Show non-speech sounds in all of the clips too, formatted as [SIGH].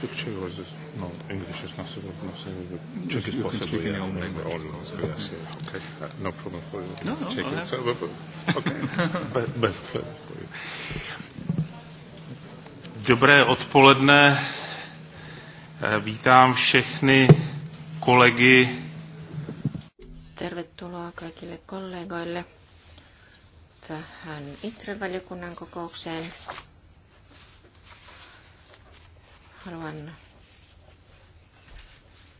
picture was this? No, English is not so good. No, so Czech is Yeah, language. All, yes, yeah. Okay, uh, no problem for you. No, no, [LAUGHS] Best for you. Dobré odpoledne. Eh, vítám všechny kolegy. Tervetuloa kaikille kollegoille tähän ITRE-valiokunnan kokoukseen. Haluan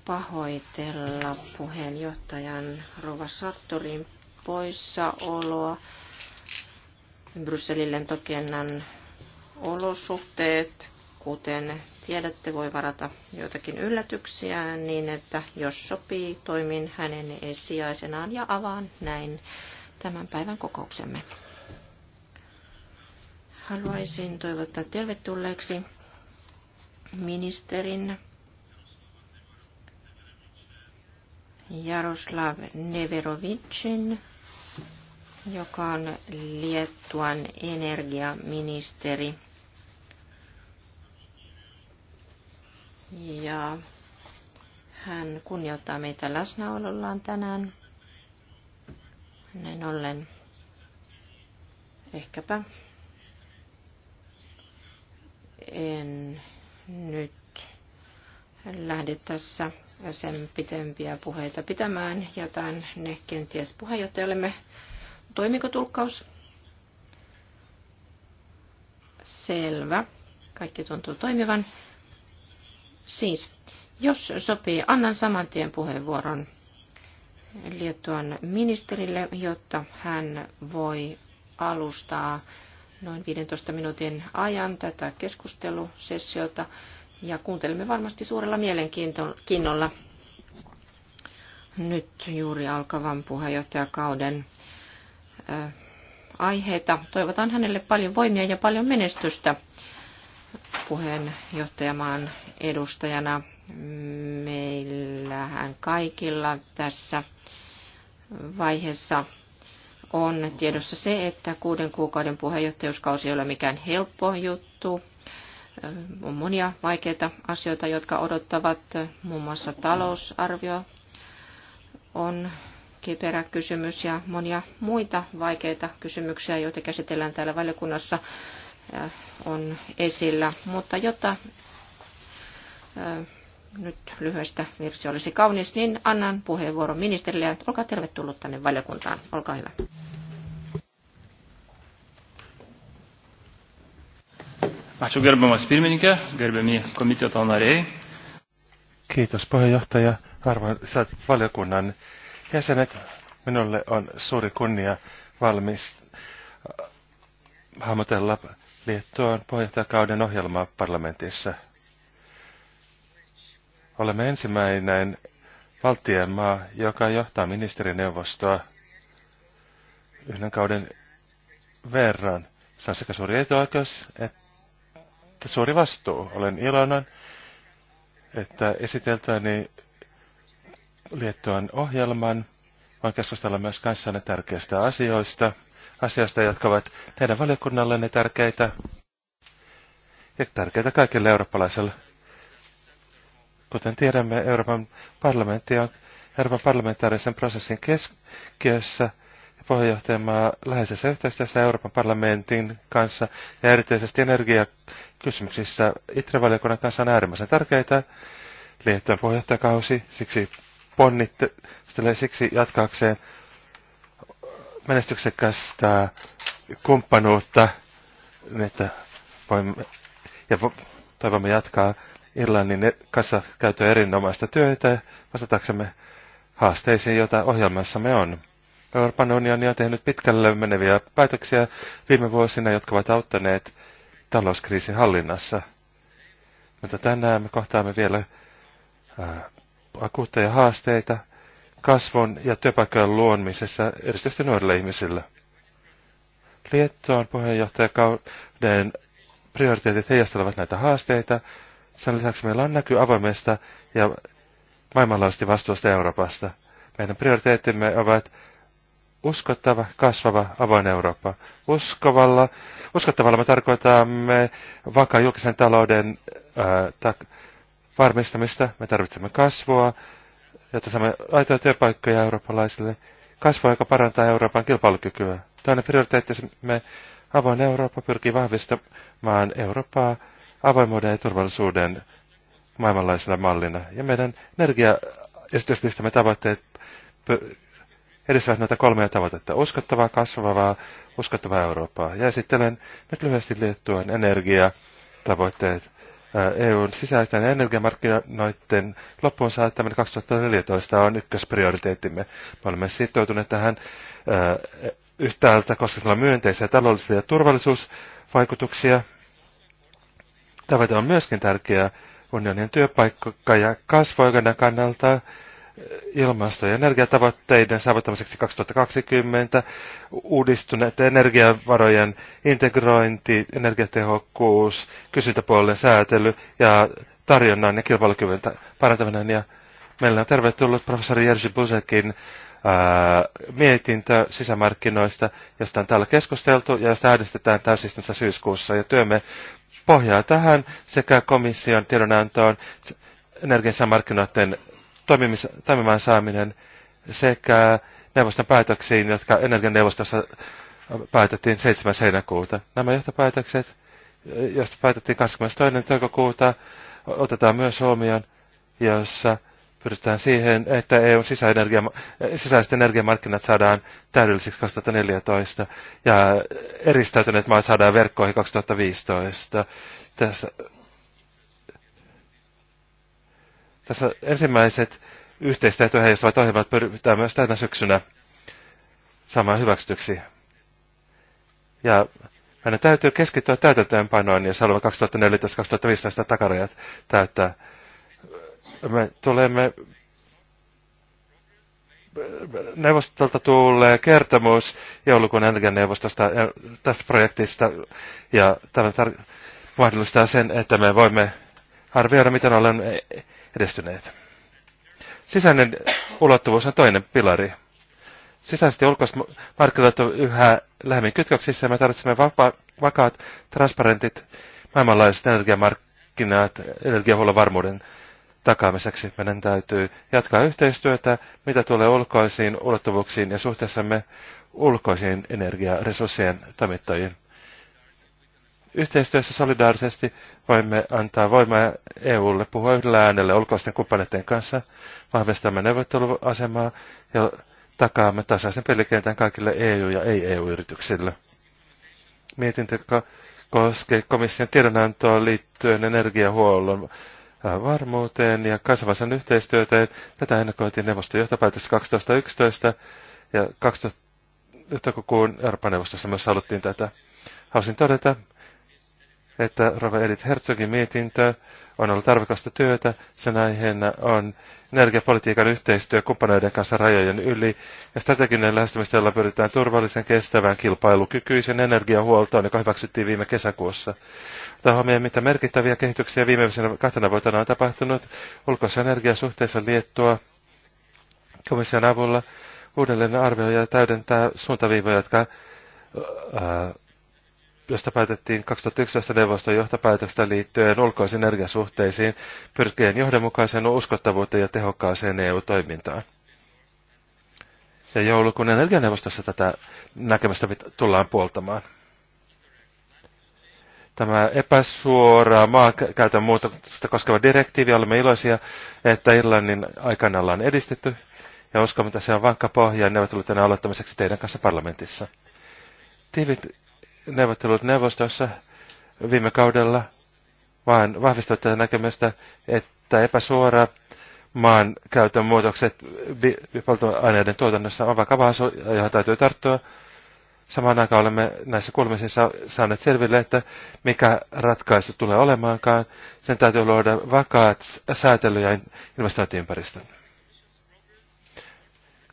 pahoitella puheenjohtajan Rova Sartorin poissaoloa. Brysselin lentokennan olosuhteet, kuten tiedätte, voi varata joitakin yllätyksiä niin, että jos sopii, toimin hänen sijaisenaan ja avaan näin tämän päivän kokouksemme. Haluaisin toivottaa tervetulleeksi ministerin Jaroslav Neverovicin, joka on Liettuan energiaministeri. Ja hän kunnioittaa meitä läsnäolollaan tänään. Näin ollen ehkäpä en nyt lähde tässä sen pitempiä puheita pitämään. Jätän ne kenties puheenjohtajallemme. Toimiko tulkkaus? Selvä. Kaikki tuntuu toimivan. Siis, jos sopii, annan saman tien puheenvuoron Liettuan ministerille, jotta hän voi alustaa noin 15 minuutin ajan tätä keskustelusessiota ja kuuntelemme varmasti suurella mielenkiinnolla nyt juuri alkavan puheenjohtajakauden aiheita. Toivotan hänelle paljon voimia ja paljon menestystä puheenjohtajamaan edustajana. Meillähän kaikilla tässä vaiheessa on tiedossa se, että kuuden kuukauden puheenjohtajuuskausi ei ole mikään helppo juttu. On monia vaikeita asioita, jotka odottavat. Muun muassa talousarvio on kiperä kysymys ja monia muita vaikeita kysymyksiä, joita käsitellään täällä valiokunnassa, on esillä. Mutta jotta nyt lyhyestä virsi olisi kaunis, niin annan puheenvuoron ministerille ja olkaa tervetullut tänne valiokuntaan. Olkaa hyvä. Ačiū gerbiamas pirmininkė, gerbiami komiteto nariai. Kiitos puheenjohtaja, arvoisat valiokunnan jäsenet. Minulle on suuri kunnia valmis äh, hahmotella Liettuan puheenjohtajakauden ohjelmaa parlamentissa – Olemme ensimmäinen valtien maa, joka johtaa ministerineuvostoa yhden kauden verran. Se on sekä suuri etuoikeus että suuri vastuu. Olen iloinen, että esiteltäni Liettuan ohjelman voin keskustella myös kanssanne tärkeistä asioista, asioista, jotka ovat teidän valiokunnallenne tärkeitä ja tärkeitä kaikille eurooppalaisille. Kuten tiedämme, Euroopan parlamentti on Euroopan parlamentaarisen prosessin keskiössä ja puheenjohtajamaa läheisessä yhteistyössä Euroopan parlamentin kanssa ja erityisesti energiakysymyksissä Itrevaliokunnan kanssa on äärimmäisen tärkeitä liittyen puheenjohtajakausi, siksi ponnittelee siksi jatkaakseen menestyksekästä kumppanuutta, että voimme, ja toivomme jatkaa Irlannin kanssa käytyä erinomaista työtä vastataksemme haasteisiin, joita ohjelmassamme on. Euroopan unioni on tehnyt pitkälle meneviä päätöksiä viime vuosina, jotka ovat auttaneet talouskriisin hallinnassa. Mutta tänään me kohtaamme vielä äh, akuutteja haasteita kasvun ja työpaikkojen luomisessa, erityisesti nuorille ihmisille. Liettoon puheenjohtajakauden prioriteetit heijastelevat näitä haasteita sen lisäksi meillä on näky avoimesta ja maailmanlaajuisesti vastuusta Euroopasta. Meidän prioriteettimme ovat uskottava, kasvava, avoin Eurooppa. Uskovalla, uskottavalla me tarkoitamme vakaan julkisen talouden ää, tak, varmistamista. Me tarvitsemme kasvua, jotta saamme aitoja työpaikkoja eurooppalaisille. Kasvua, joka parantaa Euroopan kilpailukykyä. Toinen prioriteettimme avoin Eurooppa pyrkii vahvistamaan Eurooppaa avoimuuden ja turvallisuuden maailmanlaisena mallina. Ja meidän energiaesityslistamme tavoitteet edistävät noita kolmea tavoitetta. Uskottavaa, kasvavaa, uskottavaa Eurooppaa. Ja esittelen nyt lyhyesti liittyen energiatavoitteet. EUn sisäisten energiamarkkinoiden loppuun saattaminen 2014 on ykkösprioriteettimme. Me olemme sitoutuneet tähän yhtäältä, koska siellä on myönteisiä taloudellisia ja turvallisuusvaikutuksia, Tavoite on myöskin tärkeä unionin työpaikka- ja kasvuoikeuden kannalta eh, ilmasto- ja energiatavoitteiden saavuttamiseksi 2020, uudistuneet energiavarojen integrointi, energiatehokkuus, kysyntäpuolen säätely ja tarjonnan ja kilpailukyvyn parantaminen. Ja meillä on tervetullut professori Jerzy Busekin ää, eh, mietintö sisämarkkinoista, josta on täällä keskusteltu ja josta äänestetään täysistunnossa syyskuussa. Ja työmme pohjaa tähän sekä komission tiedonantoon energian markkinoiden toimimaan saaminen sekä neuvoston päätöksiin, jotka energianeuvostossa äh, päätettiin 7. heinäkuuta. Nämä johtopäätökset, joista päätettiin 22. toukokuuta, otetaan myös huomioon, jossa pyritään siihen, että EUn sisäenergia, sisäiset energiamarkkinat saadaan täydellisiksi 2014 ja eristäytyneet maat saadaan verkkoihin 2015. Tässä, tässä ensimmäiset yhteistyötä heijastavat ohjelmat pyritään myös tänä syksynä saamaan hyväksytyksi. Ja meidän täytyy keskittyä täytäntöönpanoon, jos haluamme 2014-2015 takarajat täyttää me tulemme neuvostolta tulee kertomus joulukuun energianeuvostosta tästä projektista ja tämä tar- mahdollistaa sen, että me voimme arvioida, miten olemme edistyneet. Sisäinen ulottuvuus on toinen pilari. Sisäisesti ulkoiset markkinat ovat yhä lähemmin kytköksissä ja me tarvitsemme vapa- vakaat, transparentit maailmanlaajuiset energiamarkkinat energiahuollon varmuuden takaamiseksi meidän täytyy jatkaa yhteistyötä, mitä tulee ulkoisiin ulottuvuuksiin ja suhteessamme ulkoisiin energiaresurssien toimittajiin. Yhteistyössä solidaarisesti voimme antaa voimaa EUlle puhua yhdellä äänellä ulkoisten kumppaneiden kanssa, vahvistamme neuvotteluasemaa ja takaamme tasaisen pelikentän kaikille EU- ja ei-EU-yrityksille. Mietintö koskee komission tiedonantoa liittyen energiahuollon varmuuteen ja kansainvälisen yhteistyöteen. Tätä ennakoitiin neuvoston johtopäätössä 2011 ja 2000 toukokuun Euroopan neuvostossa myös haluttiin tätä. Haluaisin todeta, että Rova Edith Herzogin mietintö on ollut arvokasta työtä. Sen aiheena on energiapolitiikan yhteistyö kumppaneiden kanssa rajojen yli ja strateginen lähestymistä, jolla pyritään turvallisen, kestävän, kilpailukykyisen energiahuoltoon, joka hyväksyttiin viime kesäkuussa ottaa mitä merkittäviä kehityksiä viimeisenä kahtena vuotena on tapahtunut energia suhteessa Liettua komission avulla uudelleen arvioi ja täydentää suuntaviivoja, jotka, ää, josta päätettiin 2011 neuvoston johtopäätöstä liittyen ulkoisiin energiasuhteisiin, pyrkien johdonmukaiseen uskottavuuteen ja tehokkaaseen EU-toimintaan. Ja joulukuun energianeuvostossa tätä näkemystä tullaan puoltamaan tämä epäsuora maankäytön muutosta koskeva direktiivi. Olemme iloisia, että Irlannin aikana ollaan edistetty ja uskon, että se on vankka pohja neuvotteluiden aloittamiseksi teidän kanssa parlamentissa. Tiivit neuvottelut neuvostossa viime kaudella vaan vahvistavat tätä näkemystä, että epäsuora maan käytön muutokset polttoaineiden tuotannossa on vakava asia, johon täytyy tarttua Samaan aikaan olemme näissä kuulemisissa saaneet selville, että mikä ratkaisu tulee olemaankaan, sen täytyy luoda vakaat säätely- ja investointiympäristö.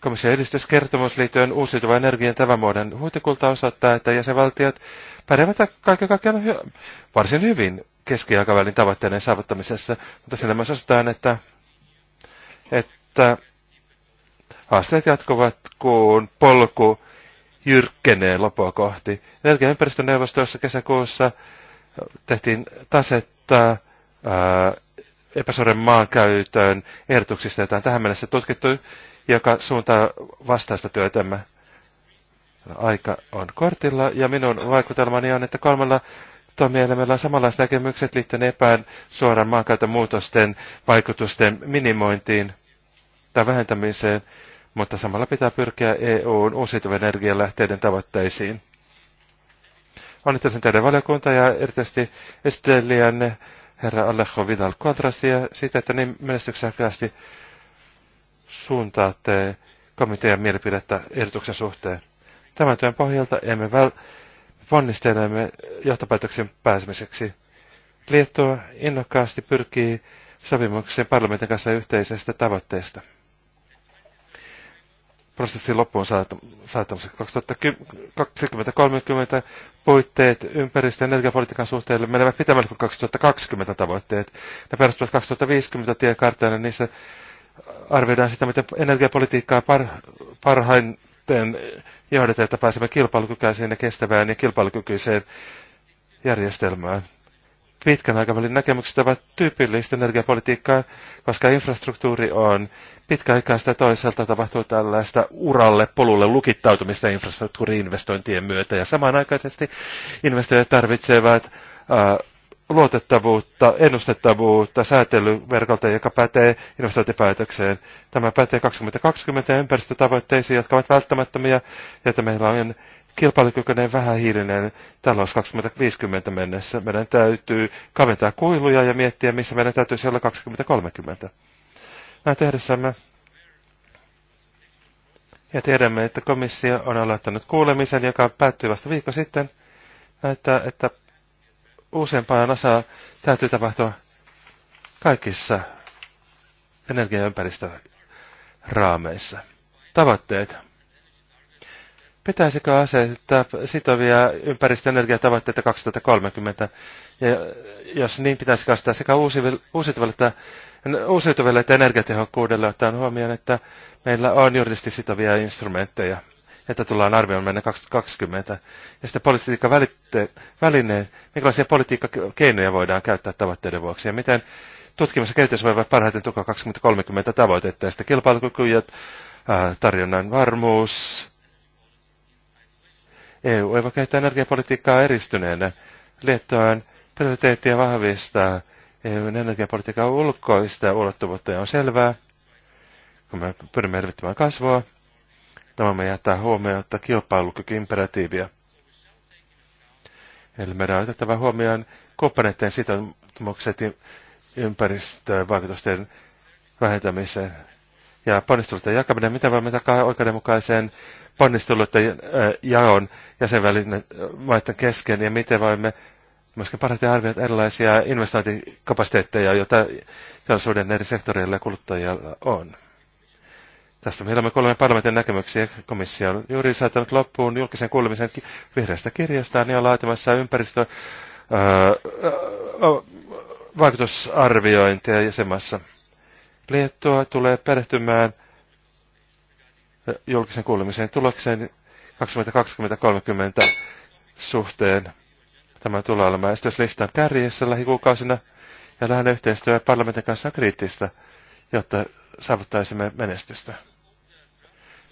Komission edistyskertomus liittyen uusiutuvan energian tämän vuoden huhtikulta osoittaa, että jäsenvaltiot pärjäävät kaiken kaikkiaan hy- varsin hyvin keskiaikavälin tavoitteiden saavuttamisessa, mutta sillä myös osataan, että, että haasteet jatkuvat, kun polku jyrkkenee lopua kohti. Energian ympäristöneuvostossa kesäkuussa tehtiin tasetta ää, äh, epäsuoren maankäytön ehdotuksista, joita on tähän mennessä tutkittu, joka suuntaa vastaista työtämme. Aika on kortilla ja minun vaikutelmani on, että kolmella toimielimellä on samanlaiset näkemykset liittyen epään suoran maankäytön muutosten vaikutusten minimointiin tai vähentämiseen mutta samalla pitää pyrkiä EUn uusiutuvien energialähteiden tavoitteisiin. Onnittelen teidän valiokunta ja erityisesti esittelijänne herra Alejo Vidal Quadrasia siitä, että niin menestyksekkäästi suuntaatte komitean mielipidettä ehdotuksen suhteen. Tämän työn pohjalta emme väl ponnistelemme johtopäätöksen pääsemiseksi. Liettua innokkaasti pyrkii sopimuksen parlamentin kanssa yhteisestä tavoitteesta prosessin loppuun saattamiseksi 2030 puitteet ympäristö- ja energiapolitiikan suhteelle menevät pitämällä kuin 2020 tavoitteet. Ne perustuvat 2050 tiekarttaan ja niissä arvioidaan sitä, miten energiapolitiikkaa par, parhaiten johdetaan, että pääsemme kilpailukykyiseen ja kestävään ja kilpailukykyiseen järjestelmään pitkän aikavälin näkemykset ovat tyypillistä energiapolitiikkaa, koska infrastruktuuri on pitkäaikaista toiselta tapahtuu tällaista uralle polulle lukittautumista infrastruktuuriinvestointien myötä. Ja samanaikaisesti investoijat tarvitsevat äh, luotettavuutta, ennustettavuutta säätelyverkolta, joka pätee investointipäätökseen. Tämä pätee 2020 ympäristötavoitteisiin, jotka ovat välttämättömiä, ja että meillä on kilpailukykyinen hiilinen talous 2050 mennessä. Meidän täytyy kaventaa kuiluja ja miettiä, missä meidän täytyisi olla 2030. Näin tehdessämme ja tiedämme, että komissio on aloittanut kuulemisen, joka päättyi vasta viikko sitten. Näyttää, että useampaan osaa täytyy tapahtua kaikissa energia- ja ympäristöraameissa. Tavoitteet. Pitäisikö asettaa sitovia ympäristöenergiatavoitteita 2030? Ja jos niin, pitäisikö asettaa sekä uusiutuville että, uusiutuville että energiatehokkuudelle ottaen huomioon, että meillä on juridisesti sitovia instrumentteja, että tullaan arvioon mennä 2020. Ja sitten välitte, välineet, minkälaisia politiikkakeinoja voidaan käyttää tavoitteiden vuoksi ja miten tutkimus ja kehitys voi parhaiten tukea 2030 tavoitetta ja sitten kilpailukyky ja tarjonnan varmuus, EU ei voi käyttää energiapolitiikkaa eristyneenä. Liettuaan prioriteettia vahvistaa EUn energiapolitiikan ulkoista ulottuvuutta ja on selvää, kun me pyrimme elvyttämään kasvua, tämä me jättää huomioon, että kilpailukyky imperatiivia, Eli meidän on otettava huomioon kumppaneiden sitoumukset ympäristövaikutusten vähentämiseen ja ponnisteluiden jakaminen, mitä voimme takaa oikeudenmukaiseen ponnisteluiden äh, jaon maiden kesken ja miten voimme myöskin parhaiten arvioida erilaisia investointikapasiteetteja, joita teollisuuden eri sektoreilla ja kuluttajilla on. Tästä meillä on kolme parlamentin näkemyksiä. Komissio on juuri saattanut loppuun julkisen kuulemisen vihreästä kirjastaan ja on laatimassa ympäristö äh, äh, vaikutusarviointia jäsenmaassa. Liettua tulee perehtymään julkisen kuulemisen tulokseen 2020-2030 suhteen. Tämä tulee olemaan esityslistan kärjessä lähikuukausina ja lähellä yhteistyö parlamentin kanssa on kriittistä, jotta saavuttaisimme menestystä.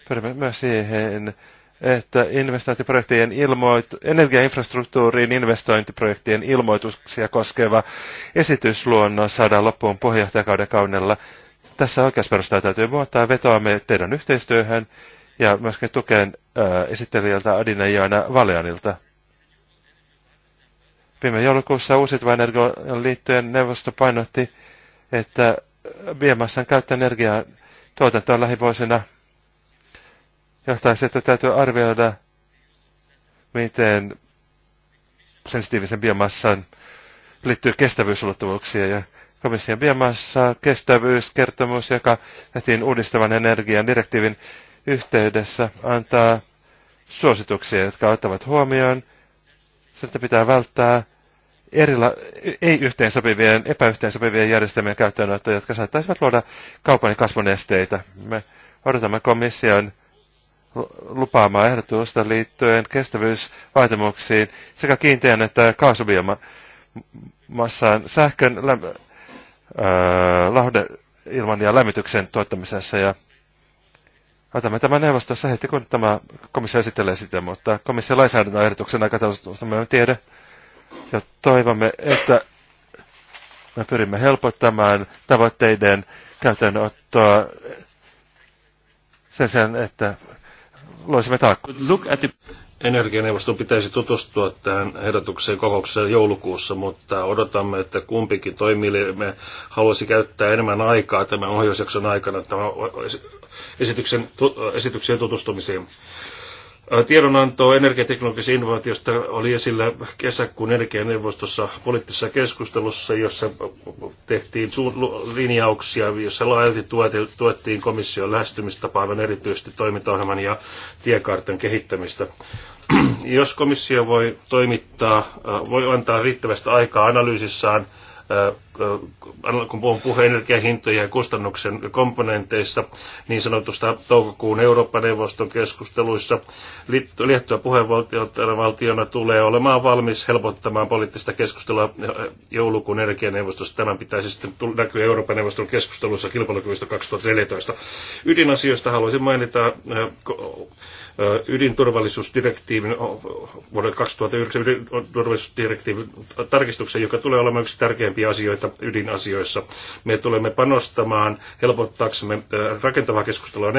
Pyrimme myös siihen, että investointiprojektien ilmoitu- energiainfrastruktuuriin investointiprojektien ilmoituksia koskeva esitysluonnos saadaan loppuun puheenjohtajakauden kaudella tässä oikeusperustaa täytyy muuttaa. Vetoamme teidän yhteistyöhön ja myöskin tukeen äh, esittelijältä Adina Joana Valeanilta. Viime joulukuussa uusiutuvan energian liittyen neuvosto painotti, että biomassan käyttöenergiaa tuotantoon lähivuosina johtaisi, että täytyy arvioida, miten sensitiivisen biomassan liittyy kestävyysulottuvuuksia ja Komission viemässä kestävyyskertomus, joka nähtiin uudistavan energian direktiivin yhteydessä, antaa suosituksia, jotka ottavat huomioon, että pitää välttää erila- ei-yhteensopivien, epäyhteensopivien järjestelmien käyttöönotto, jotka saattaisivat luoda kaupan ja kasvun esteitä. Me odotamme komission lupaamaa ehdotusta liittyen kestävyysvaatimuksiin sekä kiinteän että kaasubiomassaan sähkön ilman ja lämmityksen tuottamisessa. Ja otamme tämän neuvostossa heti, kun tämä komissio esittelee sitä, mutta komission lainsäädännön ehdotuksen aikataulusta me emme tiedä. Ja toivomme, että me pyrimme helpottamaan tavoitteiden käytännönottoa sen sen, että loisimme taakkoja. Energianeuvoston pitäisi tutustua tähän ehdotukseen kokouksessa joulukuussa, mutta odotamme, että kumpikin toimielimme haluaisi käyttää enemmän aikaa tämän ohjausjakson aikana tämän esityksen, esityksen tutustumiseen. Tiedonanto energiateknologisesta innovaatiosta oli esillä kesäkuun energianeuvostossa poliittisessa keskustelussa, jossa tehtiin linjauksia, jossa laajalti tuettiin komission lähestymistapaa aivan erityisesti toimintaohjelman ja tiekartan kehittämistä. [CLEARS THROAT] Jos komissio voi toimittaa, voi antaa riittävästä aikaa analyysissaan Äh, kun puhun puheen energiahintoja ja kustannuksen komponenteissa niin sanotusta toukokuun Eurooppa-neuvoston keskusteluissa, Liettua puheenvaltiona tulee olemaan valmis helpottamaan poliittista keskustelua äh, joulukuun energianeuvostossa. Tämän pitäisi sitten näkyä Euroopan neuvoston keskustelussa kilpailukyvystä 2014. Ydinasioista haluaisin mainita äh, ydinturvallisuusdirektiivin vuoden 2009 ydinturvallisuusdirektiivin tarkistuksen, joka tulee olemaan yksi tärkeimpiä asioita asioita ydinasioissa. Me tulemme panostamaan helpottaaksemme rakentavaa keskustelua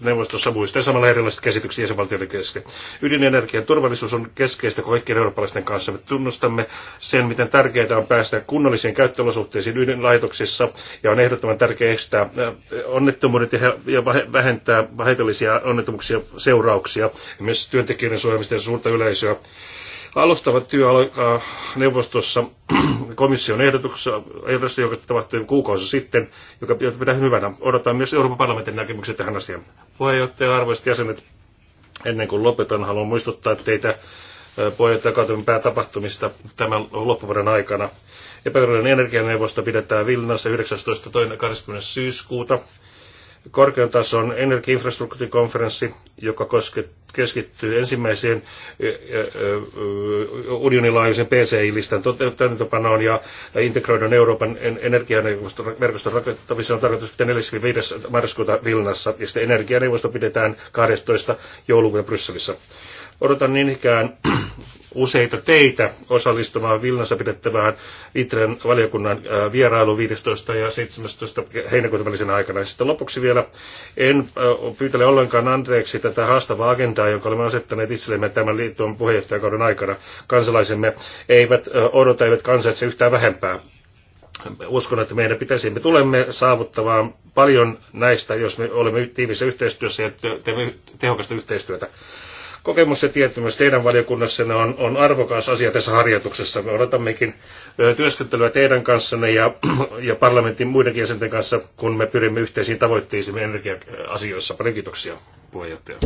neuvostossa muista ja samalla erilaiset käsityksiä jäsenvaltioiden kesken. Ydinenergian turvallisuus on keskeistä kaikkien eurooppalaisten kanssa. Me tunnustamme sen, miten tärkeää on päästä kunnollisiin käyttöolosuhteisiin ydinlaitoksissa ja on ehdottoman tärkeää estää onnettomuudet ja vähentää haitallisia onnettomuuksia seurauksia, myös työntekijöiden suojelmista ja suurta yleisöä Alustavat äh, neuvostossa [CLEARS THROAT] komission ehdotuksessa, ehdotuksessa, joka tapahtui kuukausi sitten, joka pitää hyvänä. Odotan myös Euroopan parlamentin näkemyksiä tähän asiaan. Puheenjohtaja, arvoisat jäsenet, ennen kuin lopetan, haluan muistuttaa teitä äh, puheenjohtajakautumien päätapahtumista tämän loppuvuoden aikana. Epävirallinen energianeuvosto pidetään Vilnassa 19.20. syyskuuta korkean tason energiainfrastruktuurikonferenssi, joka keskittyy ensimmäiseen unioninlaajuisen PCI-listan täytäntöpanoon ja integroidun Euroopan energianeuvoston rakentamiseen on tarkoitus pitää 45. marraskuuta Vilnassa ja sitten energianeuvosto pidetään 12. joulukuuta Brysselissä. Odotan niin ikään [CLEARS THROAT] useita teitä osallistumaan Vilnassa pidettävään Itren valiokunnan vierailu 15. ja 17. heinäkuuta välisenä aikana. Ja sitten lopuksi vielä en pyytele ollenkaan Andreeksi tätä haastavaa agendaa, jonka olemme asettaneet itsellemme tämän liittoon puheenjohtajakauden aikana. Kansalaisemme eivät odota, eivät kansaitse yhtään vähempää uskon, että meidän pitäisi, me tulemme saavuttamaan paljon näistä, jos me olemme tiivissä yhteistyössä ja teemme tehokasta yhteistyötä kokemus ja tietämys teidän valiokunnassanne on, on arvokas asia tässä harjoituksessa. Me odotammekin työskentelyä teidän kanssanne ja, ja parlamentin muidenkin jäsenten kanssa, kun me pyrimme yhteisiin tavoitteisiin energia-asioissa. Paljon kiitoksia, puheenjohtaja.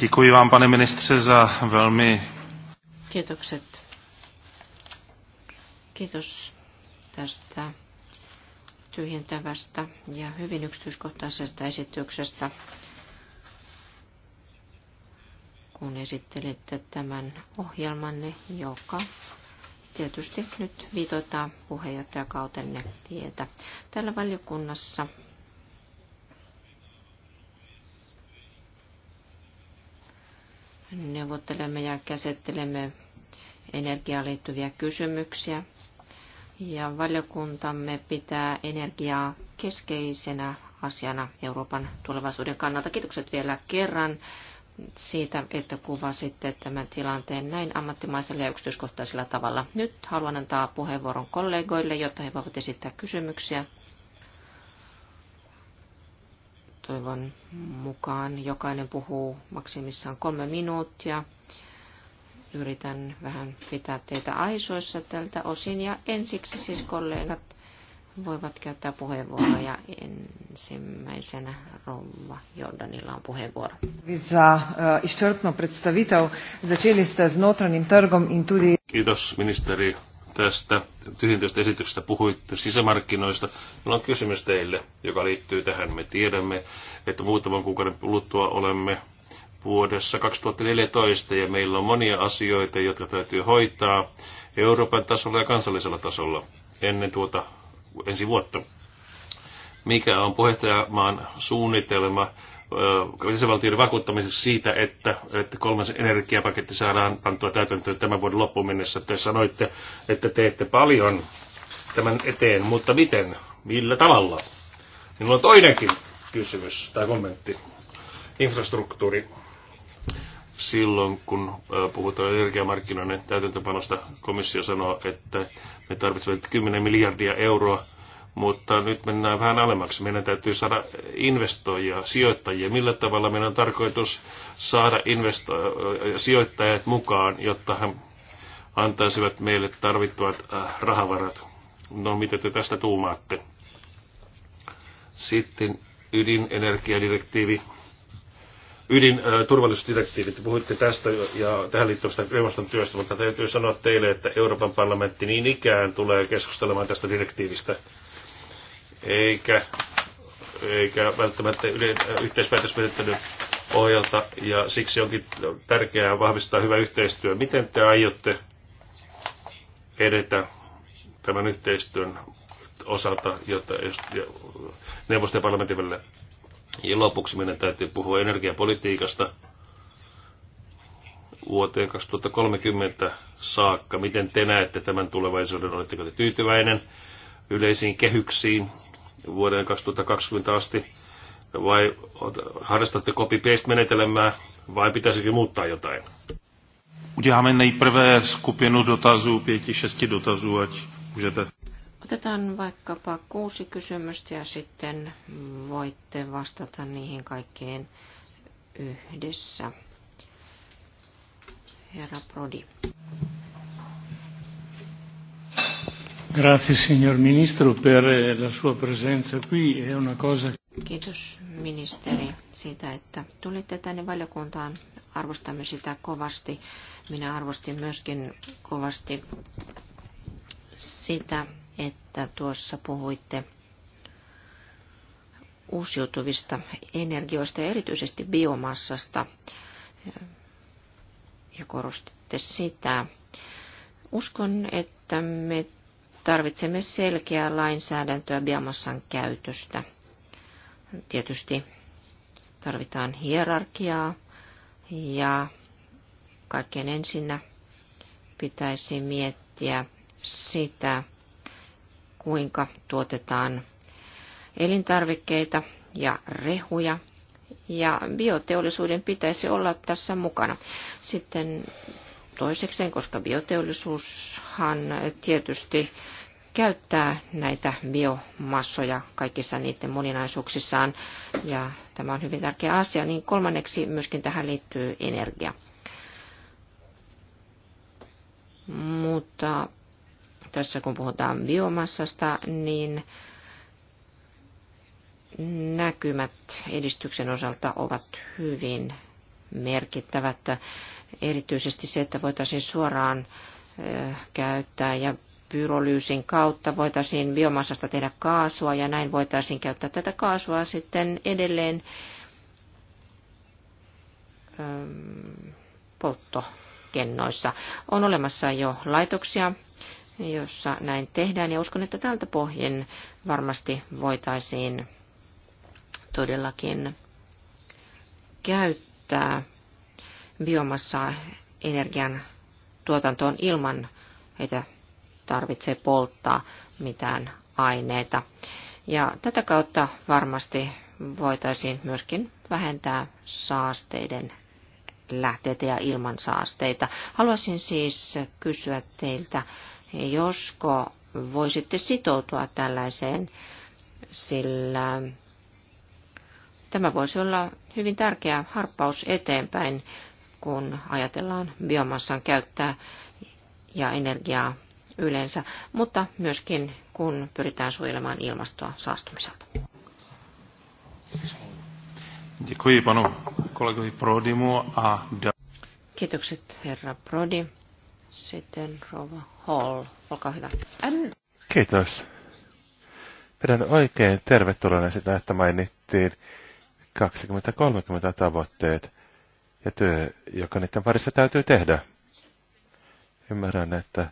Děkuji vám, pane ministře, za velmi... Kiitokset. Kiitos tästä tyhjentävästä ja hyvin yksityiskohtaisesta esityksestä, kun esittelitte tämän ohjelmanne, joka tietysti nyt viitoittaa puheenjohtajakautenne tietä. Täällä valiokunnassa neuvottelemme ja käsittelemme energiaan liittyviä kysymyksiä ja valiokuntamme pitää energiaa keskeisenä asiana Euroopan tulevaisuuden kannalta. Kiitokset vielä kerran siitä, että kuvasitte tämän tilanteen näin ammattimaisella ja yksityiskohtaisella tavalla. Nyt haluan antaa puheenvuoron kollegoille, jotta he voivat esittää kysymyksiä. Toivon mukaan jokainen puhuu maksimissaan kolme minuuttia yritän vähän pitää teitä aisoissa tältä osin. Ja ensiksi siis kollegat voivat käyttää puheenvuoroja. Ensimmäisenä Rouva Jordanilla on puheenvuoro. Eh, Kiitos ministeri tästä tyhjentävästä esityksestä. Puhuitte sisämarkkinoista. Minulla on kysymys teille, joka liittyy tähän. Me tiedämme, että muutaman kuukauden kuluttua olemme vuodessa 2014 ja meillä on monia asioita, jotka täytyy hoitaa Euroopan tasolla ja kansallisella tasolla ennen tuota ensi vuotta. Mikä on puheenjohtajamaan suunnitelma lisävaltioiden vakuuttamiseksi siitä, että, että kolmas energiapaketti saadaan pantua täytäntöön tämän vuoden loppuun mennessä. Te sanoitte, että teette paljon tämän eteen, mutta miten? Millä tavalla? Minulla on toinenkin kysymys tai kommentti. Infrastruktuuri silloin, kun puhutaan energiamarkkinoiden täytäntöpanosta, komissio sanoo, että me tarvitsemme 10 miljardia euroa, mutta nyt mennään vähän alemmaksi. Meidän täytyy saada investoijia, sijoittajia. Millä tavalla meidän on tarkoitus saada investo- sijoittajat mukaan, jotta he antaisivat meille tarvittavat rahavarat? No, mitä te tästä tuumaatte? Sitten ydinenergiadirektiivi ydinturvallisuusdirektiivit, puhuitte tästä ja tähän liittyvästä neuvoston työstä, mutta täytyy sanoa teille, että Euroopan parlamentti niin ikään tulee keskustelemaan tästä direktiivistä, eikä, eikä välttämättä yhteispäätösmenettelyn pohjalta, ja siksi onkin tärkeää vahvistaa hyvä yhteistyö. Miten te aiotte edetä tämän yhteistyön osalta, jotta, neuvoston ja parlamentin välillä ja lopuksi meidän täytyy puhua energiapolitiikasta vuoteen 2030 saakka. Miten te näette tämän tulevaisuuden? Oletteko te tyytyväinen yleisiin kehyksiin vuoden 2020 asti? Vai harrastatte copy-paste-menetelmää vai pitäisikö muuttaa jotain? Uděláme nejprve skupinu dotazů, pěti, šesti dotazů, ať můžete. Otetaan vaikkapa kuusi kysymystä ja sitten voitte vastata niihin kaikkeen yhdessä. Herra Prodi. Grazie signor Ministro per eh, la sua presenza qui, è una cosa... Kiitos ministeri siitä, että tulitte tänne valiokuntaan. Arvostamme sitä kovasti. Minä arvostin myöskin kovasti sitä, että tuossa puhuitte uusiutuvista energioista ja erityisesti biomassasta ja korostitte sitä. Uskon, että me tarvitsemme selkeää lainsäädäntöä biomassan käytöstä. Tietysti tarvitaan hierarkiaa ja kaikkien ensinnä pitäisi miettiä sitä, kuinka tuotetaan elintarvikkeita ja rehuja. Ja bioteollisuuden pitäisi olla tässä mukana. Sitten toisekseen, koska bioteollisuushan tietysti käyttää näitä biomassoja kaikissa niiden moninaisuuksissaan, ja tämä on hyvin tärkeä asia, niin kolmanneksi myöskin tähän liittyy energia. Mutta tässä kun puhutaan biomassasta, niin näkymät edistyksen osalta ovat hyvin merkittävät. Erityisesti se, että voitaisiin suoraan käyttää ja pyrolyysin kautta voitaisiin biomassasta tehdä kaasua ja näin voitaisiin käyttää tätä kaasua sitten edelleen polttokennoissa. On olemassa jo laitoksia, jossa näin tehdään. Ja uskon, että tältä pohjin varmasti voitaisiin todellakin käyttää biomassaa energian tuotantoon ilman, että tarvitsee polttaa mitään aineita. Ja tätä kautta varmasti voitaisiin myöskin vähentää saasteiden lähteitä ja ilmansaasteita. Haluaisin siis kysyä teiltä, josko voisitte sitoutua tällaiseen, sillä tämä voisi olla hyvin tärkeä harppaus eteenpäin, kun ajatellaan biomassan käyttää ja energiaa yleensä, mutta myöskin kun pyritään suojelemaan ilmastoa saastumiselta. a Kiitokset herra Prodi. Sitten rouva Hall, olkaa hyvä. Kiitos. Pidän oikein tervetuloa sitä, että mainittiin 2030 tavoitteet ja työ, joka niiden parissa täytyy tehdä. Ymmärrän, että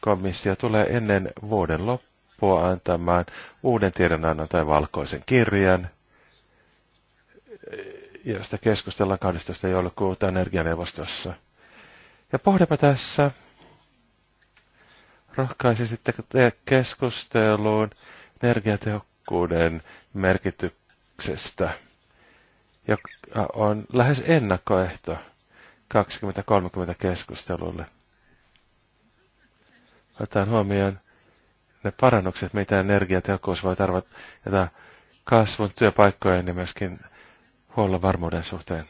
komissio tulee ennen vuoden loppua antamaan uuden tiedonannon tai valkoisen kirjan, josta keskustellaan 12. joulukuuta energianeuvostossa. Ja pohdimme tässä rohkaisisitte keskusteluun energiatehokkuuden merkityksestä, joka on lähes ennakkoehto 2030 keskustelulle. Otetaan huomioon ne parannukset, mitä energiatehokkuus voi tarvita kasvun työpaikkojen ja myöskin huollon varmuuden suhteen.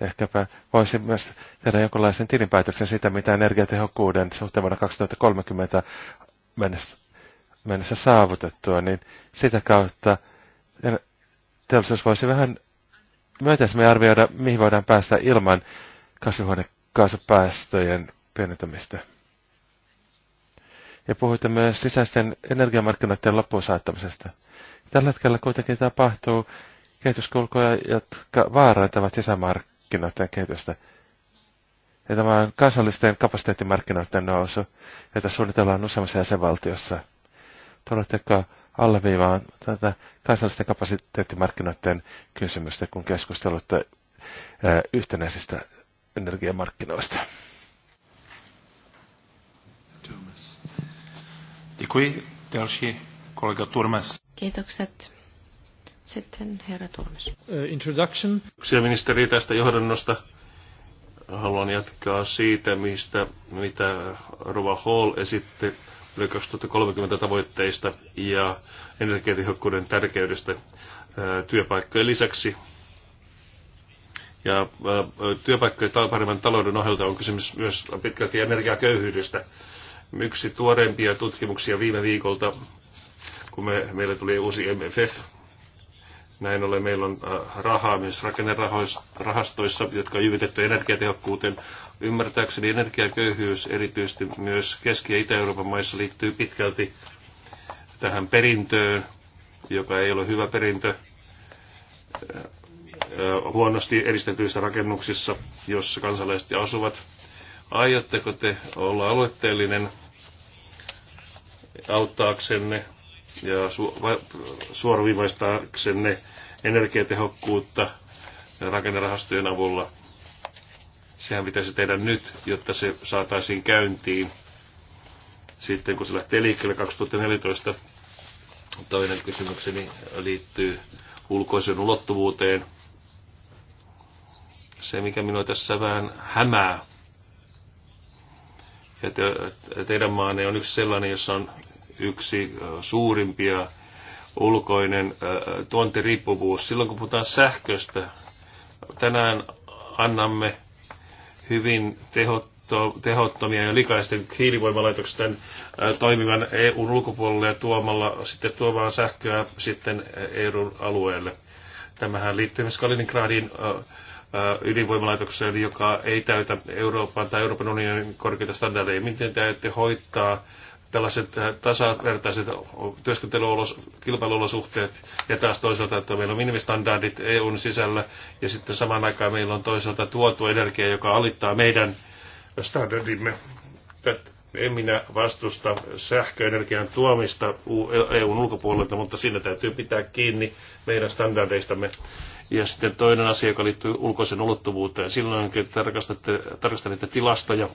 Ehkäpä voisi myös tehdä jonkinlaisen tilinpäätöksen siitä, mitä energiatehokkuuden suhteen vuonna 2030 mennessä, mennessä saavutettua, niin sitä kautta teollisuus voisi vähän myönteisemmin arvioida, mihin voidaan päästä ilman kasvihuonekaasupäästöjen pienentämistä. Ja puhuitte myös sisäisten energiamarkkinoiden loppuun saattamisesta. Tällä hetkellä kuitenkin tapahtuu kehityskulkuja, jotka vaarantavat sisämarkkinoita markkinoiden kehitystä. Ja tämä on kansallisten kapasiteettimarkkinoiden nousu, jota suunnitellaan useammassa jäsenvaltiossa. Tuletteko alleviivaan tätä kansallisten kapasiteettimarkkinoiden kysymystä, kun keskustelutte yhtenäisistä energiamarkkinoista? Děkuji. Další kollega Turmes. Kiitokset. Sitten herra Turmes. Uh, introduction. Kiitoksia ministeri tästä johdannosta. Haluan jatkaa siitä, mistä, mitä Rova Hall esitti yli 2030 tavoitteista ja energiatehokkuuden tärkeydestä uh, työpaikkojen lisäksi. Ja uh, työpaikkojen paremman talouden ohjelta on kysymys myös pitkälti energiaköyhyydestä. Yksi tuoreimpia tutkimuksia viime viikolta, kun me, meille tuli uusi MFF, näin ollen meillä on äh, rahaa myös rakennerahastoissa, jotka on jyvitetty energiatehokkuuteen. Ymmärtääkseni energiaköyhyys erityisesti myös Keski- ja Itä-Euroopan maissa liittyy pitkälti tähän perintöön, joka ei ole hyvä perintö äh, huonosti eristetyissä rakennuksissa, jossa kansalaiset asuvat. Aiotteko te olla aloitteellinen auttaaksenne ja su, va, suoraviivaistaaksenne energiatehokkuutta rakennerahastojen avulla. Sehän pitäisi tehdä nyt, jotta se saataisiin käyntiin sitten, kun se lähtee liikkeelle 2014. Toinen kysymykseni liittyy ulkoisen ulottuvuuteen. Se, mikä minua tässä vähän hämää, ja te, teidän maanne on yksi sellainen, jossa on yksi suurimpia ulkoinen tuontiriippuvuus. Silloin kun puhutaan sähköstä, tänään annamme hyvin tehottomia ja likaisten hiilivoimalaitoksen toimivan EUn ulkopuolelle ja tuomalla sitten tuomaan sähköä sitten EUn alueelle. Tämähän liittyy myös Kaliningradin ydinvoimalaitokseen, joka ei täytä Euroopan tai Euroopan unionin korkeita standardeja. Miten te aiotte hoitaa tällaiset äh, tasavertaiset työskentelyolos, kilpailuolosuhteet ja taas toisaalta, että meillä on minimistandardit EUn sisällä ja sitten samaan aikaan meillä on toisaalta tuotu energia, joka alittaa meidän standardimme. en minä vastusta sähköenergian tuomista EUn ulkopuolelta, mutta siinä täytyy pitää kiinni meidän standardeistamme. Ja sitten toinen asia, joka liittyy ulkoisen ulottuvuuteen. Silloin, kun tarkastatte, tarkastelitte tilastoja,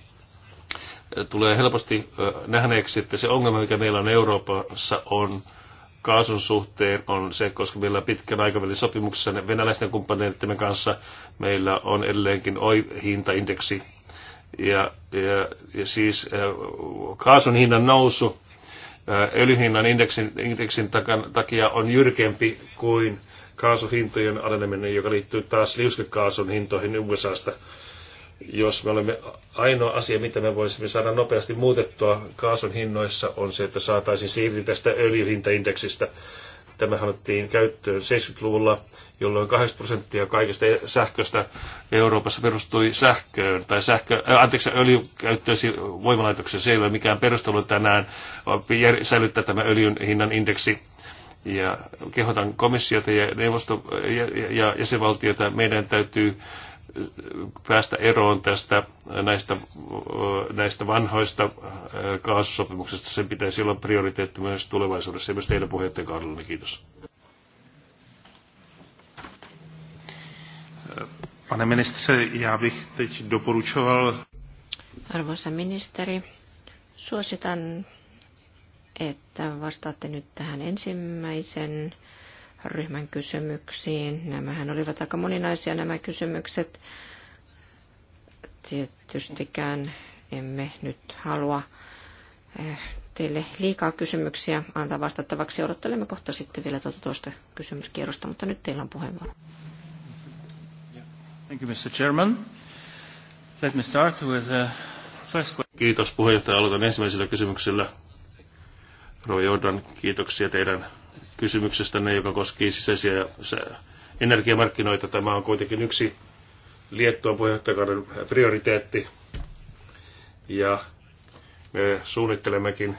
tulee helposti nähneeksi, että se ongelma, mikä meillä on Euroopassa, on kaasun suhteen on se, koska meillä on pitkän aikavälin sopimuksessa venäläisten kumppaneiden kanssa, meillä on edelleenkin OI-hintaindeksi ja, ja, ja siis kaasun hinnan nousu öljyhinnan indeksin, indeksin takan, takia on jyrkempi kuin kaasuhintojen aleneminen, joka liittyy taas liuskekaasun hintoihin USAsta jos me olemme ainoa asia, mitä me voisimme saada nopeasti muutettua kaasun hinnoissa, on se, että saataisiin siirti tästä öljyhintaindeksistä. Tämä otettiin käyttöön 70-luvulla, jolloin 8 prosenttia kaikesta sähköstä Euroopassa perustui sähköön, tai sähkö, äh, anteeksi, öljykäyttöisiin voimalaitoksiin. Se ei ole mikään perustelu tänään säilyttää tämä öljyn hinnan indeksi ja kehotan komissiota ja neuvosto ja, ja, ja jäsenvaltiota, meidän täytyy päästä eroon tästä näistä, näistä vanhoista äh, kaasusopimuksista. Sen pitäisi olla prioriteetti myös tulevaisuudessa ja myös teidän puheenjohtajan kaudella. Kiitos. Pane ministeri, ja bych teď doporučoval... Arvoisa ministeri, suositan, että vastaatte nyt tähän ensimmäisen ryhmän kysymyksiin. Nämähän olivat aika moninaisia nämä kysymykset. Tietystikään emme nyt halua eh, teille liikaa kysymyksiä antaa vastattavaksi. Odottelemme kohta sitten vielä tuota toista kysymyskierrosta, mutta nyt teillä on puheenvuoro. Thank you, Mr. Chairman. Let me start with the uh, first question. Kiitos puheenjohtaja. Aloitan ensimmäisellä kysymyksellä. Roy Jordan, kiitoksia teidän kysymyksestänne, joka koski sisäisiä energiamarkkinoita. Tämä on kuitenkin yksi Liettuan puheenjohtajakauden prioriteetti. Ja me suunnittelemmekin,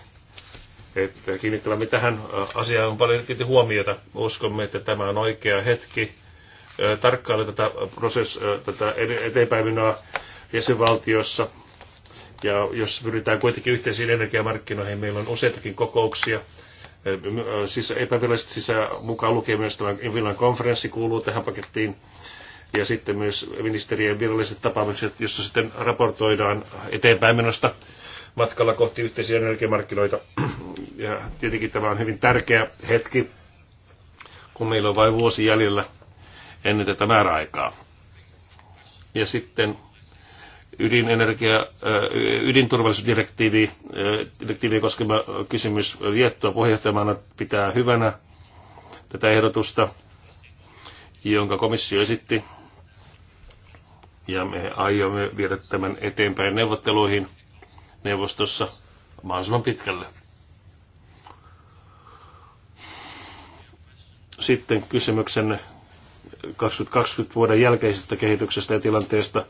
että kiinnittelemme tähän asiaan paljon huomiota. Uskomme, että tämä on oikea hetki tarkkailla tätä, prosess, tätä eteenpäivinoa jäsenvaltiossa. Ja jos pyritään kuitenkin yhteisiin energiamarkkinoihin, meillä on useitakin kokouksia siis epävirallisesti sisään mukaan lukee myös tämä Villan konferenssi kuuluu tähän pakettiin ja sitten myös ministerien viralliset tapaamiset, jossa sitten raportoidaan eteenpäin menosta matkalla kohti yhteisiä energiamarkkinoita. [CLEARS THROAT] Ja tietenkin tämä on hyvin tärkeä hetki, kun meillä on vain vuosi jäljellä ennen tätä määräaikaa. Ja sitten ydinenergia, äh, ydinturvallisuusdirektiivi, äh, direktiivi koskeva kysymys Liettua puheenjohtajamaana pitää hyvänä tätä ehdotusta, jonka komissio esitti. Ja me aiomme viedä tämän eteenpäin neuvotteluihin neuvostossa mahdollisimman pitkälle. Sitten kysymyksen 2020 vuoden jälkeisestä kehityksestä ja tilanteesta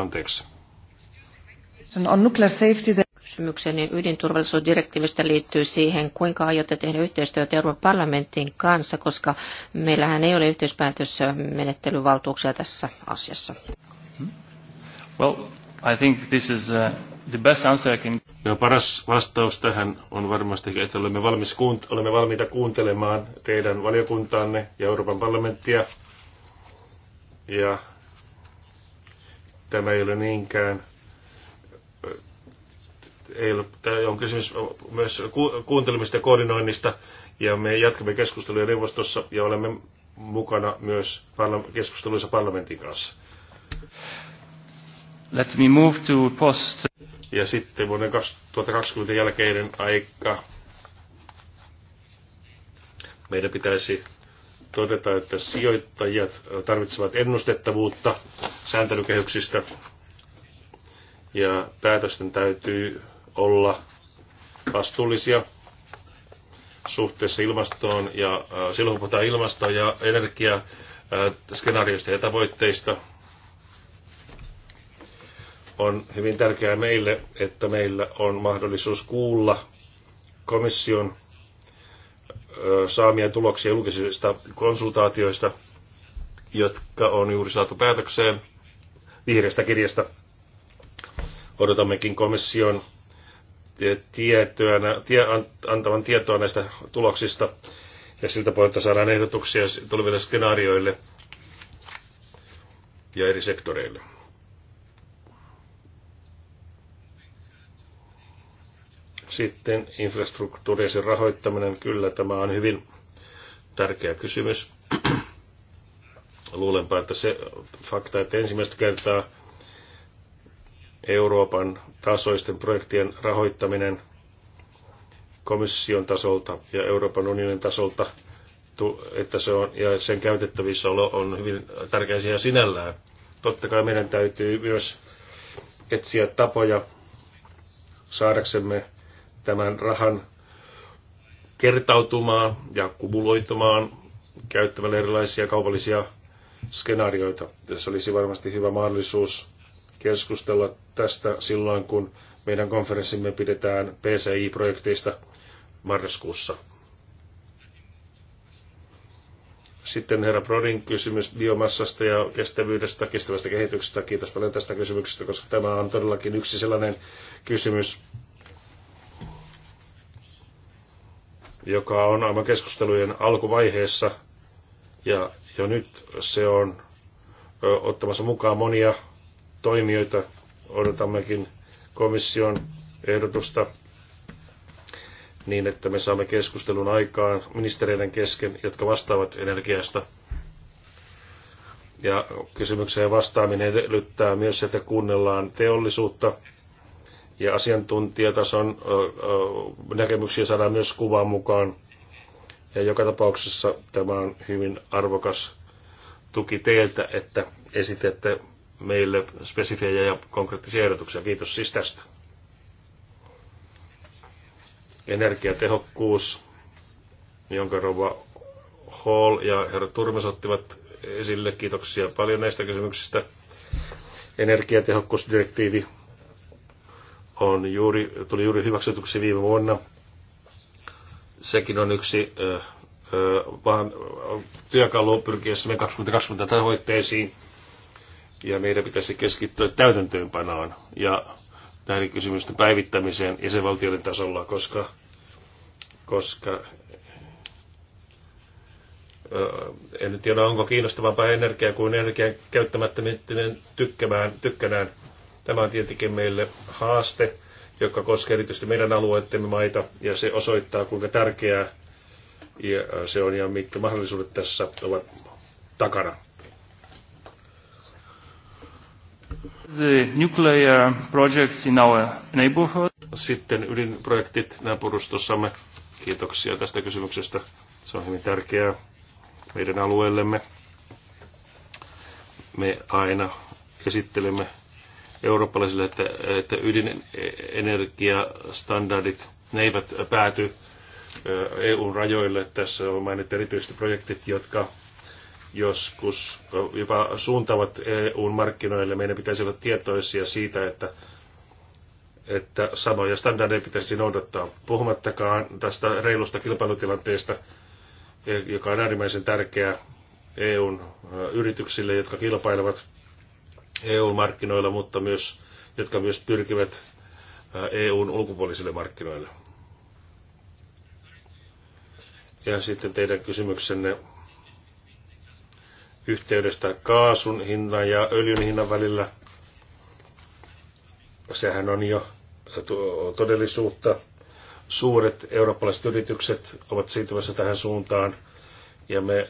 Anteeksi. On nuclear safety kysymykseni ydinturvallisuusdirektiivistä liittyy siihen, kuinka aiotte tehdä yhteistyötä Euroopan parlamentin kanssa, koska meillähän ei ole menettelyvaltuuksia tässä asiassa. Hmm? Well, I think this is uh, the best answer I can... No, paras vastaus tähän on varmasti, että olemme, valmis, olemme valmiita kuuntelemaan teidän valiokuntaanne ja Euroopan parlamenttia. Ja tämä ei ole niinkään ei ole, tämä on kysymys myös kuuntelemista ja koordinoinnista, ja me jatkamme keskusteluja neuvostossa ja olemme mukana myös parla- keskusteluissa parlamentin kanssa. Let me move to post. Ja sitten vuoden 2020 jälkeinen aika. Meidän pitäisi todetaan, että sijoittajat tarvitsevat ennustettavuutta sääntelykehyksistä ja päätösten täytyy olla vastuullisia suhteessa ilmastoon ja äh, silloin puhutaan ilmasto- ja energiaskenaarioista ja tavoitteista. On hyvin tärkeää meille, että meillä on mahdollisuus kuulla komission saamia tuloksia julkisista konsultaatioista, jotka on juuri saatu päätökseen vihreästä kirjasta. Odotammekin komission tietoa, tie, antavan tietoa näistä tuloksista ja siltä pohjalta saadaan ehdotuksia tuleville skenaarioille ja eri sektoreille. Sitten infrastruktuurin sen rahoittaminen, kyllä tämä on hyvin tärkeä kysymys. Luulenpa, että se fakta, että ensimmäistä kertaa Euroopan tasoisten projektien rahoittaminen komission tasolta ja Euroopan unionin tasolta, että se on, ja sen käytettävissä olo on hyvin tärkeä asia sinällään. Totta kai meidän täytyy myös etsiä tapoja saadaksemme tämän rahan kertautumaan ja kumuloitumaan käyttämällä erilaisia kaupallisia skenaarioita. Tässä olisi varmasti hyvä mahdollisuus keskustella tästä silloin, kun meidän konferenssimme pidetään PCI-projekteista marraskuussa. Sitten herra Prodin kysymys biomassasta ja kestävyydestä, kestävästä kehityksestä. Kiitos paljon tästä kysymyksestä, koska tämä on todellakin yksi sellainen kysymys, joka on aivan keskustelujen alkuvaiheessa ja jo nyt se on ottamassa mukaan monia toimijoita. Odotammekin komission ehdotusta niin, että me saamme keskustelun aikaan ministereiden kesken, jotka vastaavat energiasta. Ja kysymykseen vastaaminen edellyttää myös, että kuunnellaan teollisuutta ja asiantuntijatason näkemyksiä saadaan myös kuvaan mukaan. Ja joka tapauksessa tämä on hyvin arvokas tuki teiltä, että esitette meille spesifejä ja konkreettisia ehdotuksia. Kiitos siis tästä. Energiatehokkuus, jonka rouva Hall ja herra Turmes ottivat esille. Kiitoksia paljon näistä kysymyksistä. Energiatehokkuusdirektiivi on juuri, tuli juuri hyväksytyksi viime vuonna. Sekin on yksi ö, vaan työkalu pyrkiessämme 2020 tavoitteisiin ja meidän pitäisi keskittyä täytäntöönpanoon ja näiden kysymysten päivittämiseen jäsenvaltioiden tasolla, koska, koska en tiedä, onko kiinnostavampaa energiaa kuin energian käyttämättömyyden tykkäämään, tykkänään. Tämä on tietenkin meille haaste, joka koskee erityisesti meidän alueettemme maita, ja se osoittaa, kuinka tärkeää ja se on ja mitkä mahdollisuudet tässä ovat takana. The nuclear projects in our neighborhood. Sitten ydinprojektit naapurustossamme. Kiitoksia tästä kysymyksestä. Se on hyvin tärkeää meidän alueellemme. Me aina esittelemme eurooppalaisille, että, että ydinenergiastandardit, ne eivät pääty EUn rajoille. Tässä on mainittu erityisesti projektit, jotka joskus jopa suuntaavat EUn markkinoille. Meidän pitäisi olla tietoisia siitä, että, että samoja standardeja pitäisi noudattaa. Puhumattakaan tästä reilusta kilpailutilanteesta, e, joka on äärimmäisen tärkeää EUn yrityksille, jotka kilpailevat EU-markkinoilla, mutta myös, jotka myös pyrkivät EUn ulkopuolisille markkinoille. Ja sitten teidän kysymyksenne yhteydestä kaasun hinnan ja öljyn hinnan välillä. Sehän on jo todellisuutta. Suuret eurooppalaiset yritykset ovat siirtymässä tähän suuntaan ja me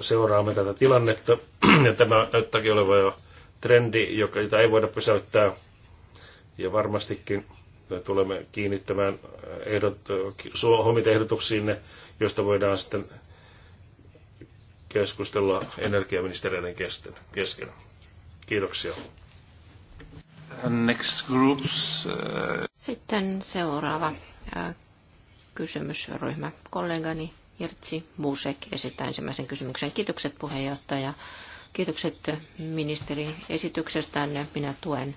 seuraamme tätä tilannetta [CLEARS THROAT] ja tämä näyttääkin olevan jo trendi, joka, jota ei voida pysäyttää. Ja varmastikin me tulemme kiinnittämään eh, ehdot, eh, ehdotuksiinne, joista voidaan sitten keskustella energiaministeriöiden kesken. Kiitoksia. Next groups. Eh. Sitten seuraava kysymysryhmä. Kollegani Jertsi Musek esittää ensimmäisen kysymyksen. Kiitokset puheenjohtaja. Kiitokset ministeri esityksestänne. Minä tuen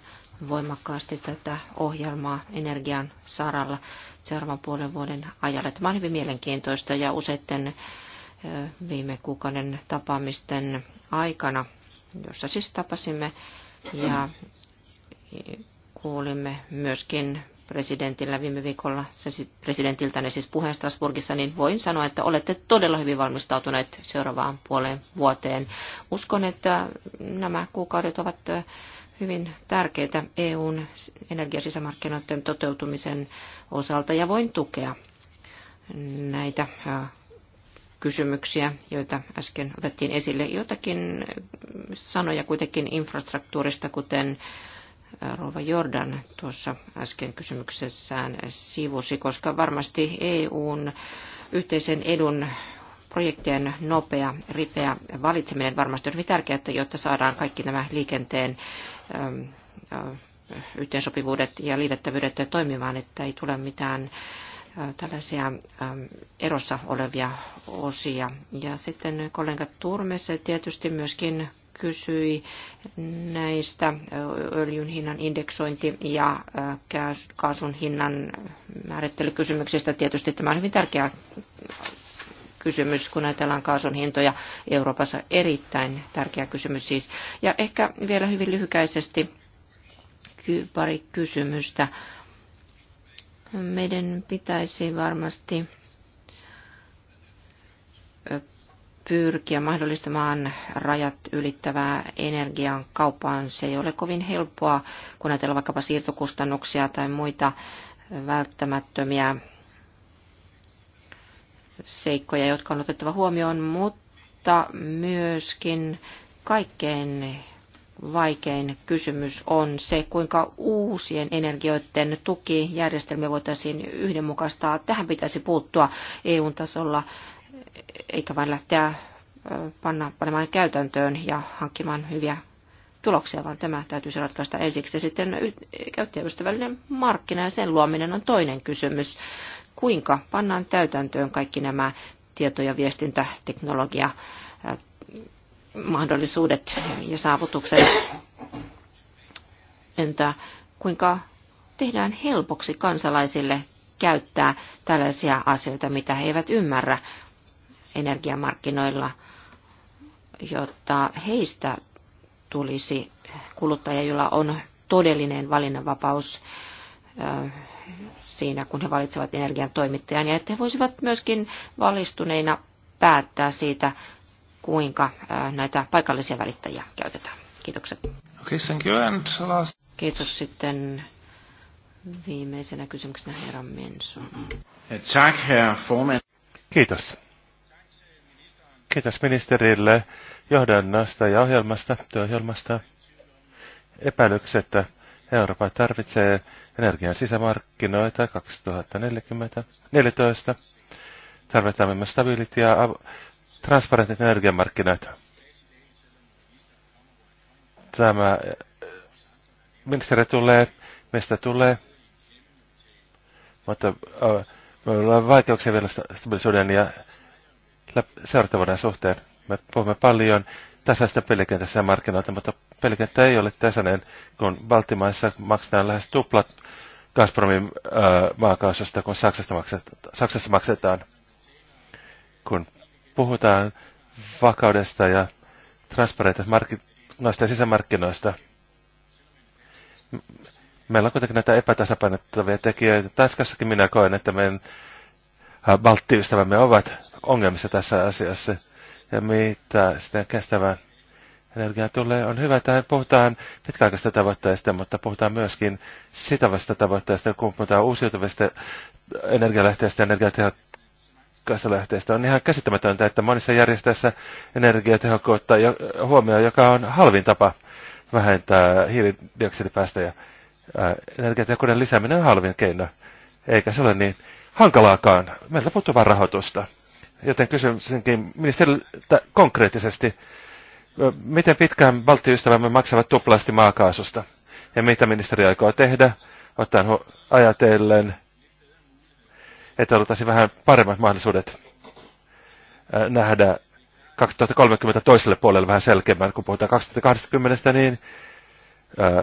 voimakkaasti tätä ohjelmaa energian saralla seuraavan puolen vuoden ajalle. Tämä on hyvin mielenkiintoista ja useiden viime kuukauden tapaamisten aikana, jossa siis tapasimme ja kuulimme myöskin presidentillä viime viikolla, presidentiltäne siis puheen Strasburgissa, niin voin sanoa, että olette todella hyvin valmistautuneet seuraavaan puoleen vuoteen. Uskon, että nämä kuukaudet ovat hyvin tärkeitä EUn energiasisämarkkinoiden toteutumisen osalta ja voin tukea näitä kysymyksiä, joita äsken otettiin esille. Jotakin sanoja kuitenkin infrastruktuurista, kuten Rova Jordan tuossa äsken kysymyksessään sivusi, koska varmasti EUn yhteisen edun projektien nopea, ripeä valitseminen varmasti on hyvin tärkeää, jotta saadaan kaikki nämä liikenteen ähm, äh, yhteensopivuudet ja liitettävyydet toimimaan, että ei tule mitään äh, tällaisia ähm, erossa olevia osia. Ja sitten kollega Turmes tietysti myöskin kysyi näistä öljyn hinnan indeksointi- ja kaasun hinnan määrittelykysymyksistä. Tietysti tämä on hyvin tärkeä kysymys, kun ajatellaan kaasun hintoja Euroopassa. Erittäin tärkeä kysymys siis. Ja ehkä vielä hyvin lyhykäisesti pari kysymystä. Meidän pitäisi varmasti pyrkiä mahdollistamaan rajat ylittävää energian kauppaan. Se ei ole kovin helppoa, kun ajatellaan vaikkapa siirtokustannuksia tai muita välttämättömiä seikkoja, jotka on otettava huomioon, mutta myöskin kaikkein vaikein kysymys on se, kuinka uusien energioiden tukijärjestelmiä voitaisiin yhdenmukaistaa. Tähän pitäisi puuttua EU-tasolla eikä vain lähteä panna, panemaan käytäntöön ja hankkimaan hyviä tuloksia, vaan tämä täytyisi ratkaista ensiksi. Ja sitten käyttäjäystävällinen markkina ja sen luominen on toinen kysymys. Kuinka pannaan täytäntöön kaikki nämä tieto- ja viestintäteknologia mahdollisuudet ja saavutukset? Entä kuinka tehdään helpoksi kansalaisille käyttää tällaisia asioita, mitä he eivät ymmärrä, energiamarkkinoilla, jotta heistä tulisi kuluttaja, jolla on todellinen valinnanvapaus siinä, kun he valitsevat energian toimittajan, ja että he voisivat myöskin valistuneina päättää siitä, kuinka näitä paikallisia välittäjiä käytetään. Kiitokset. Okay, thank you. And last... Kiitos sitten viimeisenä kysymyksenä herra Menson. Tack, herr Formen. Kiitos. Kiitos ministerille johdannasta ja ohjelmasta, työohjelmasta. Epäilyksettä Eurooppa tarvitsee energian sisämarkkinoita 2014. Tarvitaan myös stabiilit ja transparentit energiamarkkinat. Tämä ministeri tulee, mistä tulee, mutta äh, meillä on vaikeuksia vielä stabilisoiden ja No, seurattavuuden suhteen. Me puhumme paljon tasaista pelikentässä ja markkinoilta, mutta pelikenttä ei ole tasainen, kun Baltimaissa maksetaan lähes tuplat Gazpromin äh, maakaasusta, kun Saksasta maksetaan, Saksassa maksetaan. Kun puhutaan vakaudesta ja transparentista markkinoista ja sisämarkkinoista, meillä on kuitenkin näitä epätasapainottavia tekijöitä. Tanskassakin minä koen, että meidän valttiystävämme ovat ongelmissa tässä asiassa. Ja mitä sitä kestävää energiaa tulee, on hyvä, että puhutaan pitkäaikaisesta tavoitteista, mutta puhutaan myöskin sitovasta tavoitteista, kun puhutaan uusiutuvista energialähteistä ja energiatehokkaista lähteistä. On ihan käsittämätöntä, että monissa järjestöissä energiatehokkuutta huomioon, joka on halvin tapa vähentää hiilidioksidipäästöjä. Energiatehokkuuden lisääminen on halvin keino, eikä se ole niin hankalaakaan. Meiltä puuttuu vain rahoitusta. Joten kysyisinkin ministeriltä konkreettisesti, miten pitkään valtioystävämme maksavat tuplasti maakaasusta? Ja mitä ministeri aikoo tehdä, ottaen ajatellen, että oltaisiin vähän paremmat mahdollisuudet nähdä 2030 toiselle puolelle vähän selkeämmän, kun puhutaan 2020, niin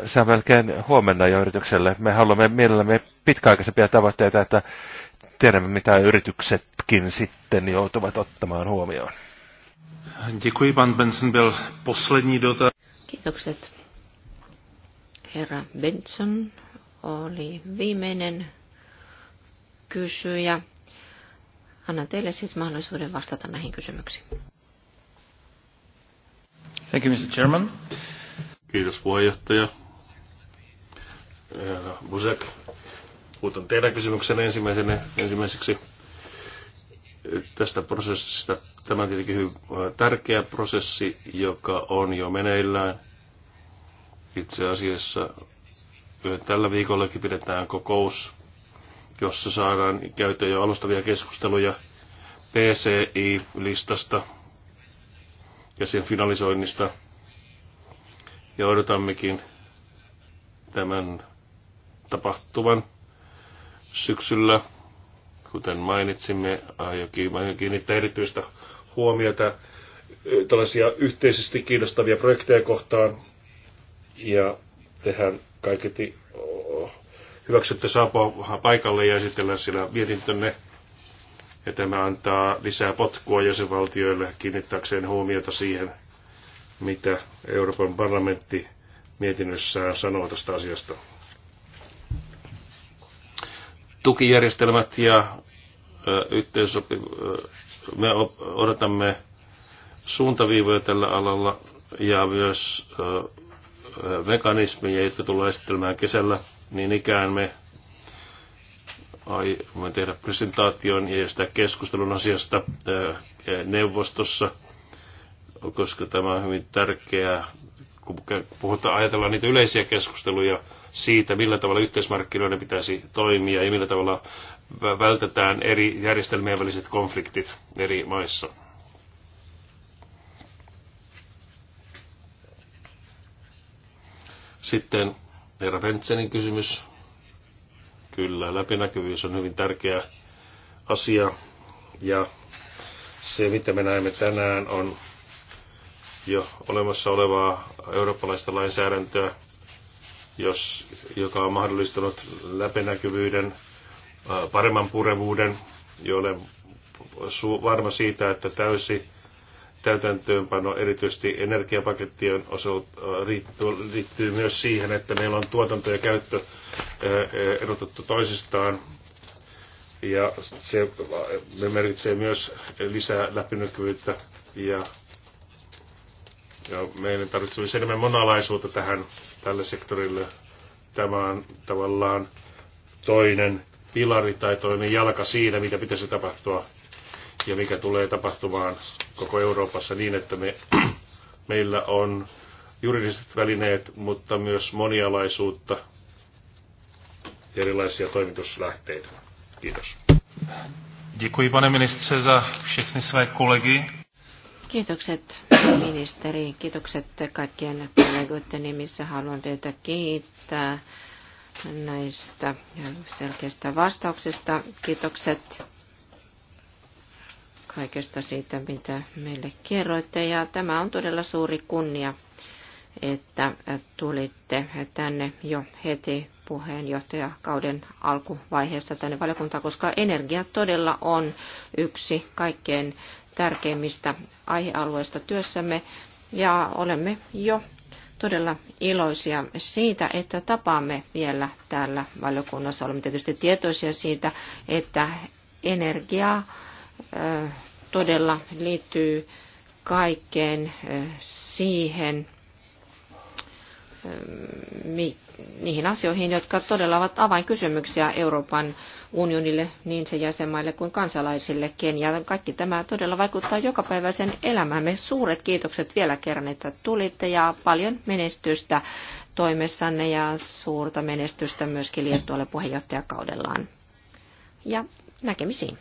se on melkein huomenna jo yritykselle. Me haluamme mielellämme pitkäaikaisempia tavoitteita, että tiedämme, mitä yrityksetkin sitten joutuvat ottamaan huomioon. Děkuji, pan Benson byl poslední dotaz. Kiitokset. Herra Benson oli viimeinen kysyjä. Annan teille siis mahdollisuuden vastata näihin kysymyksiin. Thank you, Mr. Chairman. Kiitos puheenjohtaja. Busek, Puutun teidän kysymyksen ensimmäisenä, ensimmäiseksi tästä prosessista. Tämä on tietenkin hyvin äh, tärkeä prosessi, joka on jo meneillään. Itse asiassa äh, tällä viikollakin pidetään kokous, jossa saadaan käytyä jo alustavia keskusteluja PCI-listasta ja sen finalisoinnista. Ja odotammekin tämän tapahtuvan syksyllä, kuten mainitsimme, aion kiinnittää erityistä huomiota tällaisia yhteisesti kiinnostavia projekteja kohtaan. Ja tehän kaiketi hyväksytte saapua paikalle ja esitellään sillä mietintönne. Ja tämä antaa lisää potkua jäsenvaltioille kiinnittääkseen huomiota siihen, mitä Euroopan parlamentti mietinnössään sanoo tästä asiasta tukijärjestelmät ja yhteensopi, me odotamme suuntaviivoja tällä alalla ja myös mekanismeja, jotka tullaan esittelemään kesällä, niin ikään me aiomme tehdä presentaation ja sitä keskustelun asiasta neuvostossa, koska tämä on hyvin tärkeää kun puhutaan, ajatellaan niitä yleisiä keskusteluja siitä, millä tavalla yhteismarkkinoiden pitäisi toimia ja millä tavalla vältetään eri järjestelmien väliset konfliktit eri maissa. Sitten herra Ventsenin kysymys. Kyllä, läpinäkyvyys on hyvin tärkeä asia. Ja se, mitä me näemme tänään, on jo olemassa olevaa eurooppalaista lainsäädäntöä, jos, joka on mahdollistanut läpinäkyvyyden, paremman purevuuden, jolle varma siitä, että täysi täytäntöönpano erityisesti energiapakettien osalta liittyy, liittyy myös siihen, että meillä on tuotanto ja käyttö erotettu toisistaan. Ja se merkitsee myös lisää läpinäkyvyyttä ja ja meidän tarvitsisi enemmän monalaisuutta tähän tälle sektorille. Tämä on tavallaan toinen pilari tai toinen jalka siinä, mitä pitäisi tapahtua ja mikä tulee tapahtumaan koko Euroopassa niin, että me, [CLEARS THROAT] meillä on juridiset välineet, mutta myös monialaisuutta ja erilaisia toimituslähteitä. Kiitos. Děkuji, pane ministře, za všechny své kolegy. Kiitokset ministeri, kiitokset kaikkien kollegoiden nimissä. Haluan teitä kiittää näistä selkeistä vastauksista. Kiitokset kaikesta siitä, mitä meille kerroitte. Ja tämä on todella suuri kunnia, että tulitte tänne jo heti puheenjohtajakauden alkuvaiheessa tänne valiokuntaan, koska energia todella on yksi kaikkein tärkeimmistä aihealueista työssämme ja olemme jo todella iloisia siitä, että tapaamme vielä täällä valiokunnassa. Olemme tietysti tietoisia siitä, että energia todella liittyy kaikkeen siihen, niihin asioihin, jotka todella ovat avainkysymyksiä Euroopan unionille, niin sen jäsenmaille kuin kansalaisillekin. Ja kaikki tämä todella vaikuttaa jokapäiväiseen elämäämme. Suuret kiitokset vielä kerran, että tulitte ja paljon menestystä toimessanne ja suurta menestystä myöskin Liettualle puheenjohtajakaudellaan. Ja näkemisiin.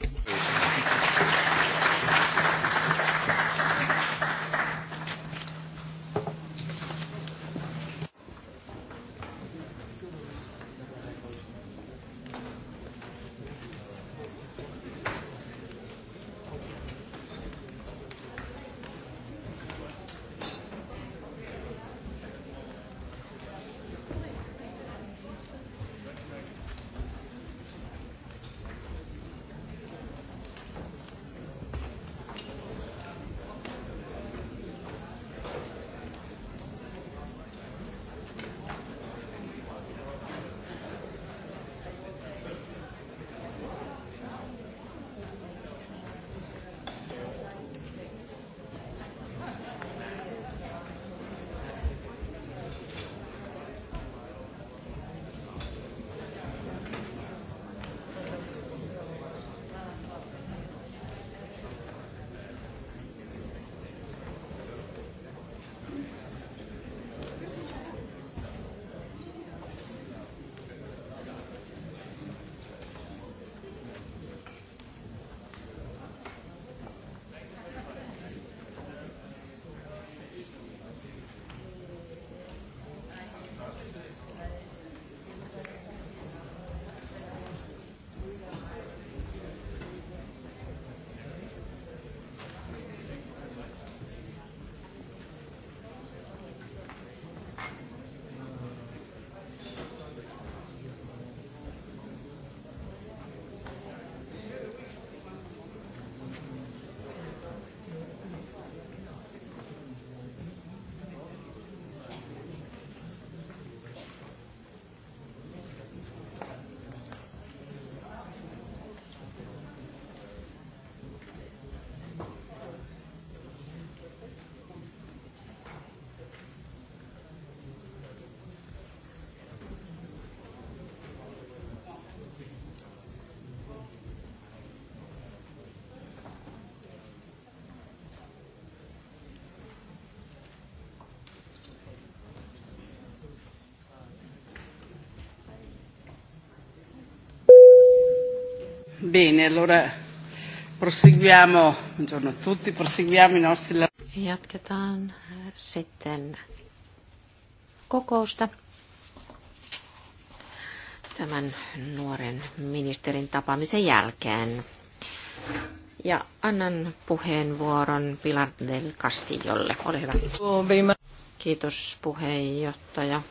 Bene, allora proseguiamo, buongiorno a tutti, proseguiamo i nostri lavori. Jatketaan sitten kokousta. Tämän nuoren ministerin tapaamisen jälkeen. Ja annan puheenvuoron Pilar del Castillolle. Ole hyvä. Kiitos puheenjohtaja.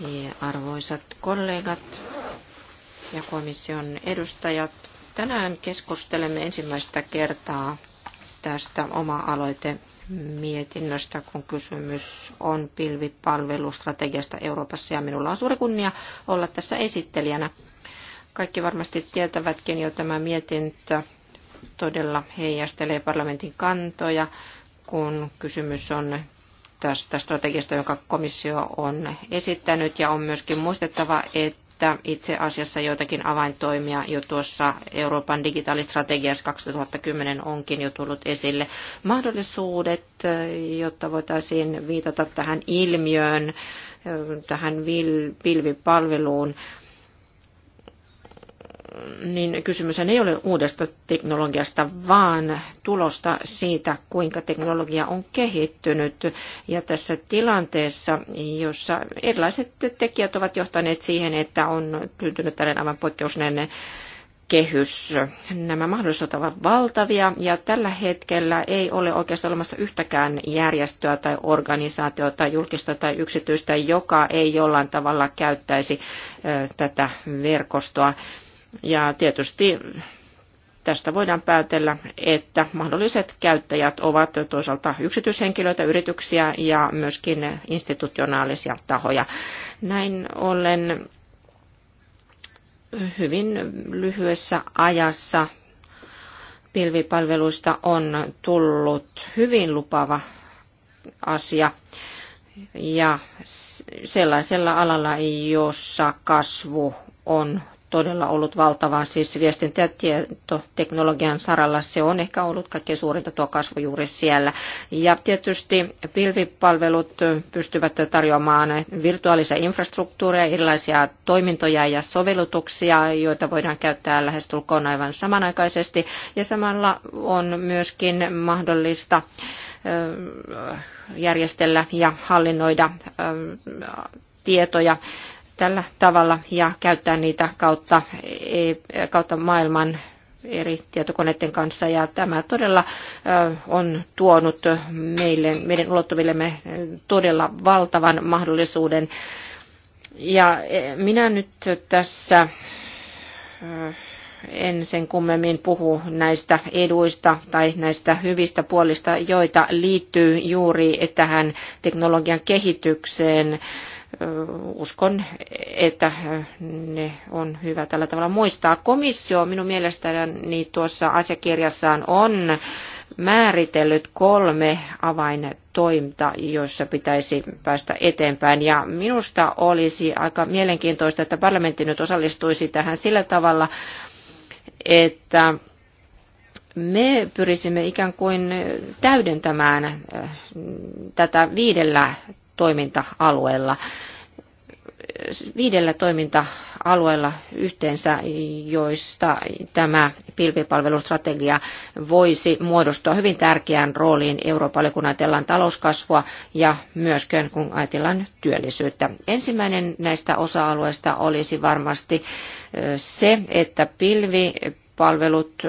Ja arvoisat kollegat, ja komission edustajat. Tänään keskustelemme ensimmäistä kertaa tästä oma-aloite mietinnöstä, kun kysymys on pilvipalvelustrategiasta Euroopassa ja minulla on suuri kunnia olla tässä esittelijänä. Kaikki varmasti tietävätkin jo tämä mietintö todella heijastelee parlamentin kantoja, kun kysymys on tästä strategiasta, jonka komissio on esittänyt. Ja on myöskin muistettava, että että itse asiassa joitakin avaintoimia jo tuossa Euroopan digitaalistrategiassa 2010 onkin jo tullut esille. Mahdollisuudet, jotta voitaisiin viitata tähän ilmiöön, tähän pilvipalveluun, vil- niin kysymys ei ole uudesta teknologiasta, vaan tulosta siitä, kuinka teknologia on kehittynyt. Ja tässä tilanteessa, jossa erilaiset tekijät ovat johtaneet siihen, että on syntynyt tällainen aivan poikkeuksellinen kehys. Nämä mahdollisuudet ovat valtavia ja tällä hetkellä ei ole oikeastaan olemassa yhtäkään järjestöä tai organisaatiota, julkista tai yksityistä, joka ei jollain tavalla käyttäisi tätä verkostoa. Ja tietysti tästä voidaan päätellä, että mahdolliset käyttäjät ovat toisaalta yksityishenkilöitä, yrityksiä ja myöskin institutionaalisia tahoja. Näin ollen hyvin lyhyessä ajassa pilvipalveluista on tullut hyvin lupava asia ja sellaisella alalla, jossa kasvu on todella ollut valtavaa. Siis viestintä- ja tietoteknologian saralla se on ehkä ollut kaikkein suurinta tuo kasvu juuri siellä. Ja tietysti pilvipalvelut pystyvät tarjoamaan virtuaalisia infrastruktuureja, erilaisia toimintoja ja sovellutuksia, joita voidaan käyttää lähestulkoon aivan samanaikaisesti. Ja samalla on myöskin mahdollista järjestellä ja hallinnoida tietoja tällä tavalla ja käyttää niitä kautta, e, kautta maailman eri tietokoneiden kanssa ja tämä todella on tuonut meille, meidän ulottuvillemme todella valtavan mahdollisuuden. Ja e, minä nyt tässä en sen kummemmin puhu näistä eduista tai näistä hyvistä puolista, joita liittyy juuri tähän teknologian kehitykseen uskon, että ne on hyvä tällä tavalla muistaa. Komissio minun mielestäni tuossa asiakirjassaan on määritellyt kolme avaintointa, joissa pitäisi päästä eteenpäin. Ja minusta olisi aika mielenkiintoista, että parlamentti nyt osallistuisi tähän sillä tavalla, että me pyrisimme ikään kuin täydentämään äh, tätä viidellä toiminta-alueella. Viidellä toiminta-alueella yhteensä, joista tämä pilvipalvelustrategia voisi muodostua hyvin tärkeään rooliin Euroopalle, kun ajatellaan talouskasvua ja myöskään kun ajatellaan työllisyyttä. Ensimmäinen näistä osa-alueista olisi varmasti se, että pilvipalvelut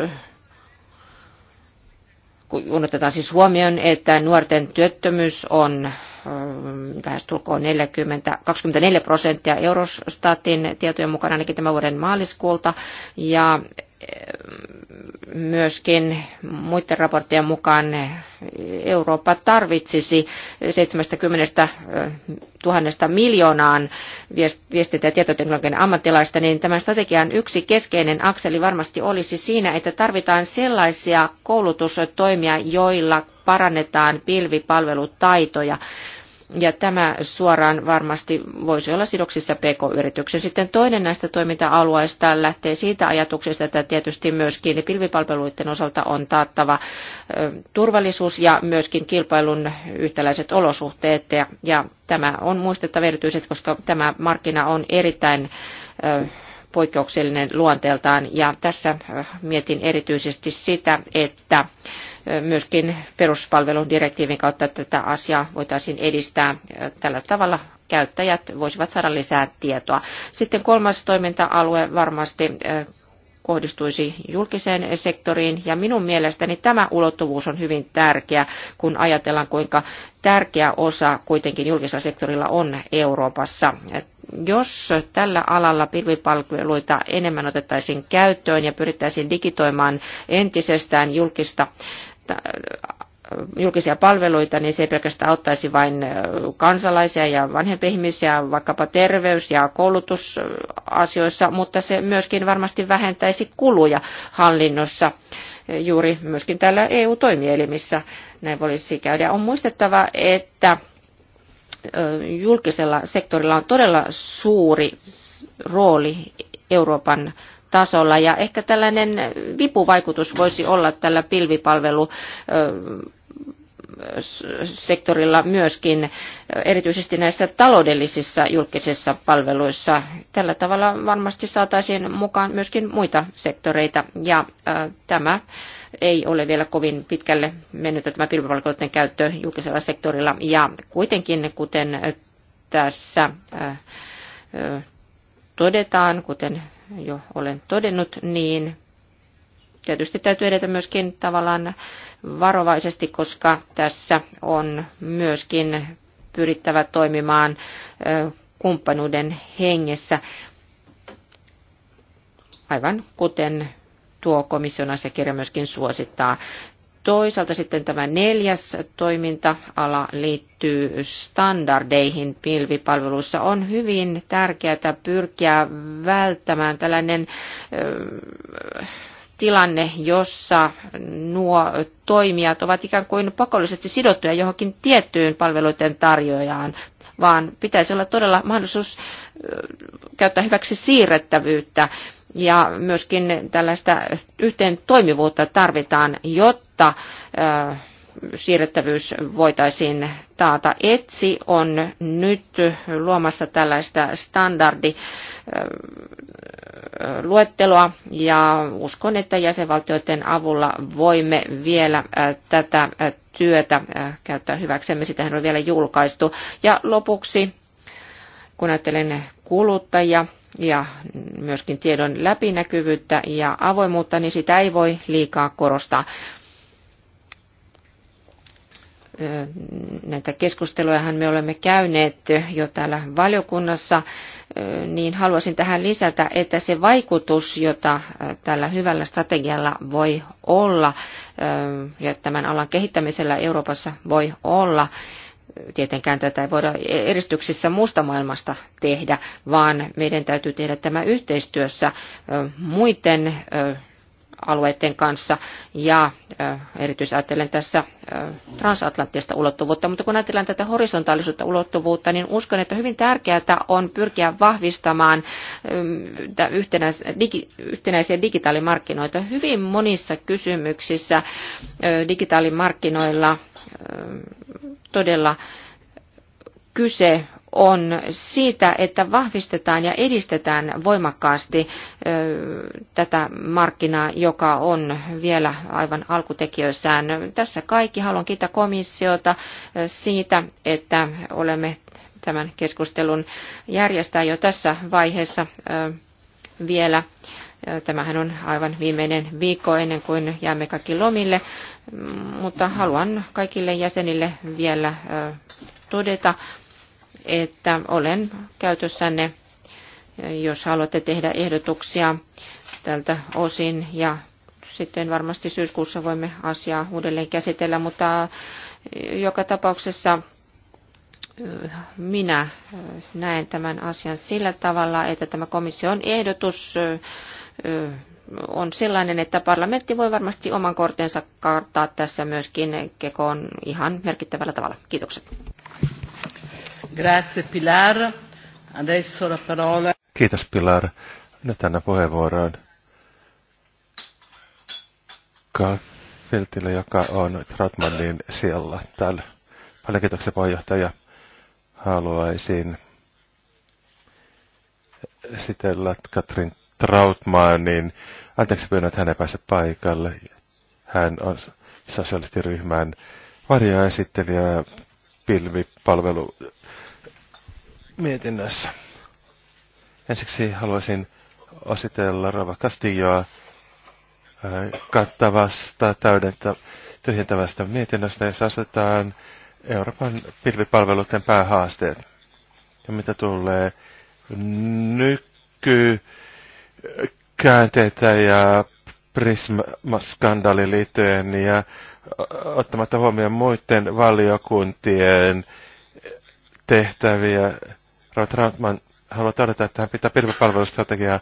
kun otetaan siis huomioon, että nuorten työttömyys on Äh, lähestulkoon 40, 24 prosenttia Eurostatin tietojen mukaan ainakin tämän vuoden maaliskuulta. Ja myöskin muiden raporttien mukaan Eurooppa tarvitsisi 70 000 eh, miljoonaan viestintä- ja tietoteknologian ammattilaista, niin tämän strategian yksi keskeinen akseli varmasti olisi siinä, että tarvitaan sellaisia koulutustoimia, joilla parannetaan pilvipalvelutaitoja ja tämä suoraan varmasti voisi olla sidoksissa PK-yrityksen. Sitten toinen näistä toiminta-alueista lähtee siitä ajatuksesta, että tietysti myöskin pilvipalveluiden osalta on taattava turvallisuus ja myöskin kilpailun yhtäläiset olosuhteet. Ja, tämä on muistettava erityisesti, koska tämä markkina on erittäin poikkeuksellinen luonteeltaan. Ja tässä mietin erityisesti sitä, että myöskin peruspalveludirektiivin kautta tätä asiaa voitaisiin edistää tällä tavalla käyttäjät voisivat saada lisää tietoa. Sitten kolmas toiminta-alue varmasti eh, kohdistuisi julkiseen sektoriin. Ja minun mielestäni tämä ulottuvuus on hyvin tärkeä, kun ajatellaan kuinka tärkeä osa kuitenkin julkisella sektorilla on Euroopassa. Jos tällä alalla pilvipalveluita enemmän otettaisiin käyttöön ja pyrittäisiin digitoimaan entisestään julkista Äh, julkisia palveluita, niin se ei pelkästään auttaisi vain äh, kansalaisia ja vanhempia ihmisiä, vaikkapa terveys- ja koulutusasioissa, mutta se myöskin varmasti vähentäisi kuluja hallinnossa äh, juuri myöskin täällä EU-toimielimissä. Näin voisi käydä. On muistettava, että julkisella sektorilla on todella suuri rooli Euroopan tasolla. Ja ehkä tällainen vipuvaikutus voisi olla tällä pilvipalvelu sektorilla myöskin, erityisesti näissä taloudellisissa julkisissa palveluissa. Tällä tavalla varmasti saataisiin mukaan myöskin muita sektoreita, ja äh, tämä ei ole vielä kovin pitkälle mennyt tämä pilvipalveluiden käyttö julkisella sektorilla, ja kuitenkin kuten tässä äh, äh, todetaan, kuten jo olen todennut, niin tietysti täytyy edetä myöskin tavallaan varovaisesti, koska tässä on myöskin pyrittävä toimimaan kumppanuuden hengessä, aivan kuten tuo komission asiakirja myöskin suosittaa. Toisaalta sitten tämä neljäs toiminta-ala liittyy standardeihin pilvipalveluissa. On hyvin tärkeää pyrkiä välttämään tällainen tilanne, jossa nuo toimijat ovat ikään kuin pakollisesti sidottuja johonkin tiettyyn palveluiden tarjoajaan, vaan pitäisi olla todella mahdollisuus käyttää hyväksi siirrettävyyttä ja myöskin tällaista yhteen toimivuutta tarvitaan, jotta siirrettävyys voitaisiin taata. ETSI on nyt luomassa tällaista standardi luetteloa ja uskon, että jäsenvaltioiden avulla voimme vielä tätä työtä käyttää hyväksemme. Sitähän on vielä julkaistu. Ja lopuksi, kun ajattelen kuluttajia, ja myöskin tiedon läpinäkyvyyttä ja avoimuutta, niin sitä ei voi liikaa korostaa näitä keskustelujahan me olemme käyneet jo täällä valiokunnassa, niin haluaisin tähän lisätä, että se vaikutus, jota tällä hyvällä strategialla voi olla ja tämän alan kehittämisellä Euroopassa voi olla, tietenkään tätä ei voida eristyksissä muusta maailmasta tehdä, vaan meidän täytyy tehdä tämä yhteistyössä muiden alueiden kanssa ja erityisesti ajattelen tässä transatlanttista ulottuvuutta. Mutta kun ajatellaan tätä horisontaalisuutta ulottuvuutta, niin uskon, että hyvin tärkeää on pyrkiä vahvistamaan yhtenäisiä digitaalimarkkinoita. Hyvin monissa kysymyksissä digitaalimarkkinoilla todella kyse on siitä, että vahvistetaan ja edistetään voimakkaasti tätä markkinaa, joka on vielä aivan alkutekijöissään. Tässä kaikki. Haluan kiittää komissiota siitä, että olemme tämän keskustelun järjestää jo tässä vaiheessa vielä. Tämähän on aivan viimeinen viikko ennen kuin jäämme kaikki lomille, mutta haluan kaikille jäsenille vielä todeta, että olen käytössänne, jos haluatte tehdä ehdotuksia tältä osin. Ja sitten varmasti syyskuussa voimme asiaa uudelleen käsitellä, mutta eh, joka tapauksessa eh, minä eh, näen tämän asian sillä tavalla, että tämä komission ehdotus on sellainen, että parlamentti voi varmasti oman kortensa kartaa tässä myöskin kekoon ihan merkittävällä tavalla. Kiitokset. Grazie Pilar. Adesso la parola. Kiitos Pilar. Nyt annan puheenvuoron Kalfiltille, joka on Trotmanin siellä täällä. Paljon kiitoksia puheenjohtaja. Haluaisin esitellä Katrin Trautmanin. Anteeksi pyydän, että hän ei pääse paikalle. Hän on sosiaalistiryhmän varjoesittelijä pilvipalvelu mietinnössä. Ensiksi haluaisin ositella Rava Castilloa äh, kattavasta, täydentä, tyhjentävästä mietinnöstä, jossa asetetaan Euroopan pilvipalveluiden päähaasteet. Ja mitä tulee nykykäänteitä ja Prisma-skandaaliin liittyen ja ottamatta huomioon muiden valiokuntien tehtäviä Robert Trantman, haluaa todeta, että hän pitää pilvipalvelustrategiaa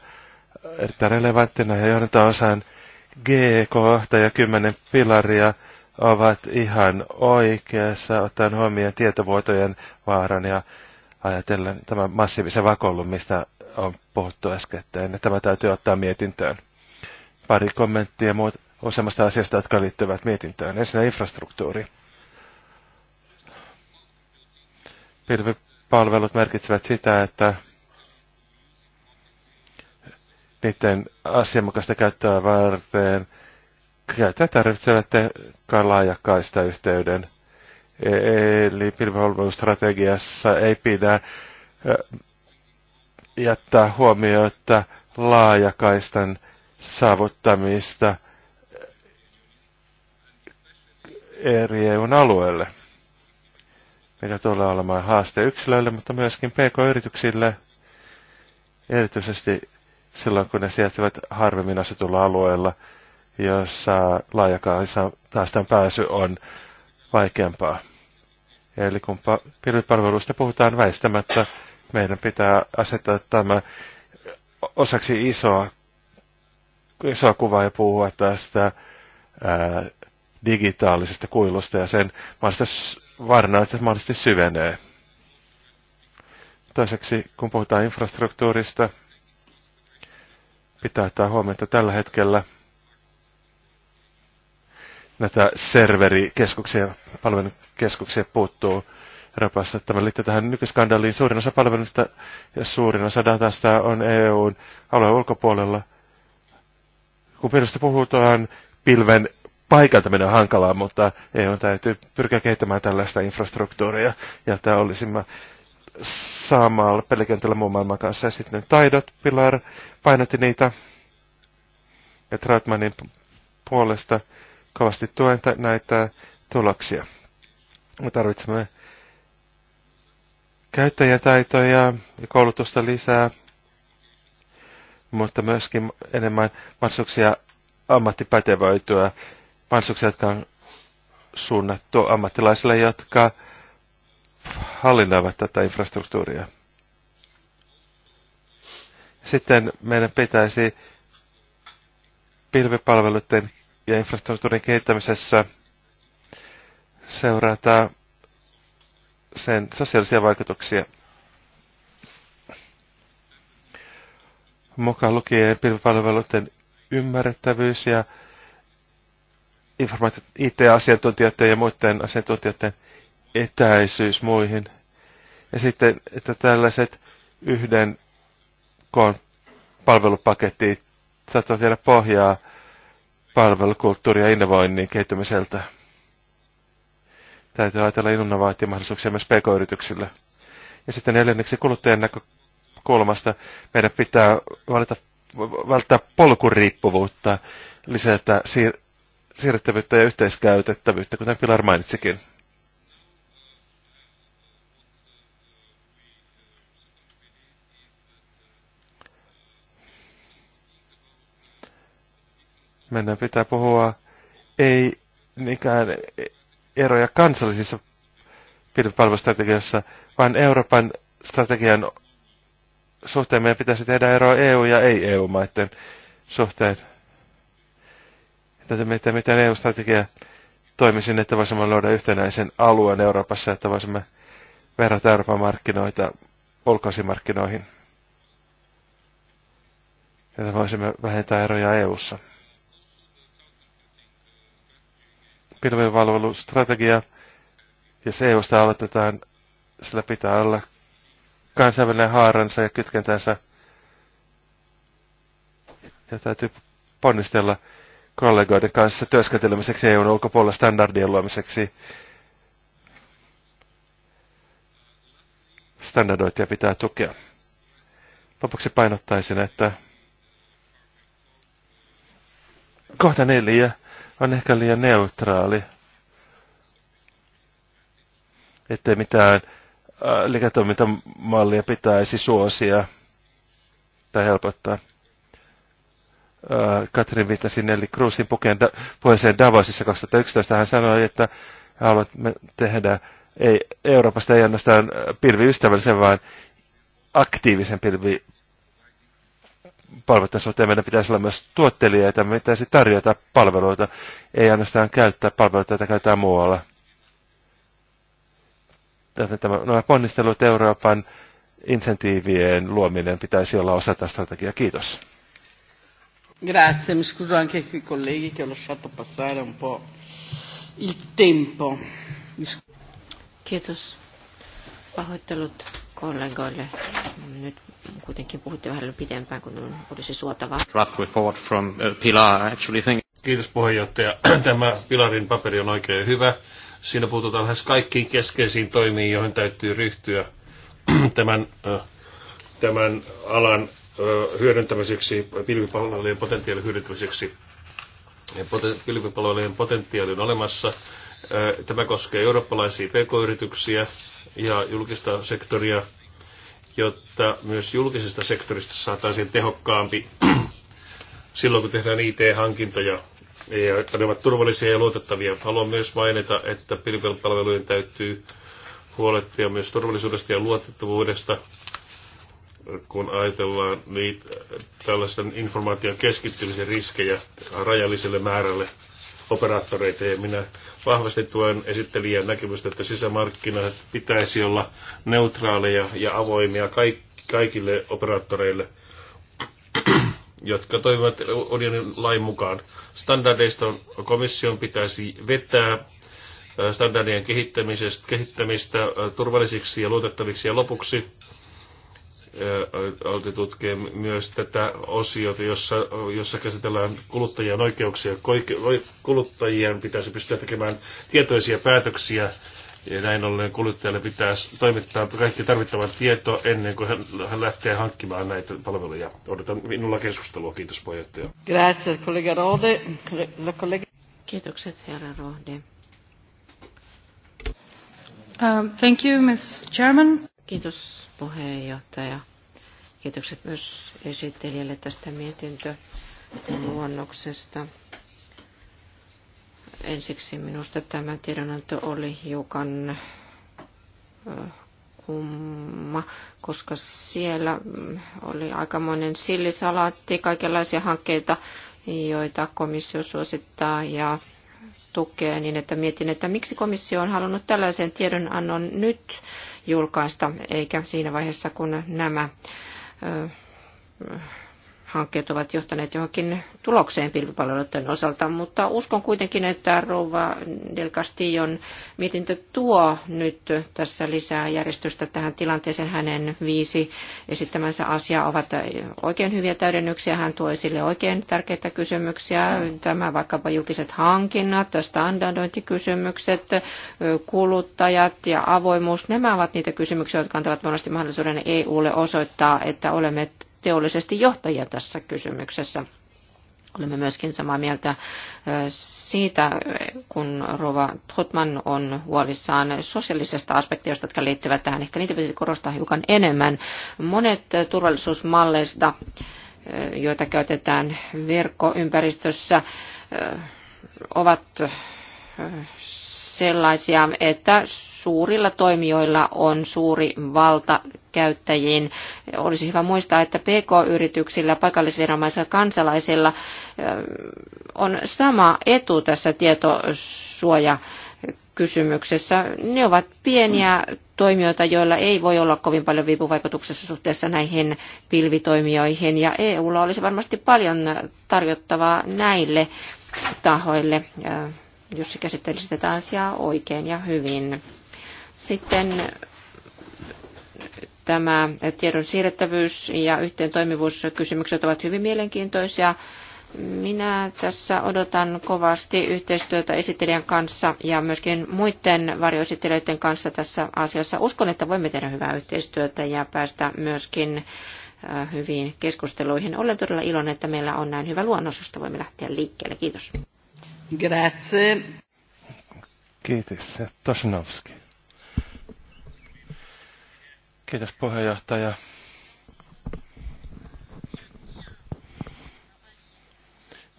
erittäin relevanttina ja johdantaa osaan G-kohta ja kymmenen pilaria ovat ihan oikeassa, ottaen huomioon tietovuotojen vaaran ja ajatellen tämä massiivisen vakoilun, mistä on puhuttu äskettäin, tämä täytyy ottaa mietintöön. Pari kommenttia muut, useammasta asiasta, jotka liittyvät mietintöön. Ensinnä infrastruktuuri. Pilvi palvelut merkitsevät sitä, että niiden asianmukaista käyttöä varten käyttäjät tarvitsevat tehokkaan laajakaista yhteyden. Eli pilvipalvelustrategiassa ei pidä jättää huomiota laajakaistan saavuttamista eri eu alueelle mikä tulee olemaan haaste yksilöille, mutta myöskin pk-yrityksille, erityisesti silloin kun ne sijaitsevat harvemmin asetulla alueella, jossa tämän pääsy on vaikeampaa. Eli kun pilvipalveluista puhutaan väistämättä, meidän pitää asettaa tämä osaksi isoa, isoa kuvaa ja puhua tästä ää, digitaalisesta kuilusta ja sen mahdollisesta varnaa, että mahdollisesti syvenee. Toiseksi, kun puhutaan infrastruktuurista, pitää ottaa huomioon, että tällä hetkellä näitä serverikeskuksia, palvelukeskuksia puuttuu rapasta. Tämä liittyy tähän nykyskandaliin. Suurin osa palveluista ja suurin osa datasta on EUn alueen ulkopuolella. Kun piilosta puhutaan pilven paikalta mennä hankalaa, mutta EU täytyy pyrkiä kehittämään tällaista infrastruktuuria, tämä olisi samalla pelikentällä muun maailman kanssa. Ja sitten taidot, Pilar painotti niitä. Ja Trautmanin puolesta kovasti tuen näitä tuloksia. Me tarvitsemme käyttäjätaitoja ja koulutusta lisää, mutta myöskin enemmän mahdollisuuksia ammattipätevöityä mahdollisuuksia, jotka on suunnattu ammattilaisille, jotka hallinnoivat tätä infrastruktuuria. Sitten meidän pitäisi pilvipalveluiden ja infrastruktuurin kehittämisessä seurata sen sosiaalisia vaikutuksia. Mukaan lukien pilvipalveluiden ymmärrettävyys ja IT-asiantuntijoiden ja muiden asiantuntijoiden etäisyys muihin. Ja sitten, että tällaiset yhden koon palvelupaketit saattavat viedä pohjaa palvelukulttuuria ja innovoinnin kehittymiseltä. Täytyy ajatella innovaatiomahdollisuuksia myös pk yrityksille Ja sitten neljänneksi kuluttajan näkökulmasta meidän pitää valita, välttää polkuriippuvuutta, lisätä siir- siirrettävyyttä ja yhteiskäytettävyyttä, kuten Pilar mainitsikin. Meidän pitää puhua ei niinkään eroja kansallisissa pilvipalvelustrategioissa, vaan Euroopan strategian suhteen meidän pitäisi tehdä eroa EU- ja ei-EU-maiden suhteen että miettiä, miten EU-strategia toimisi, että voisimme luoda yhtenäisen alueen Euroopassa, että voisimme verrata Euroopan markkinoita ulkoisimarkkinoihin. Että voisimme vähentää eroja EU-ssa. Pilvenvalvelustrategia, jos EU-sta aloitetaan, sillä pitää olla kansainvälinen haaransa ja kytkentänsä. Ja täytyy ponnistella kollegoiden kanssa työskentelemiseksi EUn ulkopuolella standardien luomiseksi. Standardointia pitää tukea. Lopuksi painottaisin, että kohta neljä on ehkä liian neutraali. Ettei mitään äh, liiketoimintamallia pitäisi suosia tai helpottaa. Katrin viittasi Nelly Cruzin pukeen da, puheeseen Davosissa 2011. Hän sanoi, että haluat tehdä ei, Euroopasta ei ainoastaan pilviystävällisen, vaan aktiivisen pilvi palvelutasolta. Meidän pitäisi olla myös tuottelijoita, meidän pitäisi tarjota palveluita, ei ainoastaan käyttää palveluita, joita käytetään muualla. Tämä, nämä ponnistelut Euroopan insentiivien luominen pitäisi olla osa tätä strategiaa. Kiitos. Grazie, mi scuso anche qui colleghi che ho lasciato passare un po' il tempo. Kiitos. Pahoittelut kollegoille. Nyt kuitenkin puhutte vähän pidempään kuin olisi suotavaa. Draft report from uh, Pilar, actually think. Kiitos puheenjohtaja. [CLEARS THROAT] Tämä Pilarin paperi on oikein hyvä. Siinä puututaan lähes kaikkiin keskeisiin toimiin, joihin täytyy ryhtyä [CLEARS THROAT] tämän, tämän alan hyödyntämiseksi, pilvipalvelujen potentiaalin hyödyntämiseksi. Pilvipalvelujen potentiaali on olemassa. Tämä koskee eurooppalaisia pk-yrityksiä ja julkista sektoria, jotta myös julkisesta sektorista saataisiin tehokkaampi [CLEARS THROAT] silloin, kun tehdään IT-hankintoja ja että ne ovat turvallisia ja luotettavia. Haluan myös mainita, että pilvipalvelujen täytyy huolehtia myös turvallisuudesta ja luotettavuudesta kun ajatellaan niitä tällaisten informaation keskittymisen riskejä rajalliselle määrälle operaattoreita. Ja minä vahvasti tuen esittelijän näkemystä, että sisämarkkinat pitäisi olla neutraaleja ja avoimia kaikille operaattoreille, jotka toimivat unionin lain mukaan. Standardeista komission pitäisi vetää äh, standardien kehittämistä äh, turvallisiksi ja luotettaviksi. Ja lopuksi tutkia myös tätä osiota, jossa, jossa käsitellään kuluttajien oikeuksia. Kuluttajien pitäisi pystyä tekemään tietoisia päätöksiä ja näin ollen kuluttajalle pitää toimittaa kaikki tarvittavan tieto ennen kuin hän, lähtee hankkimaan näitä palveluja. Odotan minulla keskustelua. Kiitos puheenjohtaja. Kiitokset, herra Rohde. Uh, thank you, Ms. Chairman. Kiitos puheenjohtaja. Kiitokset myös esittelijälle tästä mietintöluonnoksesta. Ensiksi minusta tämä tiedonanto oli hiukan kumma, koska siellä oli aikamoinen sillisalaatti, kaikenlaisia hankkeita, joita komissio suosittaa ja tukee, niin että mietin, että miksi komissio on halunnut tällaisen tiedonannon nyt, julkaista, eikä siinä vaiheessa kun nämä hankkeet ovat johtaneet johonkin tulokseen pilvipalveluiden osalta, mutta uskon kuitenkin, että Rouva Del Castillon mietintö tuo nyt tässä lisää järjestystä tähän tilanteeseen. Hänen viisi esittämänsä asiaa ovat oikein hyviä täydennyksiä. Hän tuo esille oikein tärkeitä kysymyksiä, tämä vaikkapa julkiset hankinnat, standardointikysymykset, kuluttajat ja avoimuus. Nämä ovat niitä kysymyksiä, jotka antavat monesti mahdollisuuden EUlle osoittaa, että olemme teollisesti johtajia tässä kysymyksessä. Olemme myöskin samaa mieltä siitä, kun Rova Trotman on huolissaan sosiaalisesta aspekteista, jotka liittyvät tähän. Ehkä niitä pitäisi korostaa hiukan enemmän. Monet turvallisuusmalleista, joita käytetään verkkoympäristössä, ovat sellaisia, että suurilla toimijoilla on suuri valta käyttäjiin. Olisi hyvä muistaa, että PK-yrityksillä, paikallisviranomaisilla kansalaisilla on sama etu tässä tietosuoja kysymyksessä. Ne ovat pieniä toimijoita, joilla ei voi olla kovin paljon viipuvaikutuksessa suhteessa näihin pilvitoimijoihin. Ja EUlla olisi varmasti paljon tarjottavaa näille tahoille Jussi käsittelisi tätä asiaa oikein ja hyvin. Sitten tämä tiedon siirrettävyys ja yhteen kysymykset ovat hyvin mielenkiintoisia. Minä tässä odotan kovasti yhteistyötä esittelijän kanssa ja myöskin muiden varjoesittelijöiden kanssa tässä asiassa. Uskon, että voimme tehdä hyvää yhteistyötä ja päästä myöskin äh, hyviin keskusteluihin. Olen todella iloinen, että meillä on näin hyvä luonnos, josta voimme lähteä liikkeelle. Kiitos. Grazie. Kiitos. Tosinovski. Kiitos puheenjohtaja.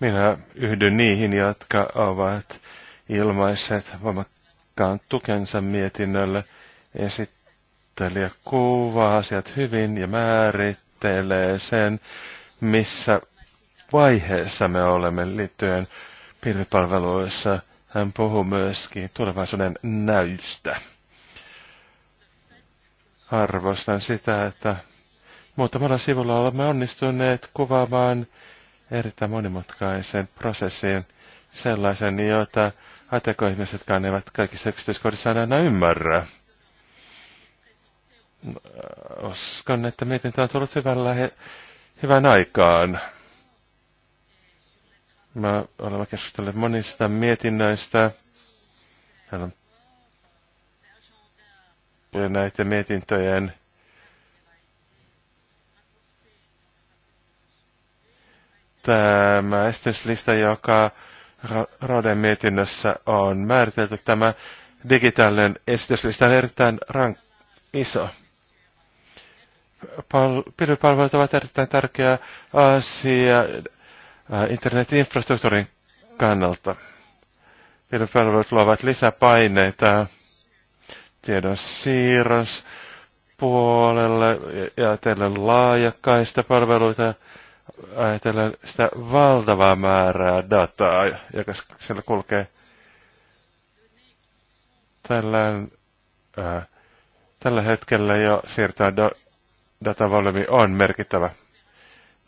Minä yhdyn niihin, jotka ovat ilmaiset voimakkaan tukensa mietinnölle. Esittelijä kuvaa asiat hyvin ja määrittelee sen, missä vaiheessa me olemme liittyen pilvipalveluissa. Hän puhuu myöskin tulevaisuuden näystä. Arvostan sitä, että muutamalla sivulla olemme onnistuneet kuvaamaan erittäin monimutkaisen prosessin sellaisen, jota ATK-ihmisetkaan eivät kaikissa yksityiskohdissa aina ymmärrä. Uskon, että mietintä on tullut hyvän lähe, hyvän aikaan. Me olemme keskustelleet monista mietinnöistä. Täällä on näiden mietintöjen tämä esityslista, joka Roden mietinnössä on määritelty. Tämä digitaalinen esityslista on erittäin rank iso. Pal- pilvipalvelut ovat erittäin tärkeä asia Äh, internetinfrastruktuurin kannalta. Tiedonpalvelut luovat lisäpaineita tiedon siirros puolelle ja ajatellen laajakkaista palveluita, ajatellen sitä valtavaa määrää dataa, joka siellä kulkee tällä, ää, äh, tällä hetkellä jo siirtää do, datavolyymi on merkittävä,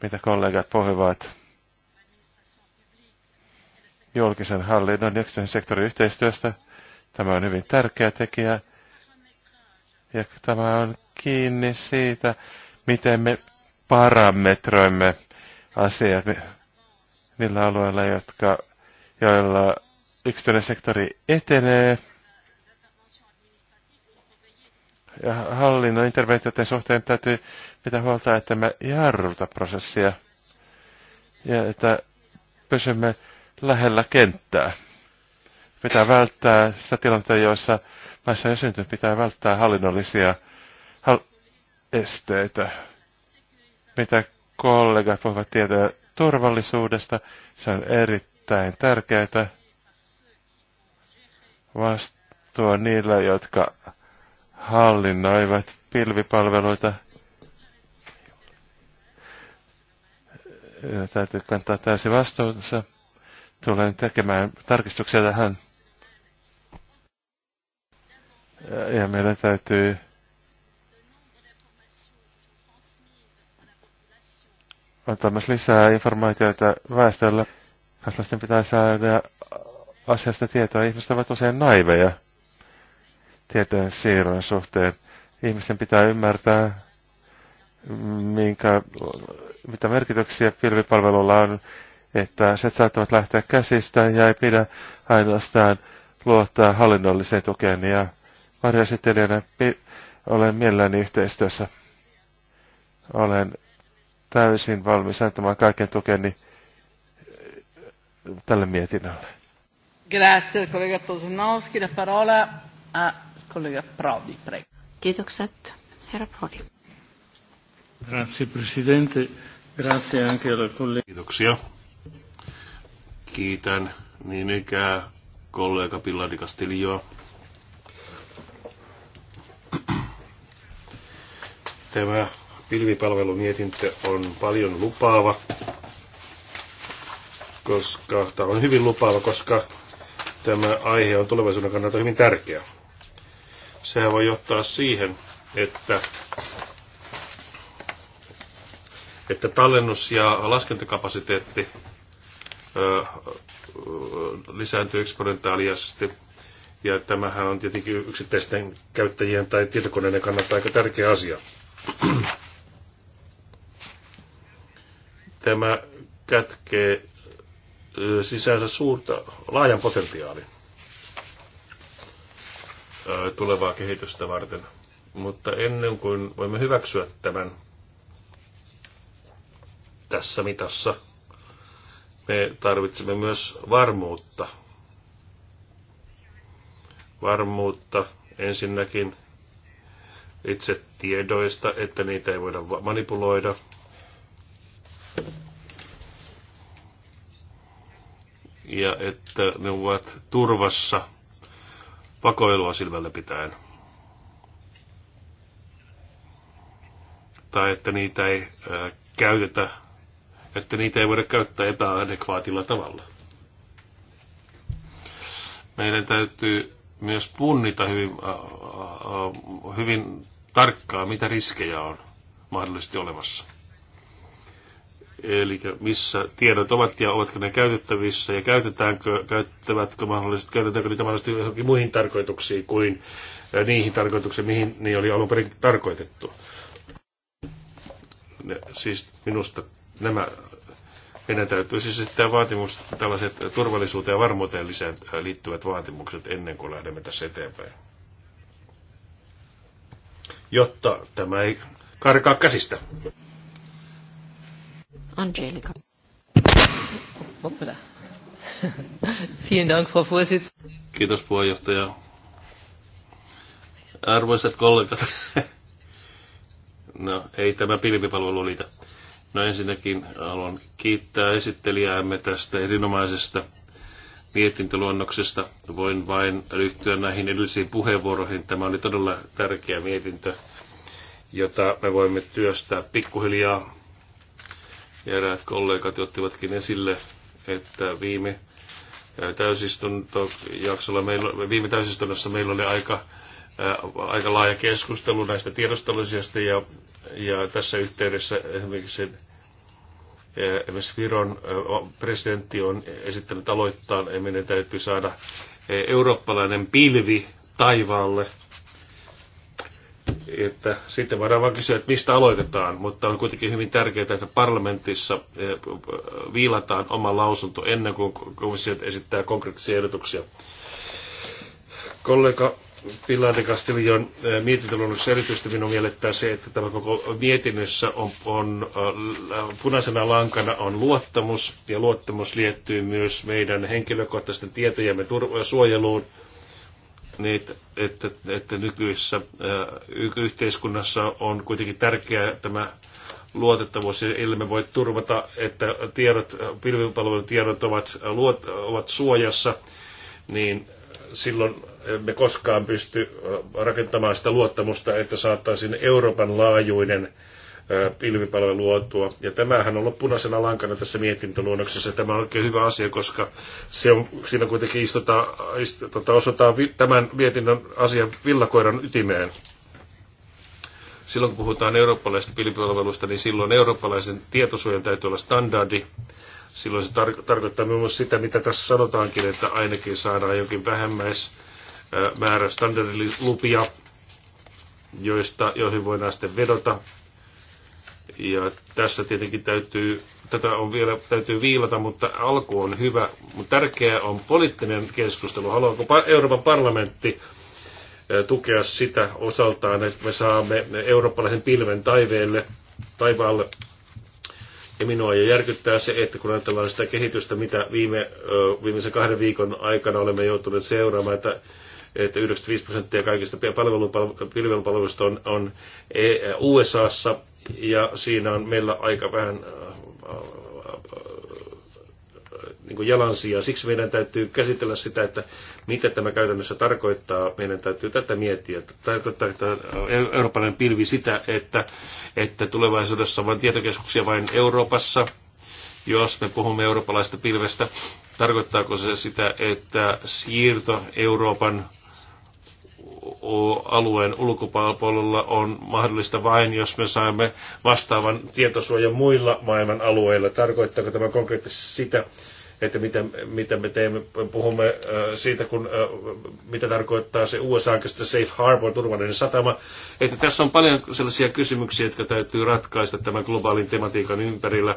mitä kollegat puhuvat julkisen hallinnon ja yksityisen sektorin yhteistyöstä. Tämä on hyvin tärkeä tekijä. Ja tämä on kiinni siitä, miten me parametroimme asiat niillä alueilla, jotka, joilla yksityinen sektori etenee. Ja hallinnon interventioiden suhteen täytyy pitää huolta, että me jarruta prosessia ja että pysymme lähellä kenttää. Pitää välttää sitä tilannetta, joissa näissä on syntynyt, pitää välttää hallinnollisia hal- esteitä. Mitä kollegat voivat tietää turvallisuudesta, se on erittäin tärkeää. vastua niillä, jotka hallinnoivat pilvipalveluita. Ja täytyy kantaa täysin vastuunsa tulen tekemään tarkistuksia tähän. Ja meidän täytyy antaa myös lisää informaatiota väestölle. Kansalaisten pitää saada asiasta tietoa. Ihmiset ovat usein naiveja tietojen siirron suhteen. Ihmisten pitää ymmärtää, minkä, mitä merkityksiä pilvipalvelulla on että se saattavat lähteä käsistä ja ei pidä ainoastaan luottaa hallinnolliseen tukeen. Ja varjaesittelijänä olen mielelläni yhteistyössä. Olen täysin valmis antamaan kaiken tukeni eh, tälle mietinnölle. Grazie, kollega Tosinowski. La parola a kollega Prodi, prego. Kiitokset, herra Prodi. Grazie, presidente. Grazie anche alla collega. Kiitoksia Kiitän niin ikään kollega Pilladi Castilloa. Tämä pilvipalvelumietintö on paljon lupaava, koska tämä on hyvin lupaava, koska tämä aihe on tulevaisuuden kannalta hyvin tärkeä. Sehän voi johtaa siihen, että, että tallennus- ja laskentakapasiteetti lisääntyy eksponentaaliasti. Ja tämähän on tietenkin yksittäisten käyttäjien tai tietokoneiden kannalta aika tärkeä asia. [CLEARS THROAT] Tämä kätkee sisäänsä suurta, laajan potentiaalin tulevaa kehitystä varten. Mutta ennen kuin voimme hyväksyä tämän tässä mitassa, me tarvitsemme myös varmuutta. Varmuutta ensinnäkin itse tiedoista, että niitä ei voida manipuloida. Ja että ne ovat turvassa vakoilua silmällä pitäen. Tai että niitä ei ää, käytetä että niitä ei voida käyttää epäadekvaatilla tavalla. Meidän täytyy myös punnita hyvin, hyvin tarkkaa mitä riskejä on mahdollisesti olemassa. Eli missä tiedot ovat ja ovatko ne käytettävissä ja käytetäänkö, käytetäänkö mahdollisesti, käytetäänkö niitä mahdollisesti johonkin muihin tarkoituksiin kuin niihin tarkoituksiin, mihin ne oli alun perin tarkoitettu. Ne, siis minusta nämä, meidän täytyisi sitten vaatimus, tällaiset turvallisuuteen ja varmuuteen lisää äh, liittyvät vaatimukset ennen kuin lähdemme tässä eteenpäin. Jotta tämä ei karkaa käsistä. Angelika. Vielen Dank, Frau Vorsitz. Kiitos puheenjohtaja. Arvoisat kollegat. [LAUGHS] No, ei tämä pilvipalvelu liitä. No ensinnäkin haluan kiittää esittelijäämme tästä erinomaisesta mietintöluonnoksesta. Voin vain ryhtyä näihin edellisiin puheenvuoroihin. Tämä oli todella tärkeä mietintö, jota me voimme työstää pikkuhiljaa. Ja eräät kollegat ottivatkin esille, että viime täysistuntojaksolla meillä, viime täysistunnossa meillä oli aika, ää, aika laaja keskustelu näistä tiedostollisista ja ja tässä yhteydessä esimerkiksi, eh, esimerkiksi Viron eh, presidentti on esittänyt aloittaa, että meidän täytyy saada eh, eurooppalainen pilvi taivaalle. Että sitten voidaan vaan kysyä, että mistä aloitetaan, mutta on kuitenkin hyvin tärkeää, että parlamentissa viilataan oma lausunto ennen kuin komissio esittää konkreettisia ehdotuksia. Kollega Pilar de on eh, mietintöluonnoksessa erityisesti minun mielettää se, että tämä koko mietinnössä on, on, eh, punaisena lankana on luottamus, ja luottamus liittyy myös meidän henkilökohtaisten tietojemme suojeluun, niin että, että nykyisessä eh, yhteiskunnassa on kuitenkin tärkeää tämä luotettavuus, eli me voi turvata, että tiedot, pilvipalvelun tiedot ovat, luot, ovat suojassa, niin silloin emme koskaan pysty äh, rakentamaan sitä luottamusta, että saattaisiin Euroopan laajuinen äh, pilvipalvelu luotua. Ja tämähän on ollut punaisena lankana tässä mietintöluonnoksessa. Tämä on oikein hyvä asia, koska se on, siinä kuitenkin istutaan, istutaan, tota, osataan tämän mietinnön asian villakoiran ytimeen. Silloin kun puhutaan eurooppalaisesta pilvipalvelusta, niin silloin eurooppalaisen tietosuojan täytyy olla standardi. Silloin se tar- tarkoittaa myös sitä, mitä tässä sanotaankin, että ainakin saadaan jokin vähemmäis määrä standardilupia, joista, joihin voidaan sitten vedota. Ja tässä tietenkin täytyy, tätä on vielä, täytyy viilata, mutta alku on hyvä. Mutta tärkeää on poliittinen keskustelu. Haluaako Euroopan parlamentti tukea sitä osaltaan, että me saamme eurooppalaisen pilven taiveelle, taivaalle. Ja minua jo järkyttää se, että kun ajatellaan sitä kehitystä, mitä viime, viimeisen kahden viikon aikana olemme joutuneet seuraamaan, että että 95 prosenttia kaikista pilvelupalveluista on, on e- USAssa ja siinä on meillä aika vähän äh, äh, niin kuin Siksi meidän täytyy käsitellä sitä, että mitä tämä käytännössä tarkoittaa. Meidän täytyy tätä miettiä. Tarkoittaa että äh, eurooppalainen pilvi sitä, että, että tulevaisuudessa on vain tietokeskuksia vain Euroopassa. Jos me puhumme eurooppalaista pilvestä, tarkoittaako se sitä, että siirto Euroopan alueen ulkopuolella on mahdollista vain, jos me saamme vastaavan tietosuojan muilla maailman alueilla. Tarkoittaako tämä konkreettisesti sitä, että mitä, mitä me teemme, puhumme äh, siitä, kun, äh, mitä tarkoittaa se usa Safe Harbor, turvallinen satama. Että tässä on paljon sellaisia kysymyksiä, jotka täytyy ratkaista tämän globaalin tematiikan ympärillä.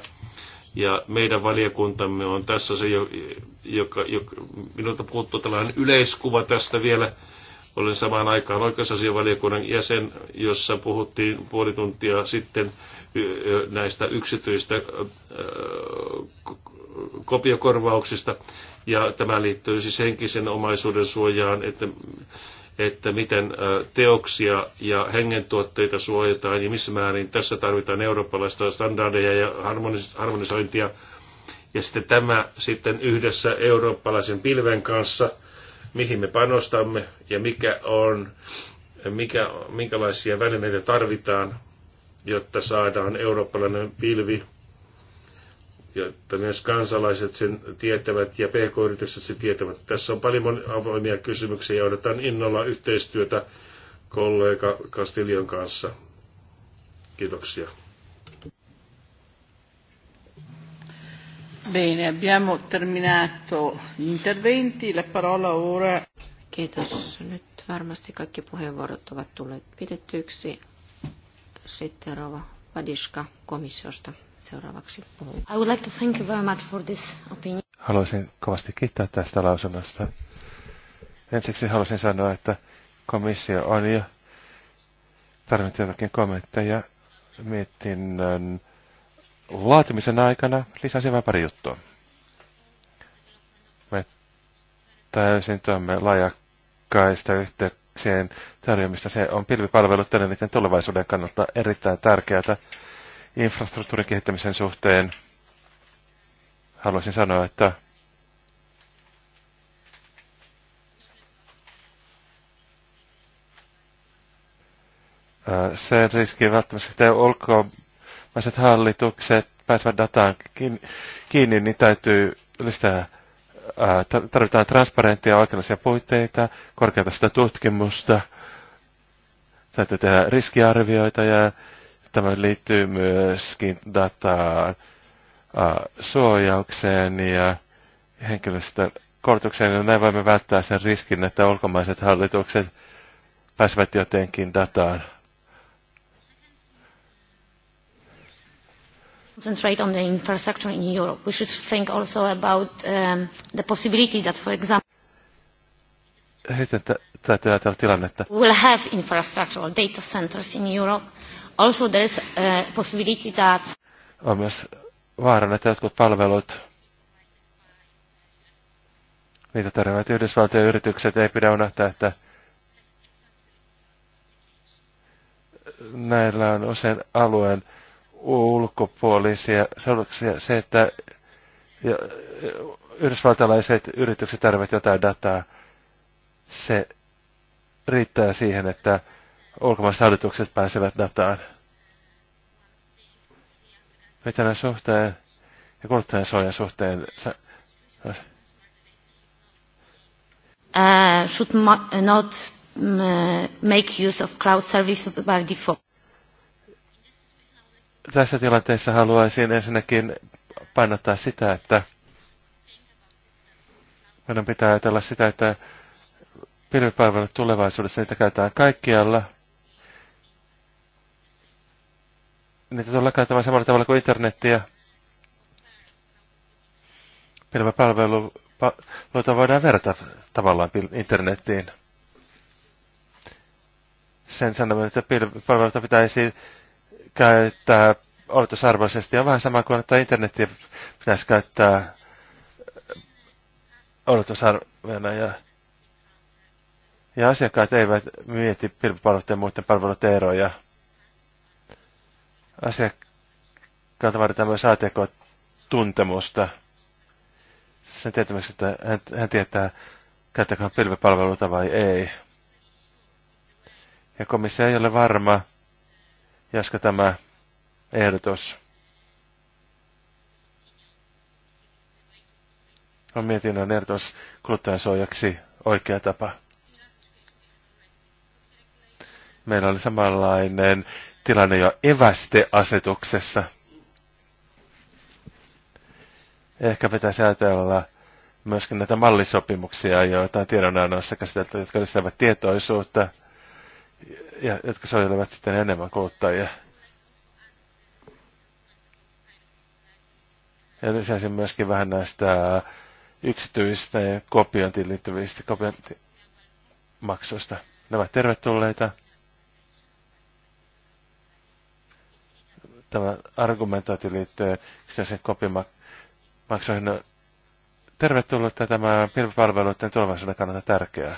Ja meidän valiokuntamme on tässä se, joka, joka minulta puuttuu tällainen yleiskuva tästä vielä, olen samaan aikaan oikeusasiavaliokunnan jäsen, jossa puhuttiin puoli tuntia sitten näistä yksityistä kopiokorvauksista, ja tämä liittyy siis henkisen omaisuuden suojaan, että, että miten teoksia ja hengentuotteita suojataan ja missä määrin tässä tarvitaan eurooppalaista standardeja ja harmonisointia. Ja sitten tämä sitten yhdessä eurooppalaisen pilven kanssa – mihin me panostamme ja mikä on, mikä, minkälaisia välineitä tarvitaan, jotta saadaan eurooppalainen pilvi, jotta myös kansalaiset sen tietävät ja pk-yritykset sen tietävät. Tässä on paljon avoimia kysymyksiä ja odotan innolla yhteistyötä kollega Kastilion kanssa. Kiitoksia. Bene, abbiamo terminato gli interventi. La parola ora... Kiitos. Nyt varmasti kaikki puheenvuorot ovat tulleet pidettyiksi. Sitten Rova Vadiska komissiosta seuraavaksi puhuu. I would like to thank you very much for this opinion. Haluaisin kovasti kiittää tästä lausunnosta. Ensiksi haluaisin sanoa, että komissio on jo tarvinnut jotakin kommentteja mietinnön laatimisen aikana lisäsin vain pari juttua. Me täysin tuomme laajakkaista yhteyksien tarjoamista. Se on pilvipalvelu tänne niiden tulevaisuuden kannalta erittäin tärkeää infrastruktuurin kehittämisen suhteen. Haluaisin sanoa, että sen riski välttämättä ulkoa vastaiset hallitukset pääsevät dataan kiinni, niin täytyy lisää tarvitaan transparenttia oikeanlaisia puitteita, korkeatasta tutkimusta, täytyy tehdä riskiarvioita ja tämä liittyy myöskin dataan suojaukseen ja henkilöstön koulutukseen, ja näin voimme välttää sen riskin, että ulkomaiset hallitukset pääsevät jotenkin dataan. concentrate on the infrastructure in Europe. We should think also about um, the possibility that, for example, We will have infrastructural data centers in Europe. Also there is a uh, possibility that on myös vaarana, että jotkut palvelut, niitä tarjoavat Yhdysvaltojen yritykset, ei pidä unohtaa, että näillä on usein alueen ulkopuolisia seurauksia se, että yhdysvaltalaiset yritykset tarvitsevat jotain dataa, se riittää siihen, että ulkomaiset hallitukset pääsevät dataan. näin suhteen ja kuluttajan suojan suhteen. Sä, Uh, should not mm, uh, make use of cloud service by default tässä tilanteessa haluaisin ensinnäkin painottaa sitä, että meidän pitää ajatella sitä, että pilvipalvelut tulevaisuudessa, niitä käytetään kaikkialla. Niitä tullaan käyttämään samalla tavalla kuin internettiä. Pilvipalveluita voidaan verrata tavallaan internettiin. Sen sanominen, että pilvipalveluita pitäisi käyttää odotusarvoisesti On vähän sama kuin, että internetiä pitäisi käyttää odotusarvoina. ja, ja asiakkaat eivät mieti pilvipalveluiden ja muiden palveluiden eroja. Asiakkaalta vaaditaan myös ATK-tuntemusta sen tietämiseksi, että hän, hän tietää, käyttääkö hän pilvipalveluita vai ei. Ja komissio ei ole varma, Jaska tämä ehdotus on mietinnön ehdotus kuluttajansuojaksi oikea tapa. Meillä oli samanlainen tilanne jo evästeasetuksessa. Ehkä pitäisi ajatella myöskin näitä mallisopimuksia, joita tiedonannossa käsitelty, jotka lisäävät tietoisuutta – ja, jotka suojelevat sitten enemmän kuluttajia. Ja lisäisin myöskin vähän näistä yksityistä ja kopiointiin liittyvistä kopiointimaksuista. Ne ovat tervetulleita. Tämä argumentointi liittyy yksityisen kopimaksuihin. Tervetullutta tämä pilvipalveluiden tulevaisuuden kannalta tärkeää.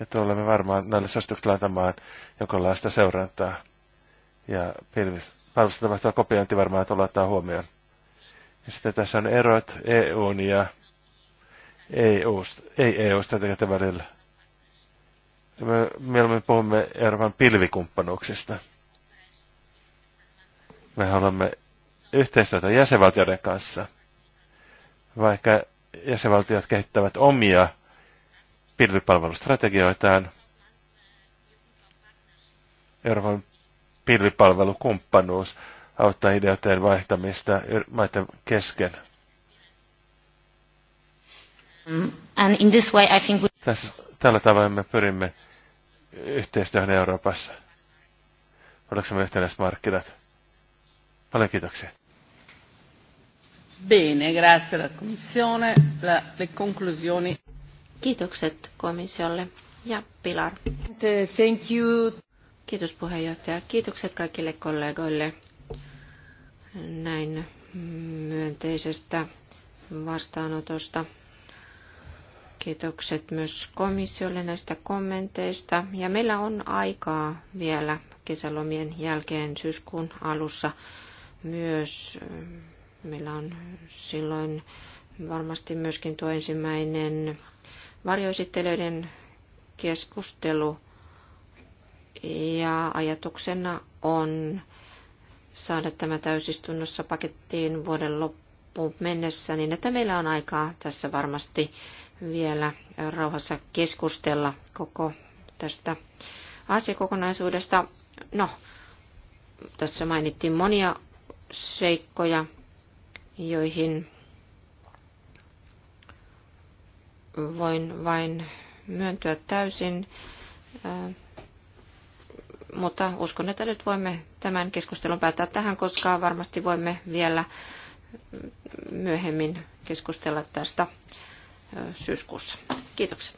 Ja me varmaan näille suosituksille laitamaan jonkinlaista seurantaa. Ja pilvis, palvelusta tapahtuva kopiointi varmaan tulee ottaa huomioon. Ja sitten tässä on erot EUn ja EU, ei EU-strategioiden välillä. Ja me mieluummin puhumme Euroopan pilvikumppanuuksista. Me haluamme yhteistyötä jäsenvaltioiden kanssa, vaikka jäsenvaltiot kehittävät omia pilvipalvelustrategioitaan, Euroopan pilvipalvelukumppanuus auttaa ideoiden vaihtamista maiden kesken. Mm, and in this way I think we... Tässä, tällä tavoin me pyrimme yhteistyöhön Euroopassa. Oletko me yhtenäiset markkinat? Paljon kiitoksia. Bene, grazie alla Commissione. La, le conclusioni. Kiitokset komissiolle ja Pilar. Thank you. Kiitos puheenjohtaja. Kiitokset kaikille kollegoille näin myönteisestä vastaanotosta. Kiitokset myös komissiolle näistä kommenteista. Ja meillä on aikaa vielä kesälomien jälkeen syyskuun alussa myös. Meillä on silloin varmasti myöskin tuo ensimmäinen varjoesittelyiden keskustelu ja ajatuksena on saada tämä täysistunnossa pakettiin vuoden loppuun mennessä, niin että meillä on aikaa tässä varmasti vielä rauhassa keskustella koko tästä asiakokonaisuudesta. No, tässä mainittiin monia seikkoja, joihin voin vain myöntyä täysin, mutta uskon, että nyt voimme tämän keskustelun päättää tähän, koska varmasti voimme vielä myöhemmin keskustella tästä syyskuussa. Kiitokset.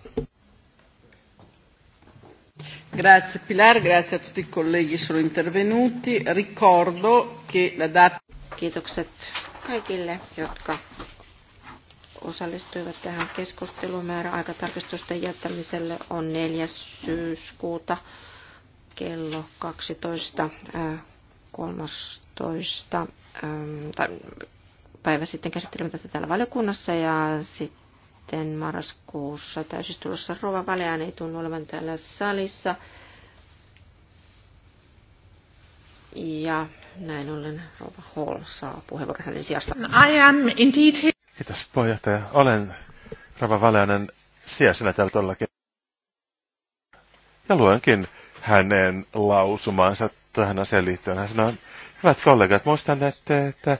Grazie Pilar, grazie a tutti i colleghi sono intervenuti. Ricordo che la data... Kiitokset kaikille, jotka osallistuivat tähän keskusteluun. Määräaikatarkistusten jättämiselle on 4. syyskuuta kello 12. 13. Äh, ähm, tai päivä sitten käsittelemme tätä täällä valiokunnassa ja sitten marraskuussa täysistulossa Rova Valean ei tunnu olevan täällä salissa. Ja näin ollen Rova Hall saa puheenvuoron hänen sijastaan. I am indeed here. Kiitos puheenjohtaja. Olen Rava Valeanen sijaisena täällä todellakin. Ja luenkin hänen lausumaansa tähän asiaan liittyen. Hän sanoi, hyvät kollegat, muistan, että, että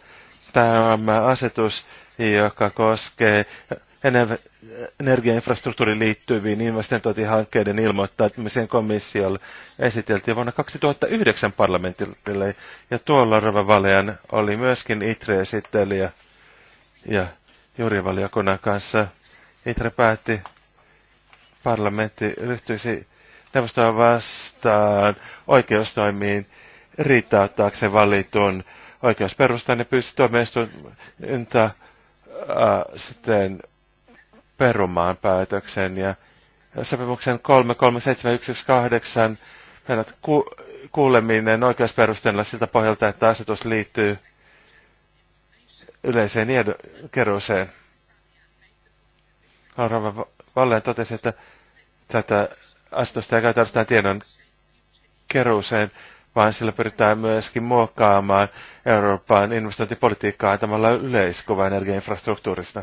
tämä asetus, joka koskee energiainfrastruktuuriin liittyviin investointihankkeiden ilmoittamiseen komissiolle esiteltiin vuonna 2009 parlamentille, ja tuolla Rava Valean oli myöskin ITRE-esittelijä, ja juurivaliokunnan kanssa. Itre päätti, parlamentti ryhtyisi neuvostoa vastaan oikeustoimiin riitauttaakseen valitun oikeusperustan ja pyysi tuomioistuinta sitten perumaan päätöksen ja sopimuksen 337118 kuuleminen oikeusperusteella siltä pohjalta, että asetus liittyy yleiseen keruuseen. Haurava Valleen totesi, että tätä astosta ei käytä tiedon keruuseen, vaan sillä pyritään myöskin muokkaamaan Euroopan investointipolitiikkaa antamalla yleiskuva energiainfrastruktuurista.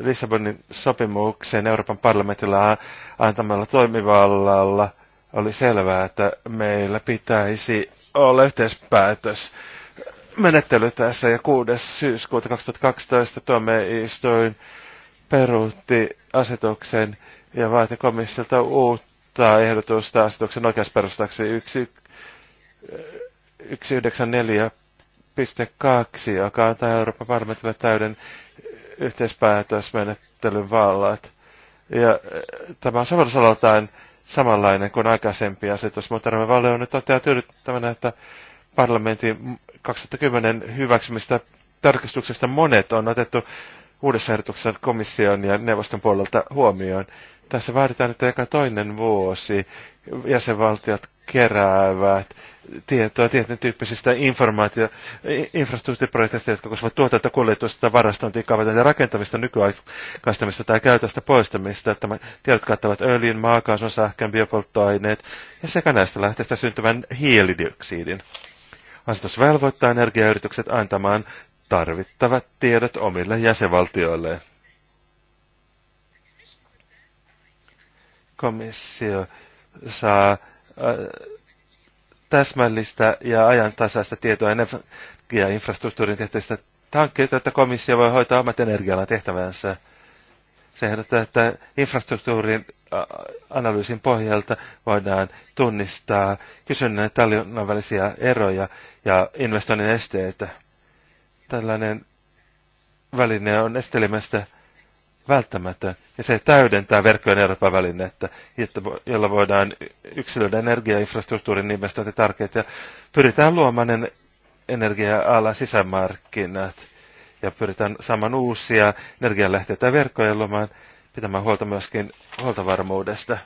Lissabonin sopimuksen Euroopan parlamentilla antamalla toimivallalla oli selvää, että meillä pitäisi olla yhteispäätös menettely tässä ja 6. syyskuuta 2012 tuomioistuin peruutti asetuksen ja vaati komissiolta uutta ehdotusta asetuksen oikeusperustaksi 194.2, joka antaa Euroopan parlamentille täyden yhteispäätösmenettelyn vallat. Ja eh, tämä on sovellusalaltaan samanlainen kuin aikaisempi asetus, mutta tämä valio nyt on tyydyttävänä, että parlamentin 2010 hyväksymistä tarkistuksesta monet on otettu uudessa ehdotuksessa komission ja neuvoston puolelta huomioon. Tässä vaaditaan, että joka toinen vuosi jäsenvaltiot keräävät tietoa tietyn tyyppisistä informaatio- infrastruktuuriprojekteista, jotka koskevat tuotantoa, kuljetusta, varastointia, ja rakentamista, nykyaikaistamista tai käytöstä poistamista. Tämä tiedot kattavat öljyn, maakaasun, sähkön, biopolttoaineet ja sekä näistä lähteistä syntyvän hiilidioksidin. Asetus velvoittaa energiayritykset antamaan tarvittavat tiedot omille jäsenvaltioilleen. Komissio saa äh, täsmällistä ja ajantasaista tietoa energiainfrastruktuurin tehtävistä hankkeista, että komissio voi hoitaa omat energialan tehtävänsä sehän että, että infrastruktuurin analyysin pohjalta voidaan tunnistaa kysynnän ja tarjonnan välisiä eroja ja investoinnin esteitä. Tällainen väline on estelemästä välttämätön. Ja se täydentää verkkojen Euroopan välinettä, jolla voidaan yksilöidä energiainfrastruktuurin investointitarkeet ja pyritään luomaan energia-alan sisämarkkinat – ja pyritään saamaan uusia energianlähteitä verkkojen lomaan, pitämään huolta myöskin huoltovarmuudesta.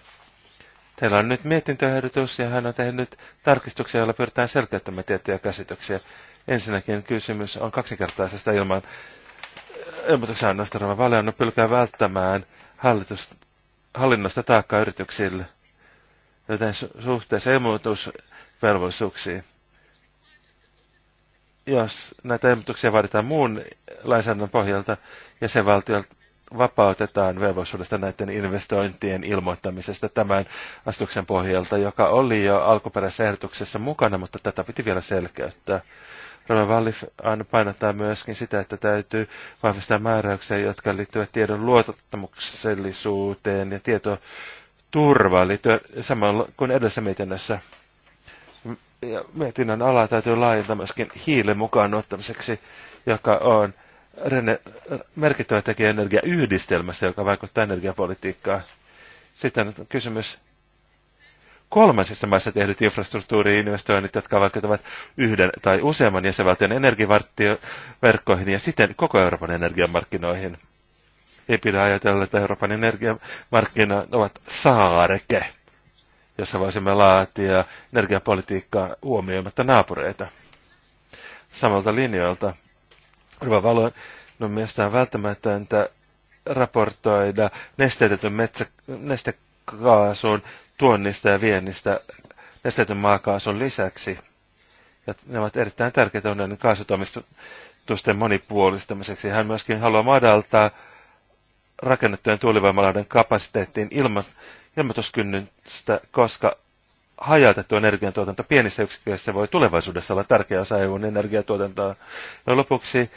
Teillä on nyt mietintöehdotus ja hän on tehnyt tarkistuksia, joilla pyritään selkeyttämään tiettyjä käsityksiä. Ensinnäkin kysymys on kaksinkertaisesta ilman äh, ilmoituksen annosta. Rova Valeon pylkää välttämään hallitus, hallinnosta taakkaa yrityksille, joten su- suhteessa ilmoitusvelvollisuuksiin jos näitä elvytyksiä vaaditaan muun lainsäädännön pohjalta, jäsenvaltiolta vapautetaan velvollisuudesta näiden investointien ilmoittamisesta tämän astuksen pohjalta, joka oli jo alkuperäisessä ehdotuksessa mukana, mutta tätä piti vielä selkeyttää. Rova Wallif painottaa myöskin sitä, että täytyy vahvistaa määräyksiä, jotka liittyvät tiedon luotettamuksellisuuteen ja tietoturvaan liittyen samoin kuin edellisessä mietinnössä ja mietinnän ala täytyy laajentaa myöskin hiilen mukaan ottamiseksi, joka on rene, merkittävä tekijä energiayhdistelmässä, joka vaikuttaa energiapolitiikkaan. Sitten on kysymys kolmansissa maissa tehdyt infrastruktuuriinvestoinnit, jotka vaikuttavat yhden tai useamman jäsenvaltion energiaverkkoihin ja siten koko Euroopan energiamarkkinoihin. Ei pidä ajatella, että Euroopan energiamarkkinat ovat saareke jossa voisimme laatia energiapolitiikkaa huomioimatta naapureita. Samalta linjoilta Ruva Valon no, mielestä on välttämätöntä raportoida nesteytetyn metsä, nestekaasun tuonnista ja viennistä nesteytyn maakaasun lisäksi. Ja ne ovat erittäin tärkeitä unionin kaasutoimistusten monipuolistamiseksi. Hän myöskin haluaa madaltaa rakennettujen tuulivoimaloiden kapasiteettiin ilma, ilmoituskynnystä, koska hajautettu energiantuotanto pienissä yksiköissä voi tulevaisuudessa olla tärkeä osa EUn energiatuotantoa. Ja lopuksi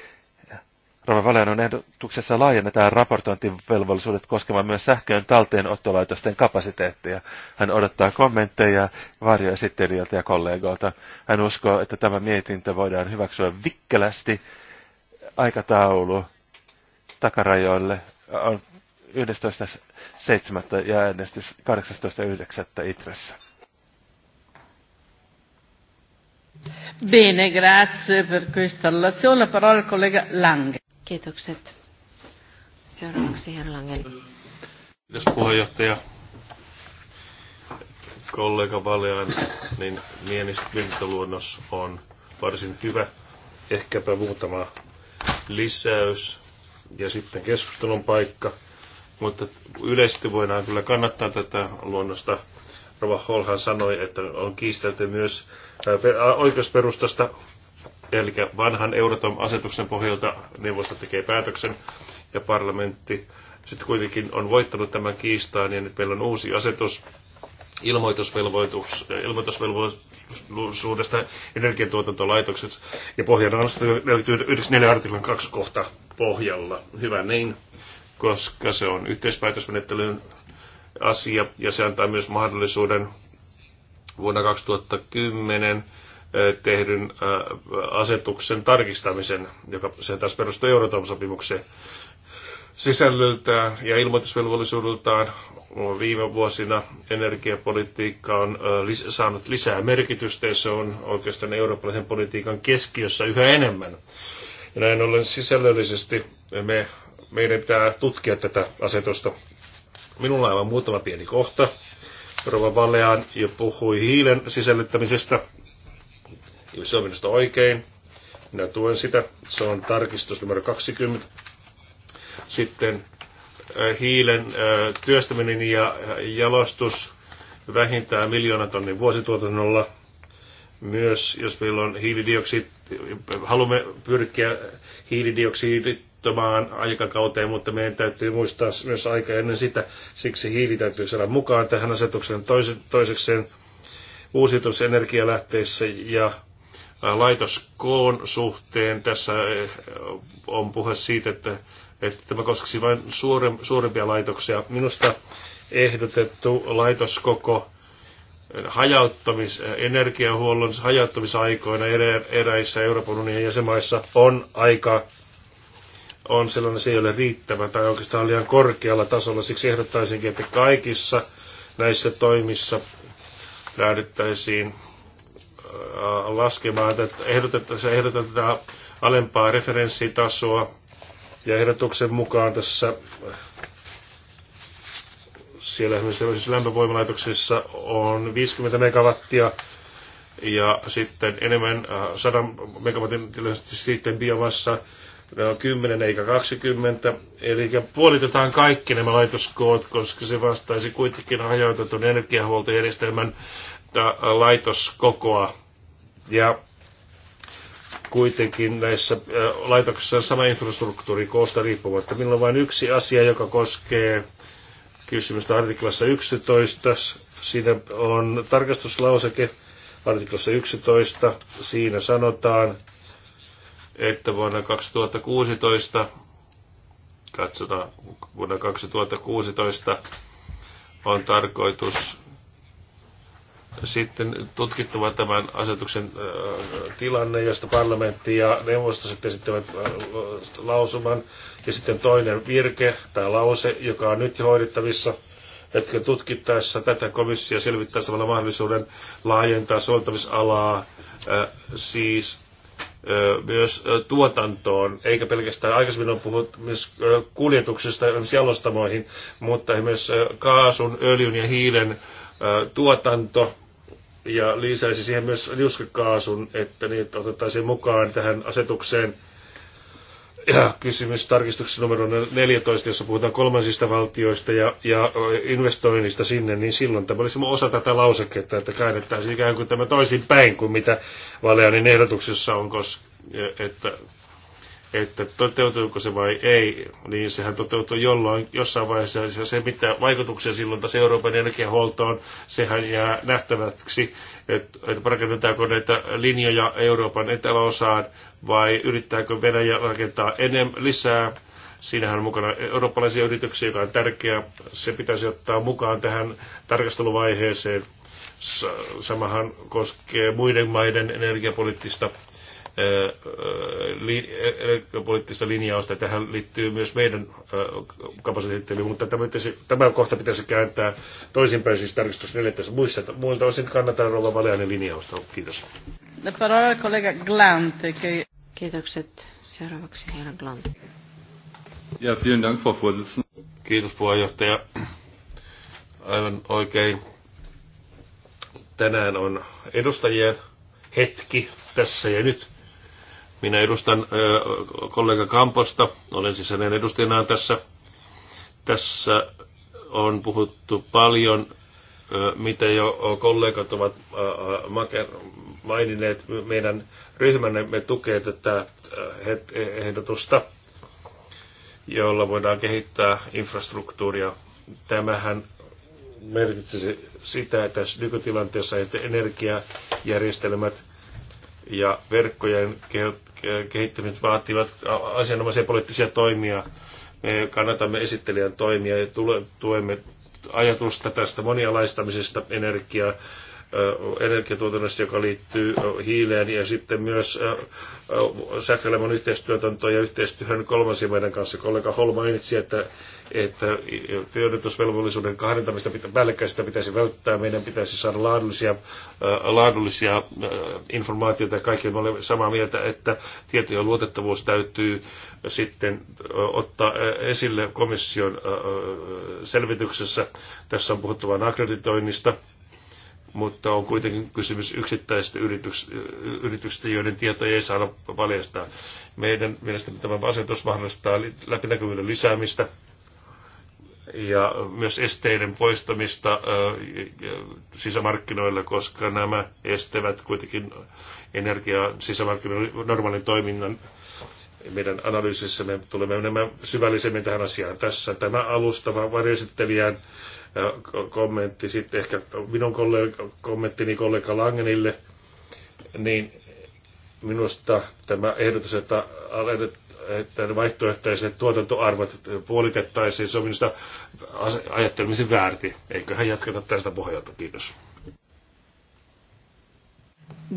Rova Valenon ehdotuksessa laajennetaan raportointivelvollisuudet koskemaan myös sähköön talteenottolaitosten kapasiteettia. Hän odottaa kommentteja varjoesittelijöiltä ja kollegoilta. Hän uskoo, että tämä mietintö voidaan hyväksyä vikkelästi aikataulu takarajoille on 11.7. ja äänestys 18.9. Itressä. Bene, grazie per questa allazione. La parola al collega Lange. Kiitokset. Seuraavaksi herra Lange. Kiitos puheenjohtaja. Kollega Valjalan niin mielestäni on varsin hyvä. Ehkäpä muutama lisäys ja sitten keskustelun paikka. Mutta yleisesti voidaan kyllä kannattaa tätä luonnosta. Rova Holhan sanoi, että on kiistelty myös oikeusperustasta, eli vanhan Euratom-asetuksen pohjalta neuvosto tekee päätöksen ja parlamentti sitten kuitenkin on voittanut tämän kiistaan ja nyt meillä on uusi asetus, ilmoitusvelvoitus ilmoitusvelvo, suuresta energiantuotantolaitokset ja Pohjanalasta löytyy 94 artiklan kaksi kohta pohjalla. Hyvä niin, koska se on yhteispäätösmenettelyn asia ja se antaa myös mahdollisuuden vuonna 2010 eh, tehdyn eh, asetuksen tarkistamisen, joka se taas perustuu Euroopan sopimukseen sisällöltään ja ilmoitusvelvollisuudeltaan viime vuosina energiapolitiikka on saanut lisää merkitystä ja se on oikeastaan eurooppalaisen politiikan keskiössä yhä enemmän. Ja näin ollen sisällöllisesti me, meidän pitää tutkia tätä asetusta. Minulla on aivan muutama pieni kohta. Rova Valean jo puhui hiilen sisällyttämisestä. Se on minusta oikein. Minä tuen sitä. Se on tarkistus numero 20 sitten äh, hiilen äh, työstäminen ja äh, jalostus vähintään miljoona tonnin vuosituotannolla. Myös jos meillä on hiilidioksid, haluamme pyrkiä hiilidioksidittomaan aikakauteen, mutta meidän täytyy muistaa myös aika ennen sitä. Siksi hiili täytyy saada mukaan tähän asetukseen toisekseen uusiutusenergialähteissä ja laitoskoon suhteen. Tässä on puhe siitä, että että tämä koskisi vain suurempia laitoksia. Minusta ehdotettu laitoskoko eh, hajauttamis, eh, energiahuollon hajauttamisaikoina eräissä Euroopan unionin jäsenmaissa on aika on sellainen, se ei ole riittävä tai oikeastaan liian korkealla tasolla. Siksi ehdottaisinkin, että kaikissa näissä toimissa lähdettäisiin eh, laskemaan, että ehdotetaan, ehdotetaan alempaa referenssitasoa ja ehdotuksen mukaan tässä siellä esimerkiksi lämpövoimalaitoksissa on 50 megawattia ja sitten enemmän 100 äh, megawatin sitten biomassa on 10 eikä 20. Eli puolitetaan kaikki nämä laitoskoot, koska se vastaisi kuitenkin hajautetun energiahuoltojärjestelmän äh, laitoskokoa. Ja kuitenkin näissä laitoksissa sama infrastruktuuri koosta riippumatta. Minulla on vain yksi asia, joka koskee kysymystä artiklassa 11. Siinä on tarkastuslauseke artiklassa 11. Siinä sanotaan, että vuonna 2016, katsotaan, vuonna 2016 on tarkoitus sitten tutkittava tämän asetuksen tilanne, josta parlamentti ja neuvosto sitten esittävät lausuman. Ja sitten toinen virke tai lause, joka on nyt jo hoidettavissa, että tutkittaessa tätä komissio selvittää samalla mahdollisuuden laajentaa soveltamisalaa siis myös tuotantoon, eikä pelkästään aikaisemmin on puhuttu myös kuljetuksesta jalostamoihin, mutta myös kaasun, öljyn ja hiilen tuotanto ja lisäisi siihen myös liuskakaasun, että niitä otettaisiin mukaan tähän asetukseen. Ja kysymys tarkistuksen numero 14, jossa puhutaan kolmansista valtioista ja, ja investoinnista sinne, niin silloin tämä olisi osa tätä lauseketta, että käännettäisiin ikään kuin tämä toisin päin kuin mitä Valeanin ehdotuksessa on, koska, että että toteutuuko se vai ei, niin sehän toteutuu jollain, jossain vaiheessa. Ja se, mitä vaikutuksia silloin tässä Euroopan energiahuoltoon, sehän jää nähtäväksi, että, että rakennetaanko näitä linjoja Euroopan eteläosaan vai yrittääkö Venäjä rakentaa enemmän lisää. Siinähän on mukana eurooppalaisia yrityksiä, joka on tärkeä Se pitäisi ottaa mukaan tähän tarkasteluvaiheeseen Samahan koskee muiden maiden energiapoliittista poliittista linjausta. Tähän liittyy myös meidän kapasiteettimme, mutta tämä, pitäisi, tämä kohta pitäisi kääntää toisinpäin, siis tarkistus 14. Muissa, muilta osin kannattaa Rova Valeanin linjausta. Kiitos. kollega Glante. Kiitokset. Seuraavaksi herra Glante. Ja, vielen Dank, Frau Vorsitzende. Kiitos puheenjohtaja. Aivan oikein. Tänään on edustajien hetki tässä ja nyt. Minä edustan kollega Kamposta, olen siis hänen edustajanaan tässä. Tässä on puhuttu paljon, mitä jo kollegat ovat maininneet. Meidän ryhmänne tukee tätä ehdotusta, jolla voidaan kehittää infrastruktuuria. Tämähän merkitsisi sitä, että tässä nykytilanteessa että energiajärjestelmät – ja verkkojen kehittämiset vaativat asianomaisia poliittisia toimia. Me kannatamme esittelijän toimia ja tuemme ajatusta tästä monialaistamisesta energiaa energiatuotannosta, joka liittyy hiileen ja sitten myös sähköelämän yhteistyötantoon ja yhteistyöhön kolmansien maiden kanssa. Kollega Holm mainitsi, että, että työnnetusvelvollisuuden kahdentamista päällekkäisyyttä pitäisi välttää. Meidän pitäisi saada laadullisia, laadullisia informaatioita. Kaikki olemme samaa mieltä, että tietojen luotettavuus täytyy sitten ottaa esille komission selvityksessä. Tässä on vain akkreditoinnista mutta on kuitenkin kysymys yksittäisistä yrityksistä, joiden tietoja ei saada paljastaa. Meidän mielestämme tämä asetus mahdollistaa läpinäkyvyyden lisäämistä ja myös esteiden poistamista sisämarkkinoilla, koska nämä estävät kuitenkin energian sisämarkkinoiden normaalin toiminnan. Meidän analyysissämme tulemme menemään syvällisemmin tähän asiaan tässä. Tämä alustava varjesittelijän kommentti, sitten ehkä minun kollega, kommenttini kollega Langenille, niin minusta tämä ehdotus, että, että vaihtoehtoiset tuotantoarvot puolitettaisiin, se on minusta ajattelemisen väärti. Eiköhän jatketa tästä pohjalta. Kiitos.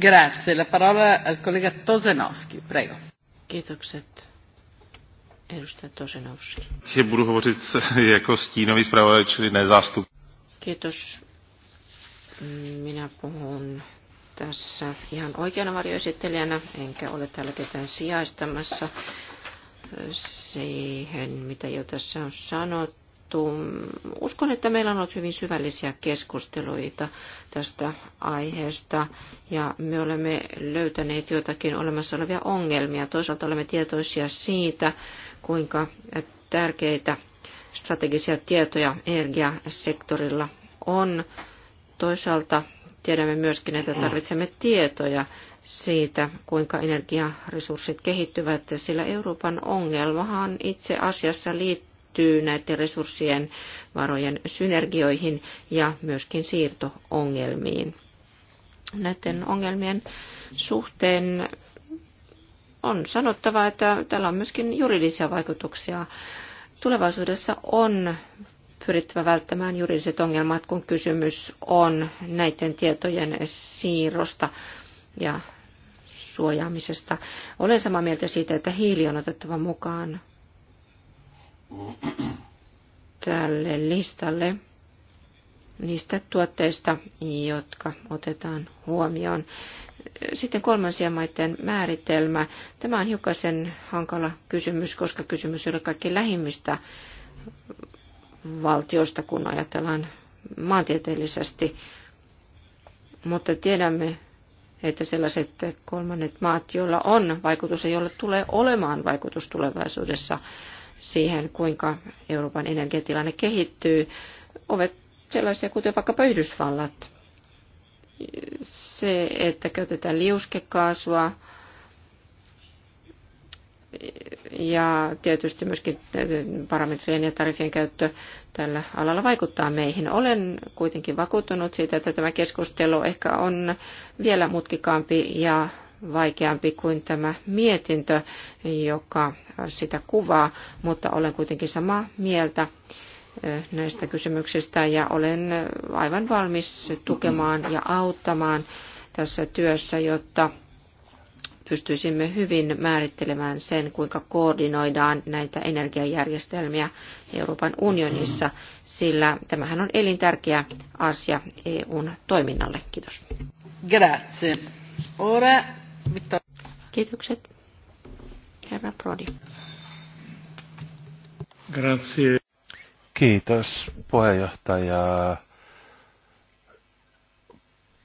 Grazie. La parola al collega Tosenowski, prego. Kiitokset. Edustaja Budu hovořit jako stínový zpravodaj, čili ne zástup. Kiitos. Minä puhun tässä ihan oikeana varjoesittelijänä, enkä ole täällä ketään sijaistamassa siihen, mitä jo tässä on sanottu. Uskon, että meillä on ollut hyvin syvällisiä keskusteluita tästä aiheesta ja me olemme löytäneet jotakin olemassa olevia ongelmia. Toisaalta olemme tietoisia siitä, kuinka tärkeitä strategisia tietoja energiasektorilla on. Toisaalta tiedämme myöskin, että tarvitsemme tietoja siitä, kuinka energiaresurssit kehittyvät, sillä Euroopan ongelmahan itse asiassa liittyy näiden resurssien varojen synergioihin ja myöskin siirtoongelmiin. Näiden ongelmien suhteen on sanottava, että tällä on myöskin juridisia vaikutuksia. Tulevaisuudessa on pyrittävä välttämään juridiset ongelmat, kun kysymys on näiden tietojen siirrosta ja suojaamisesta. Olen samaa mieltä siitä, että hiili on otettava mukaan tälle listalle niistä tuotteista, jotka otetaan huomioon. Sitten kolmansien maiden määritelmä. Tämä on hiukan hankala kysymys, koska kysymys ei ole kaikki lähimmistä valtioista, kun ajatellaan maantieteellisesti. Mutta tiedämme, että sellaiset kolmannet maat, joilla on vaikutus ja joilla tulee olemaan vaikutus tulevaisuudessa siihen, kuinka Euroopan energiatilanne kehittyy, ovat sellaisia kuten vaikkapa Yhdysvallat se, että käytetään liuskekaasua ja tietysti myöskin parametrien ja tarifien käyttö tällä alalla vaikuttaa meihin. Olen kuitenkin vakuuttunut siitä, että tämä keskustelu ehkä on vielä mutkikaampi ja vaikeampi kuin tämä mietintö, joka sitä kuvaa, mutta olen kuitenkin samaa mieltä näistä kysymyksistä ja olen aivan valmis tukemaan ja auttamaan tässä työssä, jotta pystyisimme hyvin määrittelemään sen, kuinka koordinoidaan näitä energiajärjestelmiä Euroopan unionissa, sillä tämähän on elintärkeä asia EUn toiminnalle. Kiitos. Grazie. Ora, Vittor... Kiitokset, herra Prodi. Grazie, Kiitos puheenjohtaja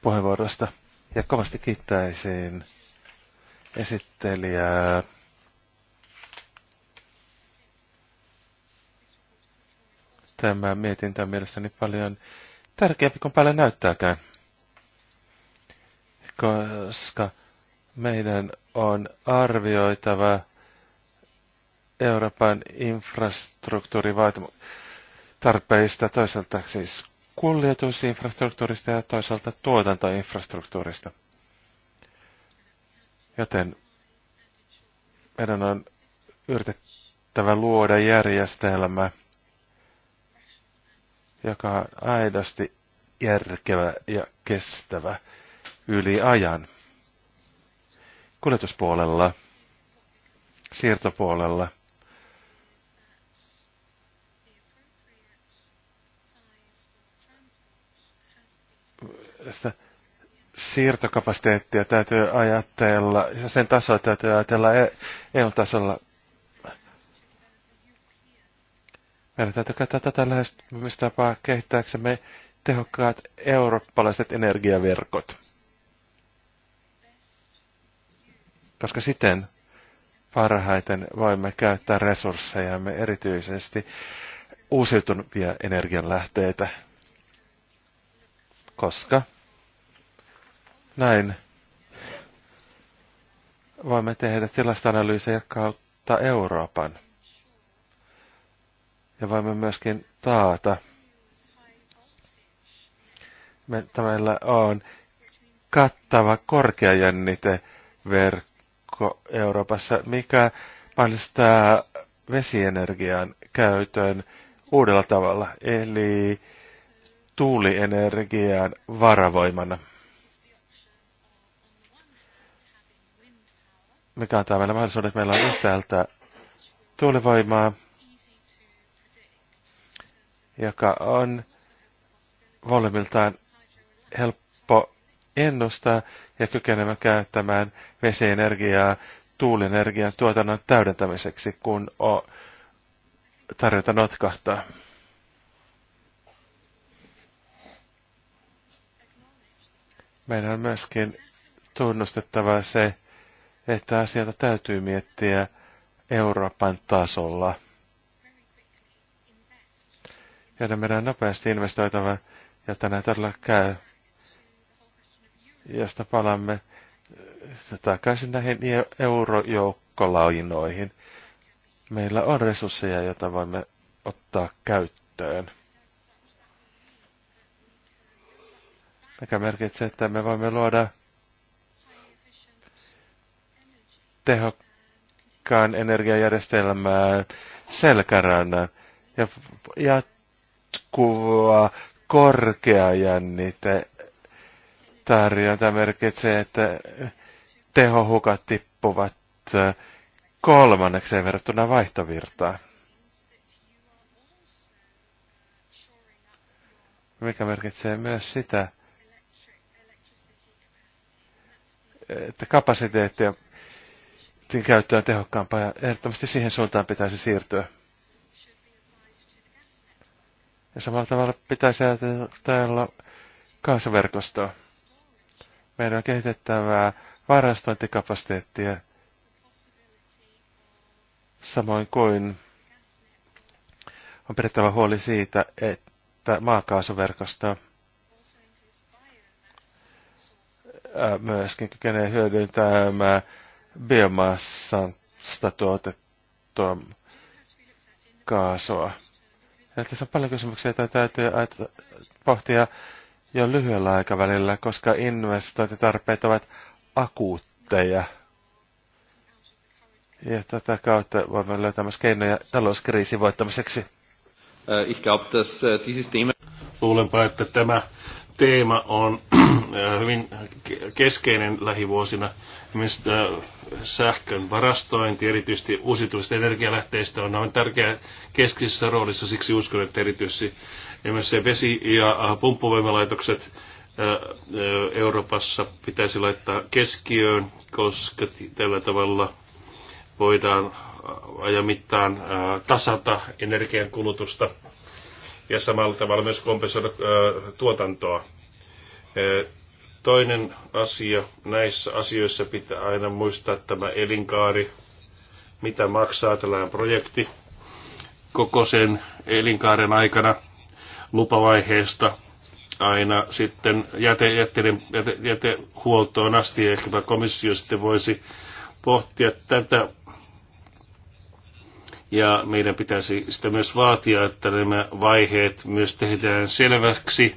puheenvuorosta ja kovasti kiittäisin esittelijää. Tämä mietintä on mielestäni paljon tärkeämpi kuin päälle näyttääkään, koska meidän on arvioitava Euroopan infrastruktuurivaatimuksia tarpeista, toisaalta siis kuljetusinfrastruktuurista ja toisaalta tuotantoinfrastruktuurista. Joten meidän on yritettävä luoda järjestelmä, joka on aidosti järkevä ja kestävä yli ajan. Kuljetuspuolella, siirtopuolella – sitä siirtokapasiteettia täytyy ajatella, ja sen tasoa täytyy ajatella EU-tasolla. E Meidän täytyy käyttää tätä lähestymistapaa kehittääksemme tehokkaat eurooppalaiset energiaverkot. Koska siten parhaiten voimme käyttää resurssejamme erityisesti uusiutuvia energianlähteitä. Koska näin voimme tehdä tilastoanalyysejä kautta Euroopan. Ja voimme myöskin taata, että meillä on kattava korkeajänniteverkko Euroopassa, mikä paljastaa vesienergian käytön uudella tavalla, eli tuulienergian varavoimana. mikä antaa meille mahdollisuuden, että meillä on yhtäältä tuulivoimaa, joka on volyymiltaan helppo ennustaa ja kykenevä käyttämään vesienergiaa tuulienergian tuotannon täydentämiseksi, kun on tarjota notkahtaa. Meidän on myöskin tunnustettava se, että asioita täytyy miettiä Euroopan tasolla. Ja meidän nopeasti investoitava, jotta näitä todella käy. Josta palamme äh, takaisin näihin eurojoukkolainoihin. Meillä on resursseja, joita voimme ottaa käyttöön. Mikä merkitsee, että me voimme luoda tehokkaan energiajärjestelmään selkärannan ja jatkuva korkea jännite tarjonta merkitsee, että tehohukat tippuvat kolmannekseen verrattuna vaihtovirtaan. Mikä merkitsee myös sitä, että kapasiteettia budjetin käyttöä on tehokkaampaa ja ehdottomasti siihen suuntaan pitäisi siirtyä. Ja samalla tavalla pitäisi ajatella kaasuverkostoa. Meidän on kehitettävää varastointikapasiteettia samoin kuin on pidettävä huoli siitä, että maakaasuverkosto myöskin kykenee hyödyntämään biomassasta tuotettua kaasua. Eli tässä on paljon kysymyksiä, joita täytyy pohtia jo lyhyellä aikavälillä, koska investointitarpeet ovat akuutteja. Ja tätä kautta voimme löytää myös keinoja talouskriisin voittamiseksi. Äh, äh, Luulenpa, että tämä teema on [CLEARS THROAT] äh, hyvin keskeinen lähivuosina. Myös äh, sähkön varastointi, erityisesti uusiutuvista energialähteistä, on aivan tärkeä keskisessä roolissa. Siksi uskon, että erityisesti se vesi- ja äh, pumppuvoimalaitokset Euroopassa pitäisi laittaa keskiöön, koska tällä tavalla voidaan ajamittaan tasata energiankulutusta – ja samalla tavalla myös kompensoida tuotantoa. Toinen asia, näissä asioissa pitää aina muistaa tämä elinkaari, mitä maksaa tällainen projekti koko sen elinkaaren aikana lupavaiheesta aina sitten jäte, jätteiden, jäte, jätehuoltoon asti. ehkä komissio sitten voisi pohtia tätä ja meidän pitäisi sitä myös vaatia, että nämä vaiheet myös tehdään selväksi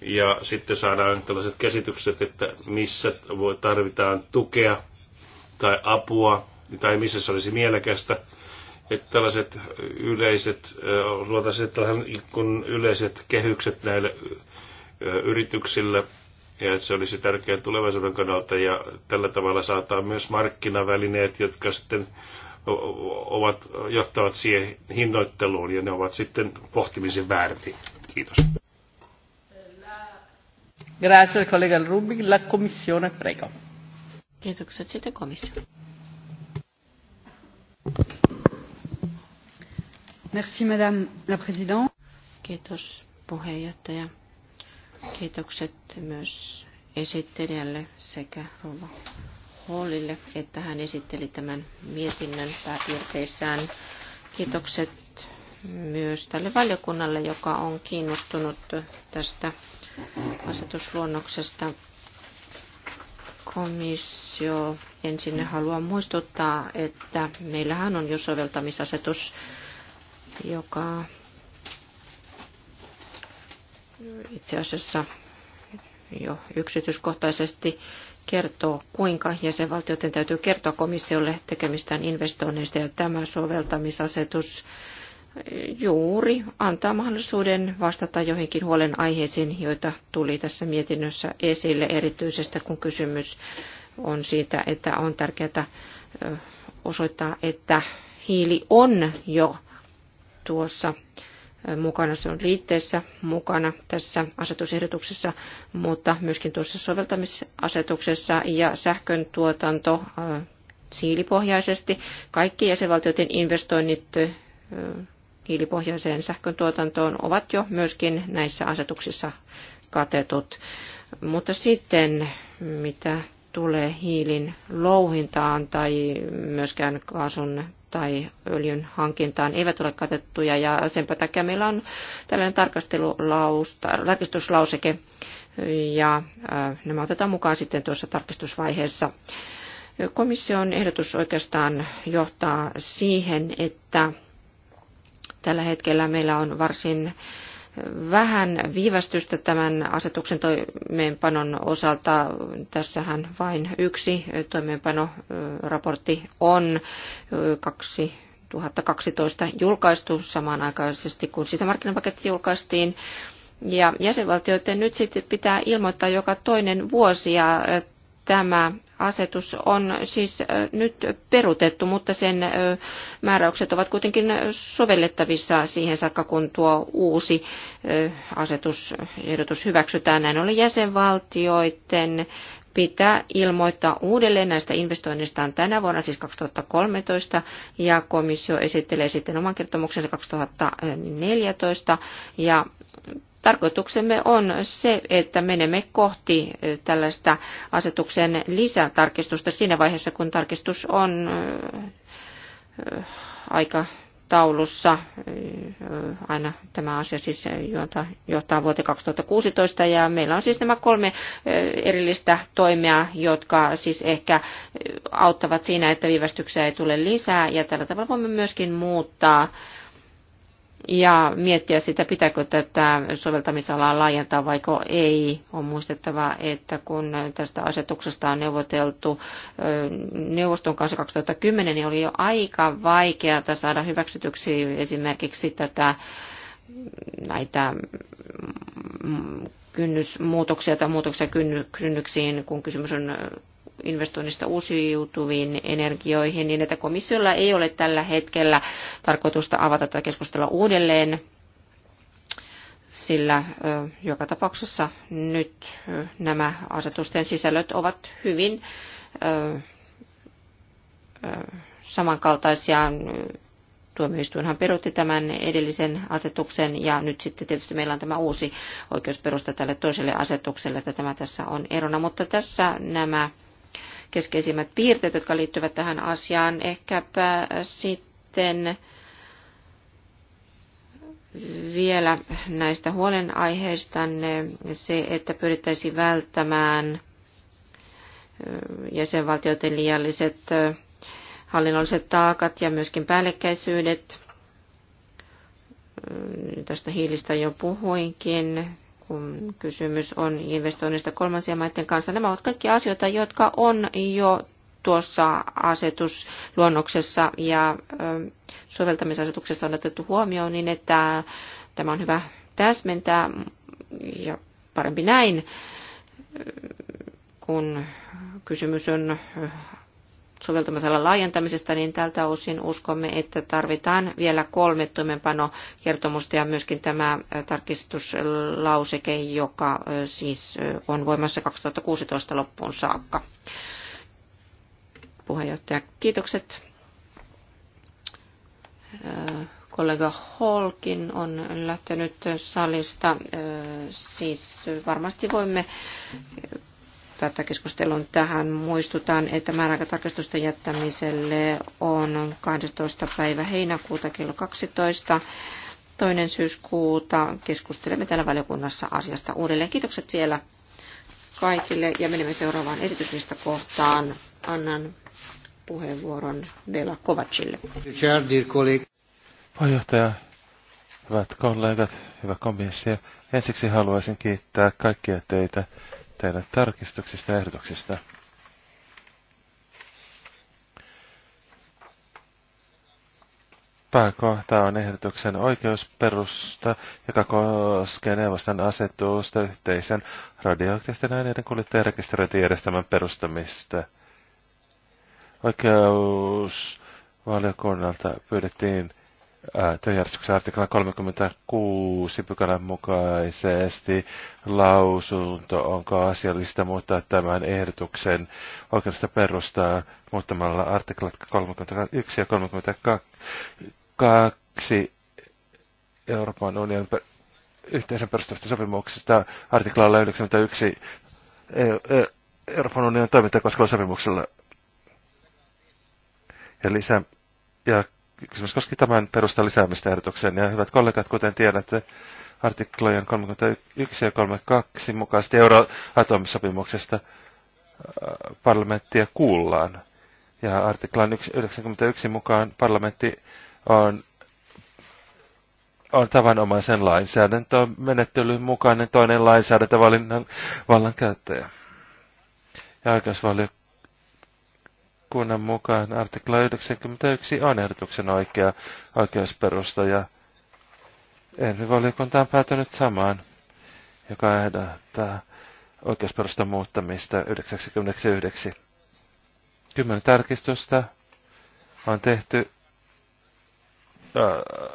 ja sitten saadaan tällaiset käsitykset, että missä voi, tarvitaan tukea tai apua tai missä se olisi mielekästä. Että tällaiset yleiset, luotaisiin tällainen kun yleiset kehykset näille yrityksille, ja että se olisi tärkeää tulevaisuuden kannalta, ja tällä tavalla saataan myös markkinavälineet, jotka sitten ovat, johtavat siihen hinnoitteluun ja ne ovat sitten pohtimisen väärti. Kiitos. Grazie collega Rubik. La Commissione, prego. Kiitokset sitten komissio. Merci madame la présidente. Kiitos puheenjohtaja. Kiitokset myös esittelijälle sekä rouva Hallille, että hän esitteli tämän mietinnön pääpiirteissään. Kiitokset myös tälle valiokunnalle, joka on kiinnostunut tästä asetusluonnoksesta. Komissio ensin haluaa muistuttaa, että meillähän on jo soveltamisasetus, joka itse asiassa jo yksityiskohtaisesti kertoo, kuinka jäsenvaltioiden täytyy kertoa komissiolle tekemistään investoinneista. Ja tämä soveltamisasetus eh, juuri antaa mahdollisuuden vastata joihinkin huolenaiheisiin, joita tuli tässä mietinnössä esille, erityisesti kun kysymys on siitä, että on tärkeää eh, osoittaa, että hiili on jo tuossa mukana. Se on liitteessä mukana tässä asetusehdotuksessa, mutta myöskin tuossa soveltamisasetuksessa ja sähkön tuotanto äh, siilipohjaisesti. Kaikki jäsenvaltioiden investoinnit äh, hiilipohjaiseen sähköntuotantoon ovat jo myöskin näissä asetuksissa katetut. Mutta sitten, mitä tulee hiilin louhintaan tai myöskään kaasun tai öljyn hankintaan eivät ole katettuja ja sen takia meillä on tällainen tarkistuslauseke ja nämä otetaan mukaan sitten tuossa tarkistusvaiheessa. Komission ehdotus oikeastaan johtaa siihen, että tällä hetkellä meillä on varsin vähän viivästystä tämän asetuksen toimeenpanon osalta. Tässähän vain yksi toimeenpanoraportti on, kaksi 2012 julkaistu samanaikaisesti, kun sisämarkkinapaketti julkaistiin. Ja jäsenvaltioiden nyt sitten pitää ilmoittaa joka toinen vuosi ja tämä asetus on siis nyt perutettu, mutta sen määräykset ovat kuitenkin sovellettavissa siihen saakka, kun tuo uusi asetusehdotus hyväksytään. Näin ollen jäsenvaltioiden pitää ilmoittaa uudelleen näistä investoinnistaan tänä vuonna, siis 2013, ja komissio esittelee sitten oman kertomuksensa 2014, ja Tarkoituksemme on se, että menemme kohti tällaista asetuksen lisätarkistusta siinä vaiheessa, kun tarkistus on aika taulussa. Aina tämä asia siis johtaa vuoteen 2016 ja meillä on siis nämä kolme erillistä toimea, jotka siis ehkä auttavat siinä, että viivästyksiä ei tule lisää ja tällä tavalla voimme myöskin muuttaa ja miettiä sitä, pitääkö tätä soveltamisalaa laajentaa vaiko ei. On muistettava, että kun tästä asetuksesta on neuvoteltu neuvoston kanssa 2010, niin oli jo aika vaikeaa saada hyväksytyksi esimerkiksi tätä näitä mm, kynnysmuutoksia tai muutoksia kynnyksiin, kun kysymys on investoinnista uusiutuviin energioihin, niin että komissiolla ei ole tällä hetkellä tarkoitusta avata tätä keskustelua uudelleen, sillä joka tapauksessa nyt nämä asetusten sisällöt ovat hyvin samankaltaisia. Tuomioistuinhan perutti tämän edellisen asetuksen ja nyt sitten tietysti meillä on tämä uusi oikeusperusta tälle toiselle asetukselle, että tämä tässä on erona. Mutta tässä nämä keskeisimmät piirteet, jotka liittyvät tähän asiaan. Ehkäpä sitten vielä näistä huolenaiheista se, että pyrittäisiin välttämään eh, jäsenvaltioiden liialliset eh, hallinnolliset taakat ja myöskin päällekkäisyydet. Eh, tästä hiilistä jo puhuinkin kun kysymys on investoinnista kolmansien maiden kanssa. Nämä ovat kaikki asioita, jotka on jo tuossa asetusluonnoksessa ja soveltamisasetuksessa on otettu huomioon, niin että tämä on hyvä täsmentää ja parempi näin, kun kysymys on soveltamisalan laajentamisesta, niin tältä osin uskomme, että tarvitaan vielä kolme toimenpanokertomusta ja myöskin tämä tarkistuslauseke, joka siis on voimassa 2016 loppuun saakka. Puheenjohtaja, kiitokset. Kollega Holkin on lähtenyt salista. Siis varmasti voimme tätä keskustelun tähän. Muistutan, että määräaikatarkastusten jättämiselle on 12. päivä heinäkuuta kello 12. Toinen syyskuuta keskustelemme täällä valiokunnassa asiasta uudelleen. Kiitokset vielä kaikille ja menemme seuraavaan esityslistakohtaan. Annan puheenvuoron Bela Kovacille. Puheenjohtaja, hyvät kollegat, hyvä komissio. Ensiksi haluaisin kiittää kaikkia teitä teille tarkistuksista ja ehdotuksista. Pääkohta on ehdotuksen oikeusperusta, joka koskee neuvoston asetusta yhteisen radioaktiivisten aineiden kuljettajarekisteröintijärjestelmän perustamista. Oikeusvaliokunnalta pyydettiin työjärjestyksen artikla 36 pykälän mukaisesti lausunto, onko asiallista muuttaa tämän ehdotuksen oikeudesta perustaa muuttamalla artiklat 31 ja 32 Euroopan unionin per- yhteisen perustavasta sopimuksesta artiklalla 91 e-, e-, Euroopan unionin toimintaa koskevalla sopimuksella. Ja lisää ja kysymys koski tämän perustan lisäämistä ehdotukseen. Ja hyvät kollegat, kuten tiedätte, artiklojen 31 ja 32 mukaisesti euroatomisopimuksesta äh, parlamenttia kuullaan. Ja artiklan 91 mukaan parlamentti on, on tavanomaisen lainsäädäntöön menettelyn mukainen toinen lainsäädäntövalinnan vallan käyttäjä. Ja oikeusvalio valiokunnan mukaan artikla 91 on ehdotuksen oikea oikeusperusta ja ENVI-valiokunta on päätynyt samaan, joka ehdottaa oikeusperustan muuttamista 99. Kymmenen tarkistusta on tehty äh,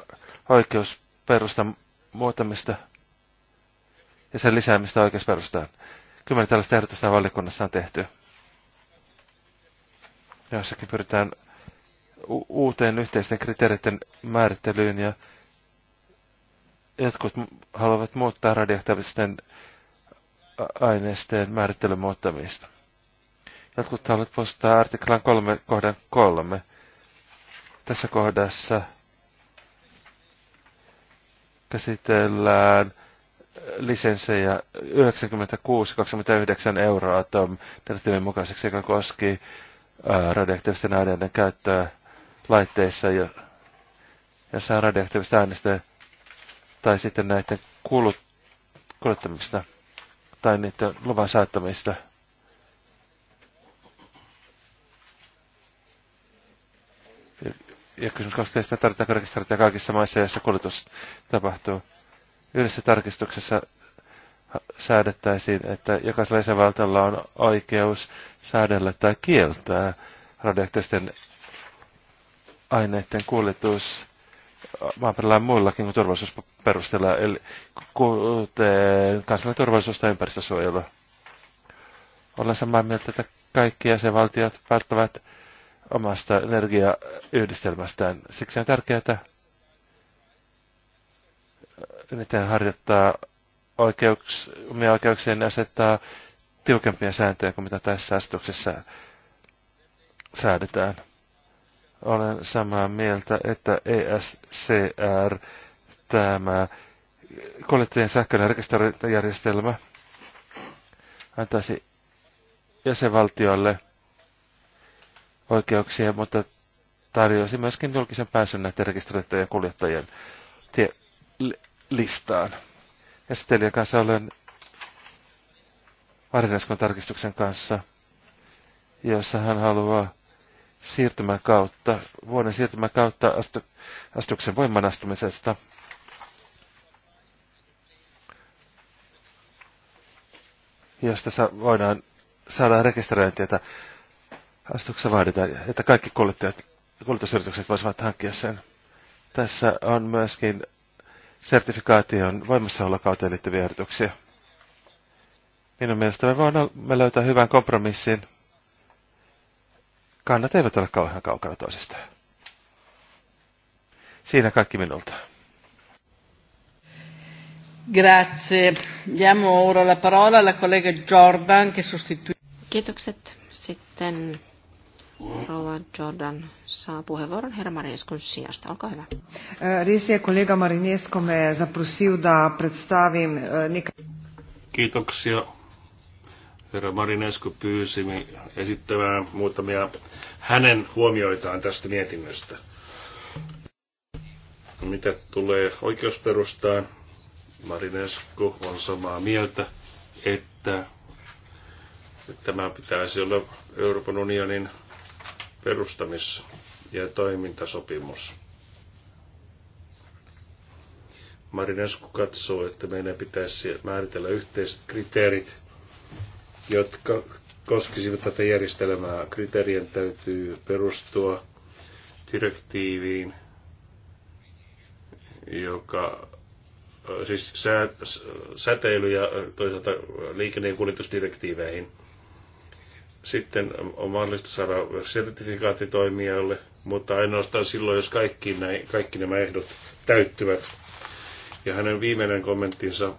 oikeusperustan muuttamista ja sen lisäämistä oikeusperustaan. Kymmenen tällaista ehdotusta valiokunnassa on tehty joissakin pyritään uuteen yhteisten kriteereiden määrittelyyn ja jotkut haluavat muuttaa radioaktiivisten aineisten määrittelyn muuttamista. Jotkut haluavat poistaa artiklan 3 kohdan 3. Tässä kohdassa käsitellään lisenssejä 96-29 euroa direktiivin mukaiseksi, joka koski radioaktiivisten aineiden käyttöä laitteissa, jossa on radioaktiivista aineista, tai sitten näiden kulut, kuluttamista tai niiden luvan saattamista. Ja, ja kysymys kaksi, Tarvitaanko rekisteriä kaikissa maissa, joissa kuljetus tapahtuu? Yhdessä tarkistuksessa säädettäisiin, että jokaisella jäsenvaltiolla on oikeus säädellä tai kieltää radioaktiivisten aineiden kuljetus maaperällä on muillakin kuin turvallisuusperusteella, eli kuten kansallinen turvallisuus tai ympäristösuojelu. Olen samaa mieltä, että kaikki jäsenvaltiot päättävät omasta energiayhdistelmästään. Siksi on tärkeää, että niiden harjoittaa oikeuks, omien oikeuksien niin asettaa tiukempia sääntöjä kuin mitä tässä asetuksessa säädetään. Olen samaa mieltä, että ESCR, tämä kollektiivinen sähköinen rekisterijärjestelmä, antaisi jäsenvaltioille oikeuksia, mutta tarjosi myöskin julkisen pääsyn näiden rekisteröittäjien kuljettajien listaan esittelijän kanssa olen Marineskon tarkistuksen kanssa, jossa hän haluaa siirtymän kautta, vuoden siirtymän kautta astu, astuksen voimanastumisesta. josta sa- voidaan saada rekisteröintiä, että astuksessa vaaditaan, että kaikki kuluttajat, kuljetusyritykset voisivat hankkia sen. Tässä on myöskin sertifikaation voimassaolokauteen liittyviä ehdotuksia. Minun mielestä me voimme löytää hyvän kompromissin. Kannat eivät ole kauhean kaukana toisistaan. Siinä kaikki minulta. Grazie. Diamo ora la parola alla collega Jordan che sostituisce. Kiitokset. Sitten Rova Jordan saa puheenvuoron herra Marineskun sijasta. Olkaa hyvä. Eh, res je, kollega Marinesko me zaprosil, da predstavim eh, nekaj... Kiitoksia. Herra Marinesko pyysi esittämään muutamia hänen huomioitaan tästä mietinnöstä. Mitä tulee oikeusperustaan, Marinesku on samaa mieltä, että tämä pitäisi olla Euroopan unionin perustamis- ja toimintasopimus. Marinesku katsoo, että meidän pitäisi määritellä yhteiset kriteerit, jotka koskisivat tätä järjestelmää. Kriteerien täytyy perustua direktiiviin, joka siis sä, säteily ja toisaalta liikenne- ja kuljetusdirektiiveihin. Sitten on mahdollista saada sertifikaatti toimijalle, mutta ainoastaan silloin, jos kaikki, näin, kaikki nämä ehdot täyttyvät. Ja hänen viimeinen kommenttinsa,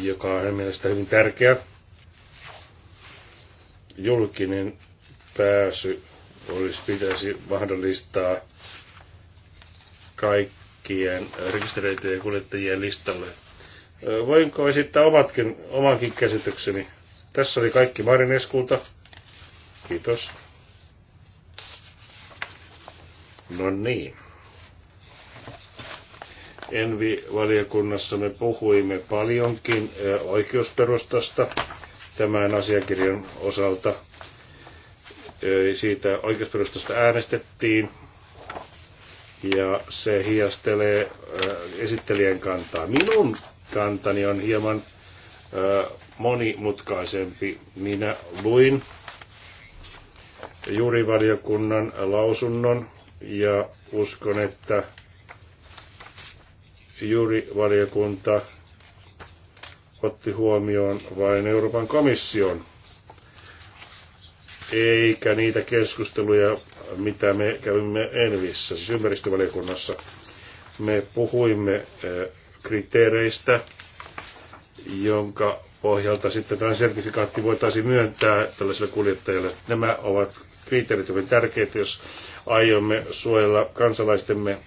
joka on hänen mielestä hyvin tärkeä, julkinen pääsy olisi, pitäisi mahdollistaa kaikkien rekisteröityjen kuljettajien listalle – Voinko esittää omatkin, omankin käsitykseni? Tässä oli kaikki Marin Eskulta. Kiitos. No niin. Envi-valiokunnassa me puhuimme paljonkin oikeusperustasta tämän asiakirjan osalta. Siitä oikeusperustasta äänestettiin ja se hiastelee esittelijän kantaa. Minun kantani on hieman ö, monimutkaisempi. Minä luin juurivaliokunnan lausunnon ja uskon, että juurivaliokunta otti huomioon vain Euroopan komission, eikä niitä keskusteluja, mitä me kävimme Envissä, siis ympäristövaliokunnassa. Me puhuimme kriteereistä, jonka pohjalta sitten tämä sertifikaatti voitaisiin myöntää tällaiselle kuljettajalle. Nämä ovat kriteerit hyvin tärkeitä, jos aiomme suojella kansalaistemme,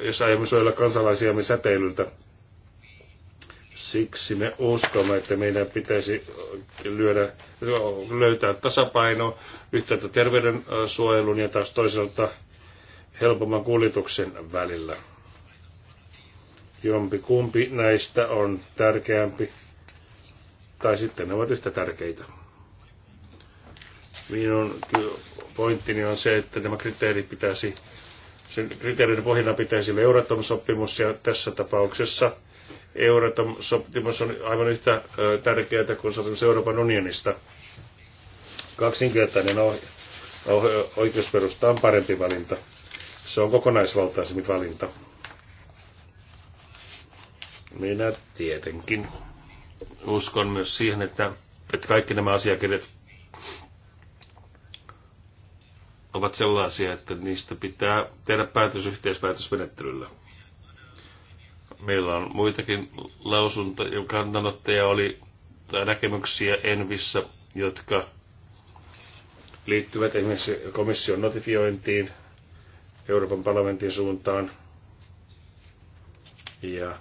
jos aiomme suojella kansalaisiamme säteilyltä. Siksi me uskomme, että meidän pitäisi lyödä, löytää tasapaino yhtäältä terveydensuojelun ja taas toisaalta helpomman kuljetuksen välillä. Jompi kumpi näistä on tärkeämpi, tai sitten ne ovat yhtä tärkeitä. Minun pointtini on se, että nämä kriteerit pitäisi, sen kriteerin pohjana pitäisi olla Euratom-sopimus, ja tässä tapauksessa Euratom-sopimus on aivan yhtä tärkeää kuin sopimus Euroopan unionista. Kaksinkertainen oikeusperusta on parempi valinta. Se on kokonaisvaltaisempi valinta. Minä tietenkin uskon myös siihen, että, että kaikki nämä asiakirjat ovat sellaisia, että niistä pitää tehdä päätös yhteispäätösmenettelyllä. Meillä on muitakin lausuntoja, kannanottoja oli tai näkemyksiä Envissä, jotka liittyvät esimerkiksi komission notifiointiin Euroopan parlamentin suuntaan ja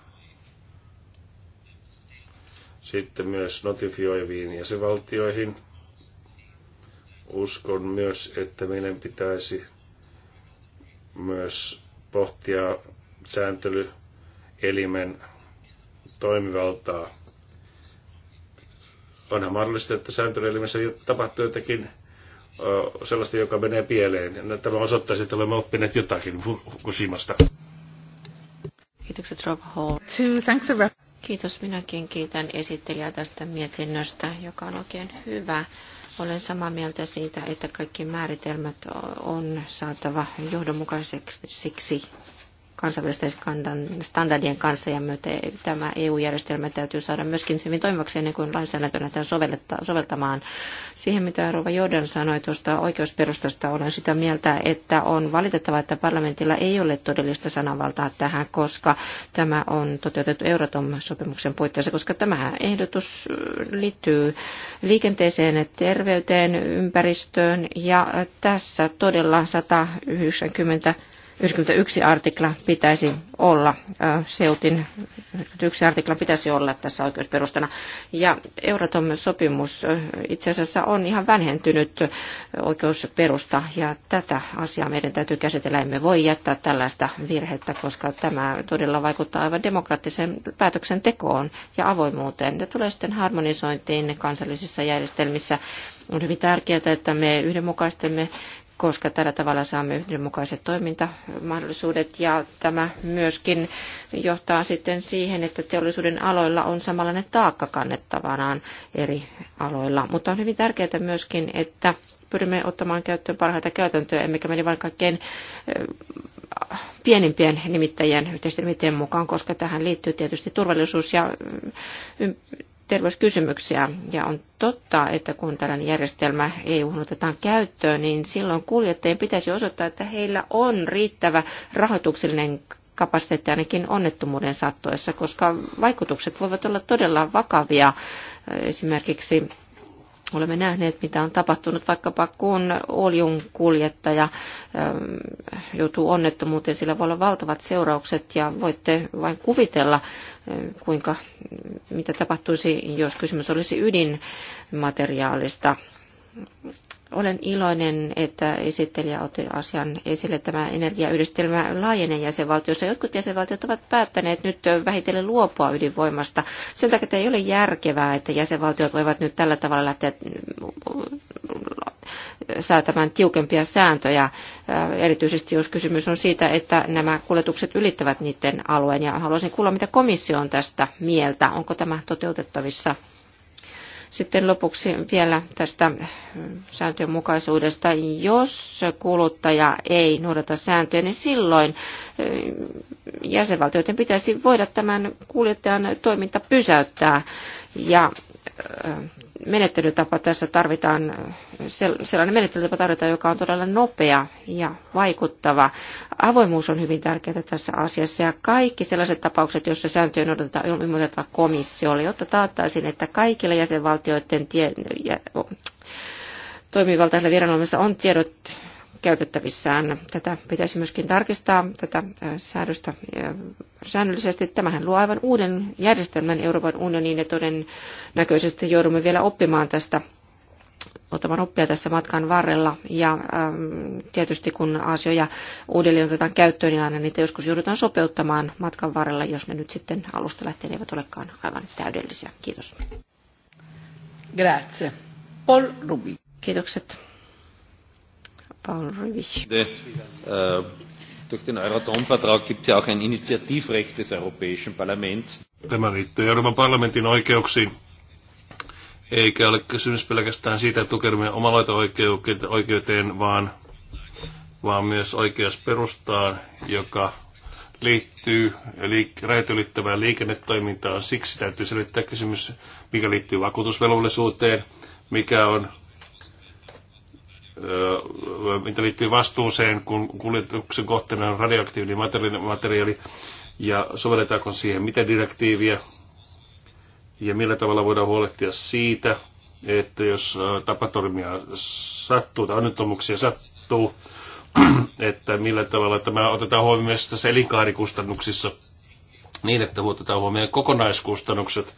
sitten myös notifioiviin jäsenvaltioihin. Uskon myös, että meidän pitäisi myös pohtia sääntelyelimen toimivaltaa. Onhan mahdollista, että sääntelyelimessä tapahtuu jotakin sellaista, joka menee pieleen. No, tämä osoittaisi, että olemme oppineet jotakin Fukushimasta. Kiitokset Rob Hall. To thank the Kiitos. Minäkin kiitän esittelijää tästä mietinnöstä, joka on oikein hyvä. Olen samaa mieltä siitä, että kaikki määritelmät on saatava johdonmukaiseksi kansainvälisten standardien kanssa ja myötä tämä EU-järjestelmä täytyy saada myöskin hyvin toimivaksi ennen kuin lainsäädäntönä tämän soveltamaan. Siihen, mitä Rova Jordan sanoi tuosta oikeusperustasta, olen sitä mieltä, että on valitettavaa, että parlamentilla ei ole todellista sananvaltaa tähän, koska tämä on toteutettu Euratom-sopimuksen puitteissa, koska tämä ehdotus äh, liittyy liikenteeseen, terveyteen, ympäristöön ja tässä todella 190 91 artikla pitäisi olla, Seutin 91 artikla pitäisi olla tässä oikeusperustana. Ja Euratom-sopimus itse asiassa on ihan vähentynyt oikeusperusta ja tätä asiaa meidän täytyy käsitellä. Emme voi jättää tällaista virhettä, koska tämä todella vaikuttaa aivan demokraattiseen päätöksentekoon ja avoimuuteen. ja tulee sitten harmonisointiin kansallisissa järjestelmissä on hyvin tärkeää, että me yhdenmukaistamme koska tällä tavalla saamme yhdenmukaiset toimintamahdollisuudet ja tämä myöskin johtaa sitten siihen, että teollisuuden aloilla on samanlainen taakka kannettavanaan eri aloilla. Mutta on hyvin tärkeää myöskin, että pyrimme ottamaan käyttöön parhaita käytäntöjä, emmekä mene vain kaikkein äh, pienimpien nimittäjien yhteisten nimittäjien mukaan, koska tähän liittyy tietysti turvallisuus ja äh, terveyskysymyksiä. Ja on totta, että kun tällainen järjestelmä ei otetaan käyttöön, niin silloin kuljettajien pitäisi osoittaa, että heillä on riittävä rahoituksellinen kapasiteetti ainakin onnettomuuden sattuessa, koska vaikutukset voivat olla todella vakavia. Esimerkiksi Olemme nähneet, mitä on tapahtunut vaikkapa kun oljun kuljettaja ähm, joutuu onnettomuuteen, sillä voi olla valtavat seuraukset ja voitte vain kuvitella, äh, kuinka, mitä tapahtuisi, jos kysymys olisi ydinmateriaalista olen iloinen, että esittelijä otti asian esille. Tämä energiayhdistelmä laajenee jäsenvaltiossa. Jotkut jäsenvaltiot ovat päättäneet nyt vähitellen luopua ydinvoimasta. Sen takia, että ei ole järkevää, että jäsenvaltiot voivat nyt tällä tavalla lähteä äh, säätämään tiukempia sääntöjä, äh, erityisesti jos kysymys on siitä, että nämä kuljetukset ylittävät niiden alueen. Ja haluaisin kuulla, mitä komissio on tästä mieltä. Onko tämä toteutettavissa? Sitten lopuksi vielä tästä äh, sääntöjen mukaisuudesta. Jos kuluttaja ei noudata sääntöjä, niin silloin äh, jäsenvaltioiden pitäisi voida tämän kuljettajan toiminta pysäyttää. Ja menettelytapa tässä tarvitaan, sellainen menettelytapa tarvitaan, joka on todella nopea ja vaikuttava. Avoimuus on hyvin tärkeää tässä asiassa ja kaikki sellaiset tapaukset, joissa sääntöjä noudatetaan, on ilmoitettava komissiolle, jotta taattaisiin, että kaikilla jäsenvaltioiden tie, ja, toimivaltaisilla viranomaisilla on tiedot käytettävissään. Tätä pitäisi myöskin tarkistaa, tätä säädöstä säännöllisesti. Tämähän luo aivan uuden järjestelmän Euroopan unioniin ja todennäköisesti joudumme vielä oppimaan tästä ottamaan oppia tässä matkan varrella. Ja äm, tietysti kun asioja uudelleen otetaan käyttöön, niin aina niitä joskus joudutaan sopeuttamaan matkan varrella, jos ne nyt sitten alusta lähtien eivät olekaan aivan täydellisiä. Kiitos. Grazie. Paul Rubi. Kiitokset. Äh, durch den Euratom-Vertrag gibt es ja auch ein Initiativrecht des Europäischen Parlaments. Tämä liittyy Euroopan parlamentin oikeuksiin. Eikä ole kysymys pelkästään siitä, että tukeudumme omaloita-oikeuteen, vaan, vaan myös oikeusperustaan, joka liittyy eli rajat liikennetoimintaan. Siksi täytyy selittää kysymys, mikä liittyy vakuutusvelvollisuuteen, mikä on mitä liittyy vastuuseen, kun kuljetuksen kohteena on radioaktiivinen materiaali, materiaali ja sovelletaanko siihen mitä direktiiviä ja millä tavalla voidaan huolehtia siitä, että jos tapaturmia sattuu tai onnettomuuksia sattuu, [CLEARS THROAT] että millä tavalla tämä otetaan huomioon myös tässä elinkaarikustannuksissa niin, että otetaan huomioon kokonaiskustannukset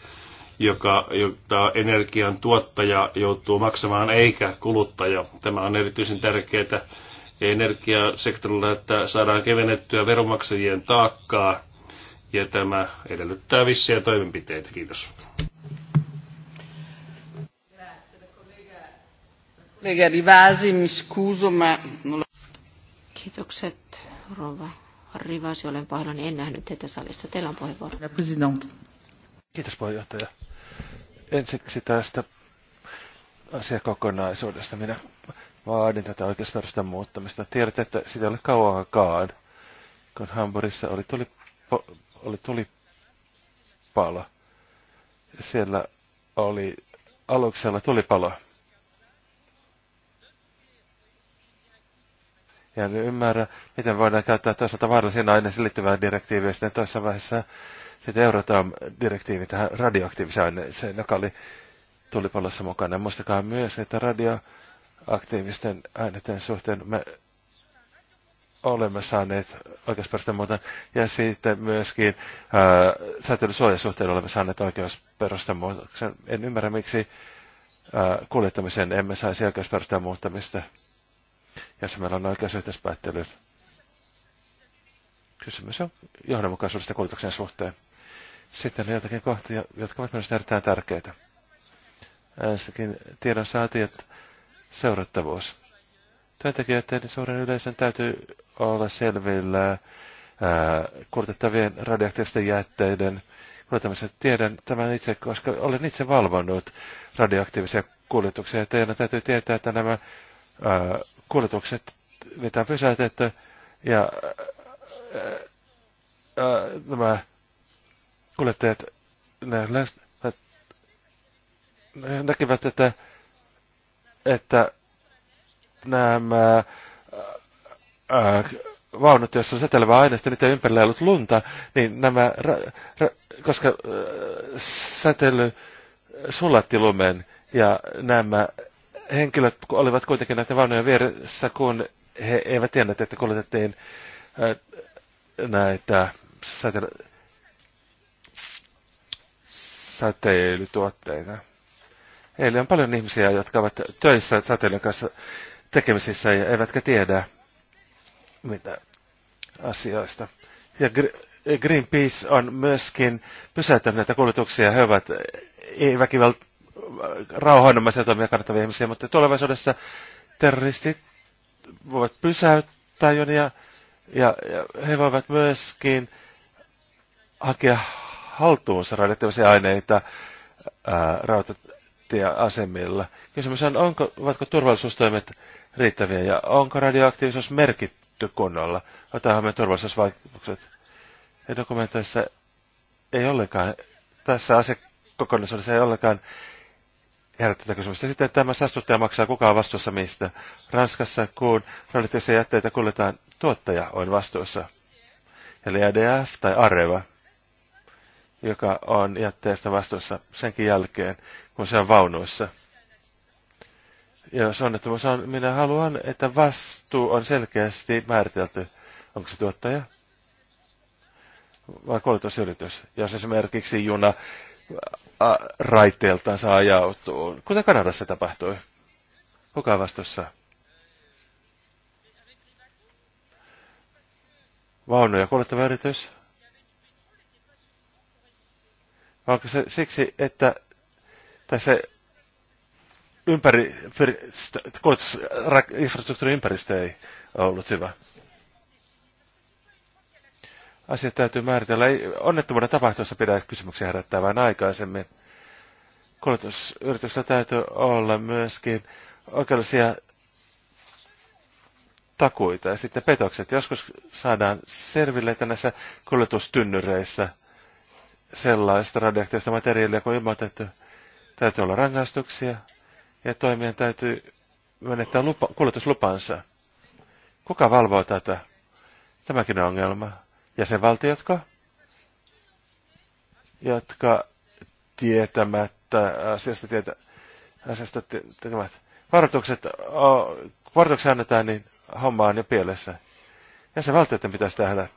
joka, jota energian tuottaja joutuu maksamaan eikä kuluttaja. Tämä on erityisen tärkeää energiasektorilla, että saadaan kevennettyä veronmaksajien taakkaa ja tämä edellyttää vissiä toimenpiteitä. Kiitos. Kiitokset, Rova Rivasi. Olen pahoillani, en nähnyt teitä salissa. Teillä on puheenvuoro. Kiitos puheenjohtaja ensiksi tästä asiakokonaisuudesta. Minä vaadin tätä oikeusperustan muuttamista. Tiedät, että sitä ei ole kauankaan, kun Hamburissa oli, tuli, oli tulipalo. Siellä oli aluksella tulipalo. Ja en ymmärrä, miten voidaan käyttää toisaalta vaarallisiin aineisiin liittyvää direktiiviä ja sitten toisessa vaiheessa sitten Euratom-direktiivi tähän radioaktiiviseen aineeseen, joka oli tulipallossa mukana. Muistakaa myös, että radioaktiivisten aineiden suhteen me olemme saaneet oikeusperustan muuta, ja sitten myöskin äh, säteilysuojasuhteen olemme saaneet oikeusperustan muutoksen. En ymmärrä, miksi ää, äh, kuljettamisen emme saisi oikeusperustan muuttamista jossa meillä on oikeus yhteispäättelyyn. Kysymys on johdonmukaisuudesta kulutuksen suhteen. Sitten on jotakin kohtia, jotka ovat myös erittäin tärkeitä. Ensinnäkin tiedon saati ja seurattavuus. Työntekijöiden niin suuren yleisön täytyy olla selvillä kulutettavien radioaktiivisten jätteiden kuljettamiset. Tiedän tämän itse, koska olen itse valvonnut radioaktiivisia kuljetuksia. Teidän täytyy tietää, että nämä kuljetukset, mitä pysäytetty ja nämä kuljettajat ne, ne, ne näkivät, että, että nämä ää, vaunut, joissa on setelevää aineista, niitä ympärillä ei ollut lunta, niin nämä, ra, ra, koska ää, säteily sulatti lumen ja nämä henkilöt olivat kuitenkin näiden vaunujen vieressä, kun he eivät tienneet, että kuljetettiin näitä säteily- säteilytuotteita. Eli on paljon ihmisiä, jotka ovat töissä säteilyn kanssa tekemisissä ja eivätkä tiedä mitä asioista. Ja Greenpeace on myöskin pysäyttänyt näitä kuljetuksia. He ovat ei rauhanomaisia toimia kannattavia ihmisiä, mutta tulevaisuudessa terroristit voivat pysäyttää jonia ja, ja he voivat myöskin hakea haltuunsa radioaktiivisia aineita rautatieasemilla. Kysymys on, onko, ovatko turvallisuustoimet riittäviä ja onko radioaktiivisuus merkitty kunnolla? Otetaanhan me turvallisuusvaikutukset. Ja dokumentoissa ei ollenkaan, tässä asiakokonaisuudessa ei ollenkaan herättää kysymystä. Sitten tämä saastuttaja maksaa, kukaan vastuussa mistä. Ranskassa, kun radioaktiivisia jätteitä kuljetaan, tuottaja on vastuussa. Eli ADF tai Areva, joka on jätteestä vastuussa senkin jälkeen, kun se on vaunuissa. Ja jos onnettomuus on, minä haluan, että vastuu on selkeästi määritelty. Onko se tuottaja? Vai kuljetusyritys? Jos esimerkiksi juna saa ajautuu, kuten Kanadassa tapahtui. Kuka vastuussa? Vaunuja kuljettava yritys. Onko se siksi, että tässä ympäri, infrastruktuurin ympäristö ei ollut hyvä? asiat täytyy määritellä. Ei onnettomuuden tapahtuessa pidä kysymyksiä herättää vain aikaisemmin. Kuljetusyrityksellä täytyy olla myöskin oikeudellisia takuita ja sitten petokset. Joskus saadaan selville, että näissä kuljetustynnyreissä sellaista radioaktiivista materiaalia kuin ilmoitettu, täytyy olla rangaistuksia ja toimijan täytyy menettää lupa, kuljetuslupansa. Kuka valvoo tätä? Tämäkin on ongelma jäsenvaltiotko, jotka tietämättä asiasta, tietä, asiasta tekevät varoitukset, varoitukset annetaan, niin homma on jo pielessä. Jäsenvaltioiden pitäisi tehdä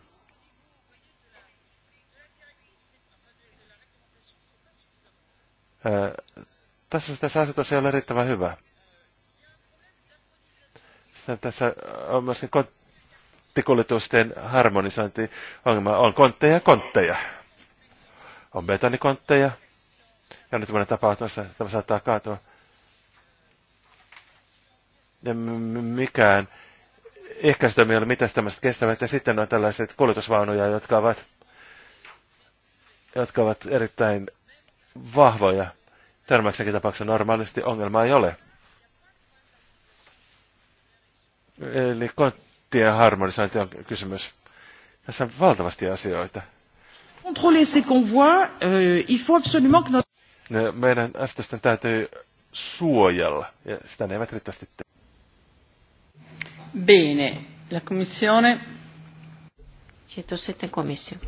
tässä suhteessa asetus ei ole riittävän hyvä. Sitten tässä on myöskin artikulitusten harmonisointi ongelma on kontteja ja kontteja. On betonikontteja. Ja nyt monen tapauksessa tämä saattaa kaatua. Ja mikään ehkäisytoimi ei ole mitään tämmöistä kestävää. Ja sitten on tällaiset kuljetusvaunuja, jotka ovat, jotka ovat erittäin vahvoja. Törmäyksenkin tapauksessa normaalisti ongelma ei ole. Eli kontteja tien harmonisointi on kysymys. Tässä on valtavasti asioita. Contrôler euh, meidän asetusten täytyy suojella, ja sitä ne eivät riittävästi tee. Bene, la Commissione. Kiitos sitten komissio.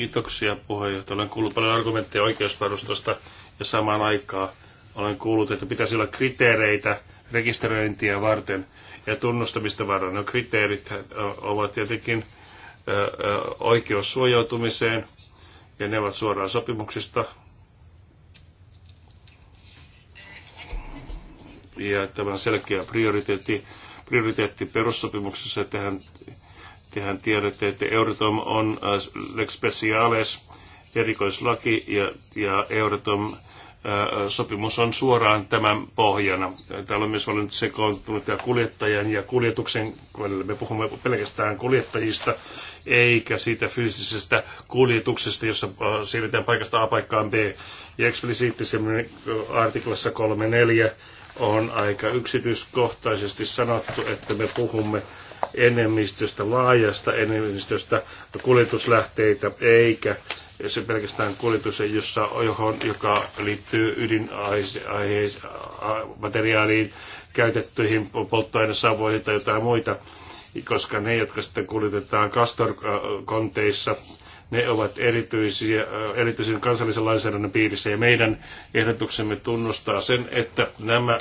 Kiitoksia puheenjohtaja. Olen kuullut paljon argumentteja oikeusvarustosta ja samaan aikaan olen kuullut, että pitäisi olla kriteereitä rekisteröintiä varten ja tunnustamista varten. No kriteerit ovat tietenkin oikeus suojautumiseen ja ne ovat suoraan sopimuksista. Ja tämä on selkeä prioriteetti, prioriteetti perussopimuksessa. Tehän, tehän tiedätte, että Euratom on lex specialis erikoislaki ja, ja Euratom sopimus on suoraan tämän pohjana. Täällä on myös valinnut sekoontunut ja kuljettajan ja kuljetuksen, me puhumme pelkästään kuljettajista, eikä siitä fyysisestä kuljetuksesta, jossa äh, siirretään paikasta A paikkaan B. Ja eksplisiittisemmin äh, artiklassa 3.4 on aika yksityiskohtaisesti sanottu, että me puhumme enemmistöstä, laajasta enemmistöstä kuljetuslähteitä, eikä se pelkästään kuljetus, jossa, johon, joka liittyy ydinmateriaaliin, käytettyihin polttoainesavoihin tai jotain muita, koska ne, jotka sitten kuljetetaan kastorkonteissa, ne ovat erityisiä, erityisen kansallisen lainsäädännön piirissä ja meidän ehdotuksemme tunnustaa sen, että nämä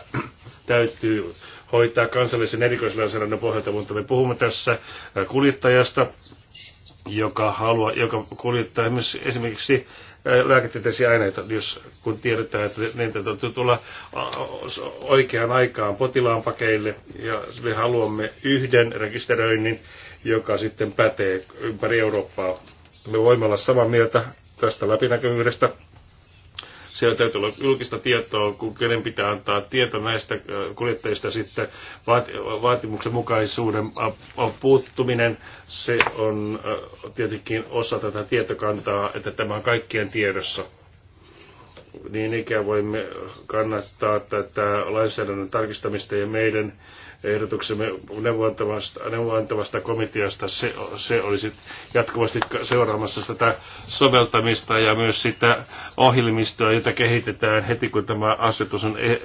täytyy hoitaa kansallisen erikoislainsäädännön pohjalta, mutta me puhumme tässä äh, kuljettajasta, joka, halua, joka kuljettaa esimerkiksi äh, lääketieteellisiä aineita, jos, kun tiedetään, että niitä täytyy tulla äh, oikeaan aikaan potilaan pakeille, ja me haluamme yhden rekisteröinnin, joka sitten pätee ympäri Eurooppaa. Me voimme olla samaa mieltä tästä läpinäkyvyydestä, siellä täytyy olla julkista tietoa, kun kenen pitää antaa tieto näistä äh, kuljettajista sitten vaatimuksen mukaisuuden puuttuminen. Se on äh, tietenkin osa tätä tietokantaa, että tämä on kaikkien tiedossa niin ikään voimme kannattaa tätä lainsäädännön tarkistamista ja meidän ehdotuksemme neuvontavasta, neuvontavasta komiteasta, se, se olisi jatkuvasti seuraamassa tätä soveltamista ja myös sitä ohjelmistoa, jota kehitetään heti kun tämä asetus on e,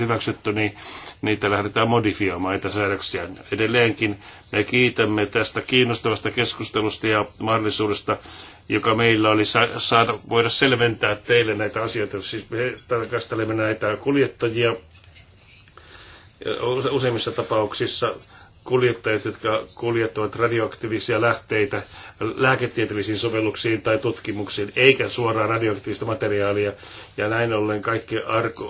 hyväksytty, niin niitä lähdetään modifioimaan näitä säädöksiä. Edelleenkin me kiitämme tästä kiinnostavasta keskustelusta ja mahdollisuudesta joka meillä oli saada, voida selventää teille näitä asioita. Siis me tarkastelemme näitä kuljettajia useimmissa tapauksissa kuljettajat, jotka kuljettavat radioaktiivisia lähteitä lääketieteellisiin sovelluksiin tai tutkimuksiin, eikä suoraan radioaktiivista materiaalia. Ja näin ollen kaikki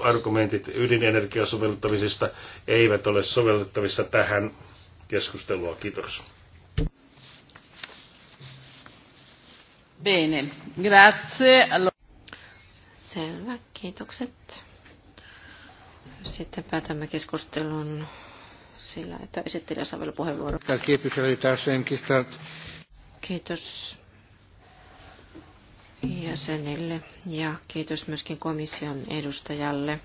argumentit ydinenergiasovelluttamisesta eivät ole sovellettavissa tähän keskustelua. Kiitos. Bene, grazie. Selvä, kiitokset. Sitten päätämme keskustelun sillä, että esittelijä saa vielä puheenvuoron. Kiitos jäsenille ja kiitos myöskin komission edustajalle.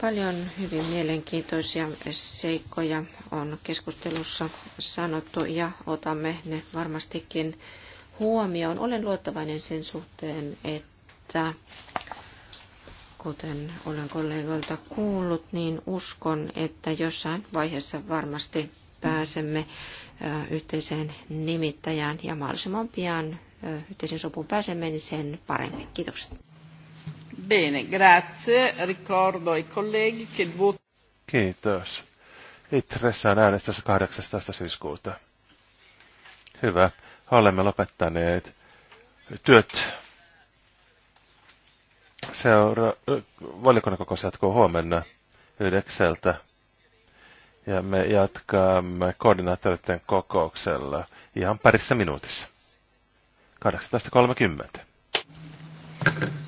Paljon hyvin mielenkiintoisia seikkoja on keskustelussa sanottu ja otamme ne varmastikin huomioon. Olen luottavainen sen suhteen, että Kuten olen kollegoilta kuullut, niin uskon, että jossain vaiheessa varmasti pääsemme yhteiseen nimittäjään ja mahdollisimman pian yhteisen sopuun pääsemme, niin sen paremmin. Kiitokset. Bene, grazie. Ricordo ai colleghi che il Kiitos. Itressä on äänestys 18. syyskuuta. Hyvä. Olemme lopettaneet työt seura, valikunnan kokous jatkuu huomenna yhdeksältä. Ja me jatkamme koordinaattoreiden kokouksella ihan parissa minuutissa. 18.30.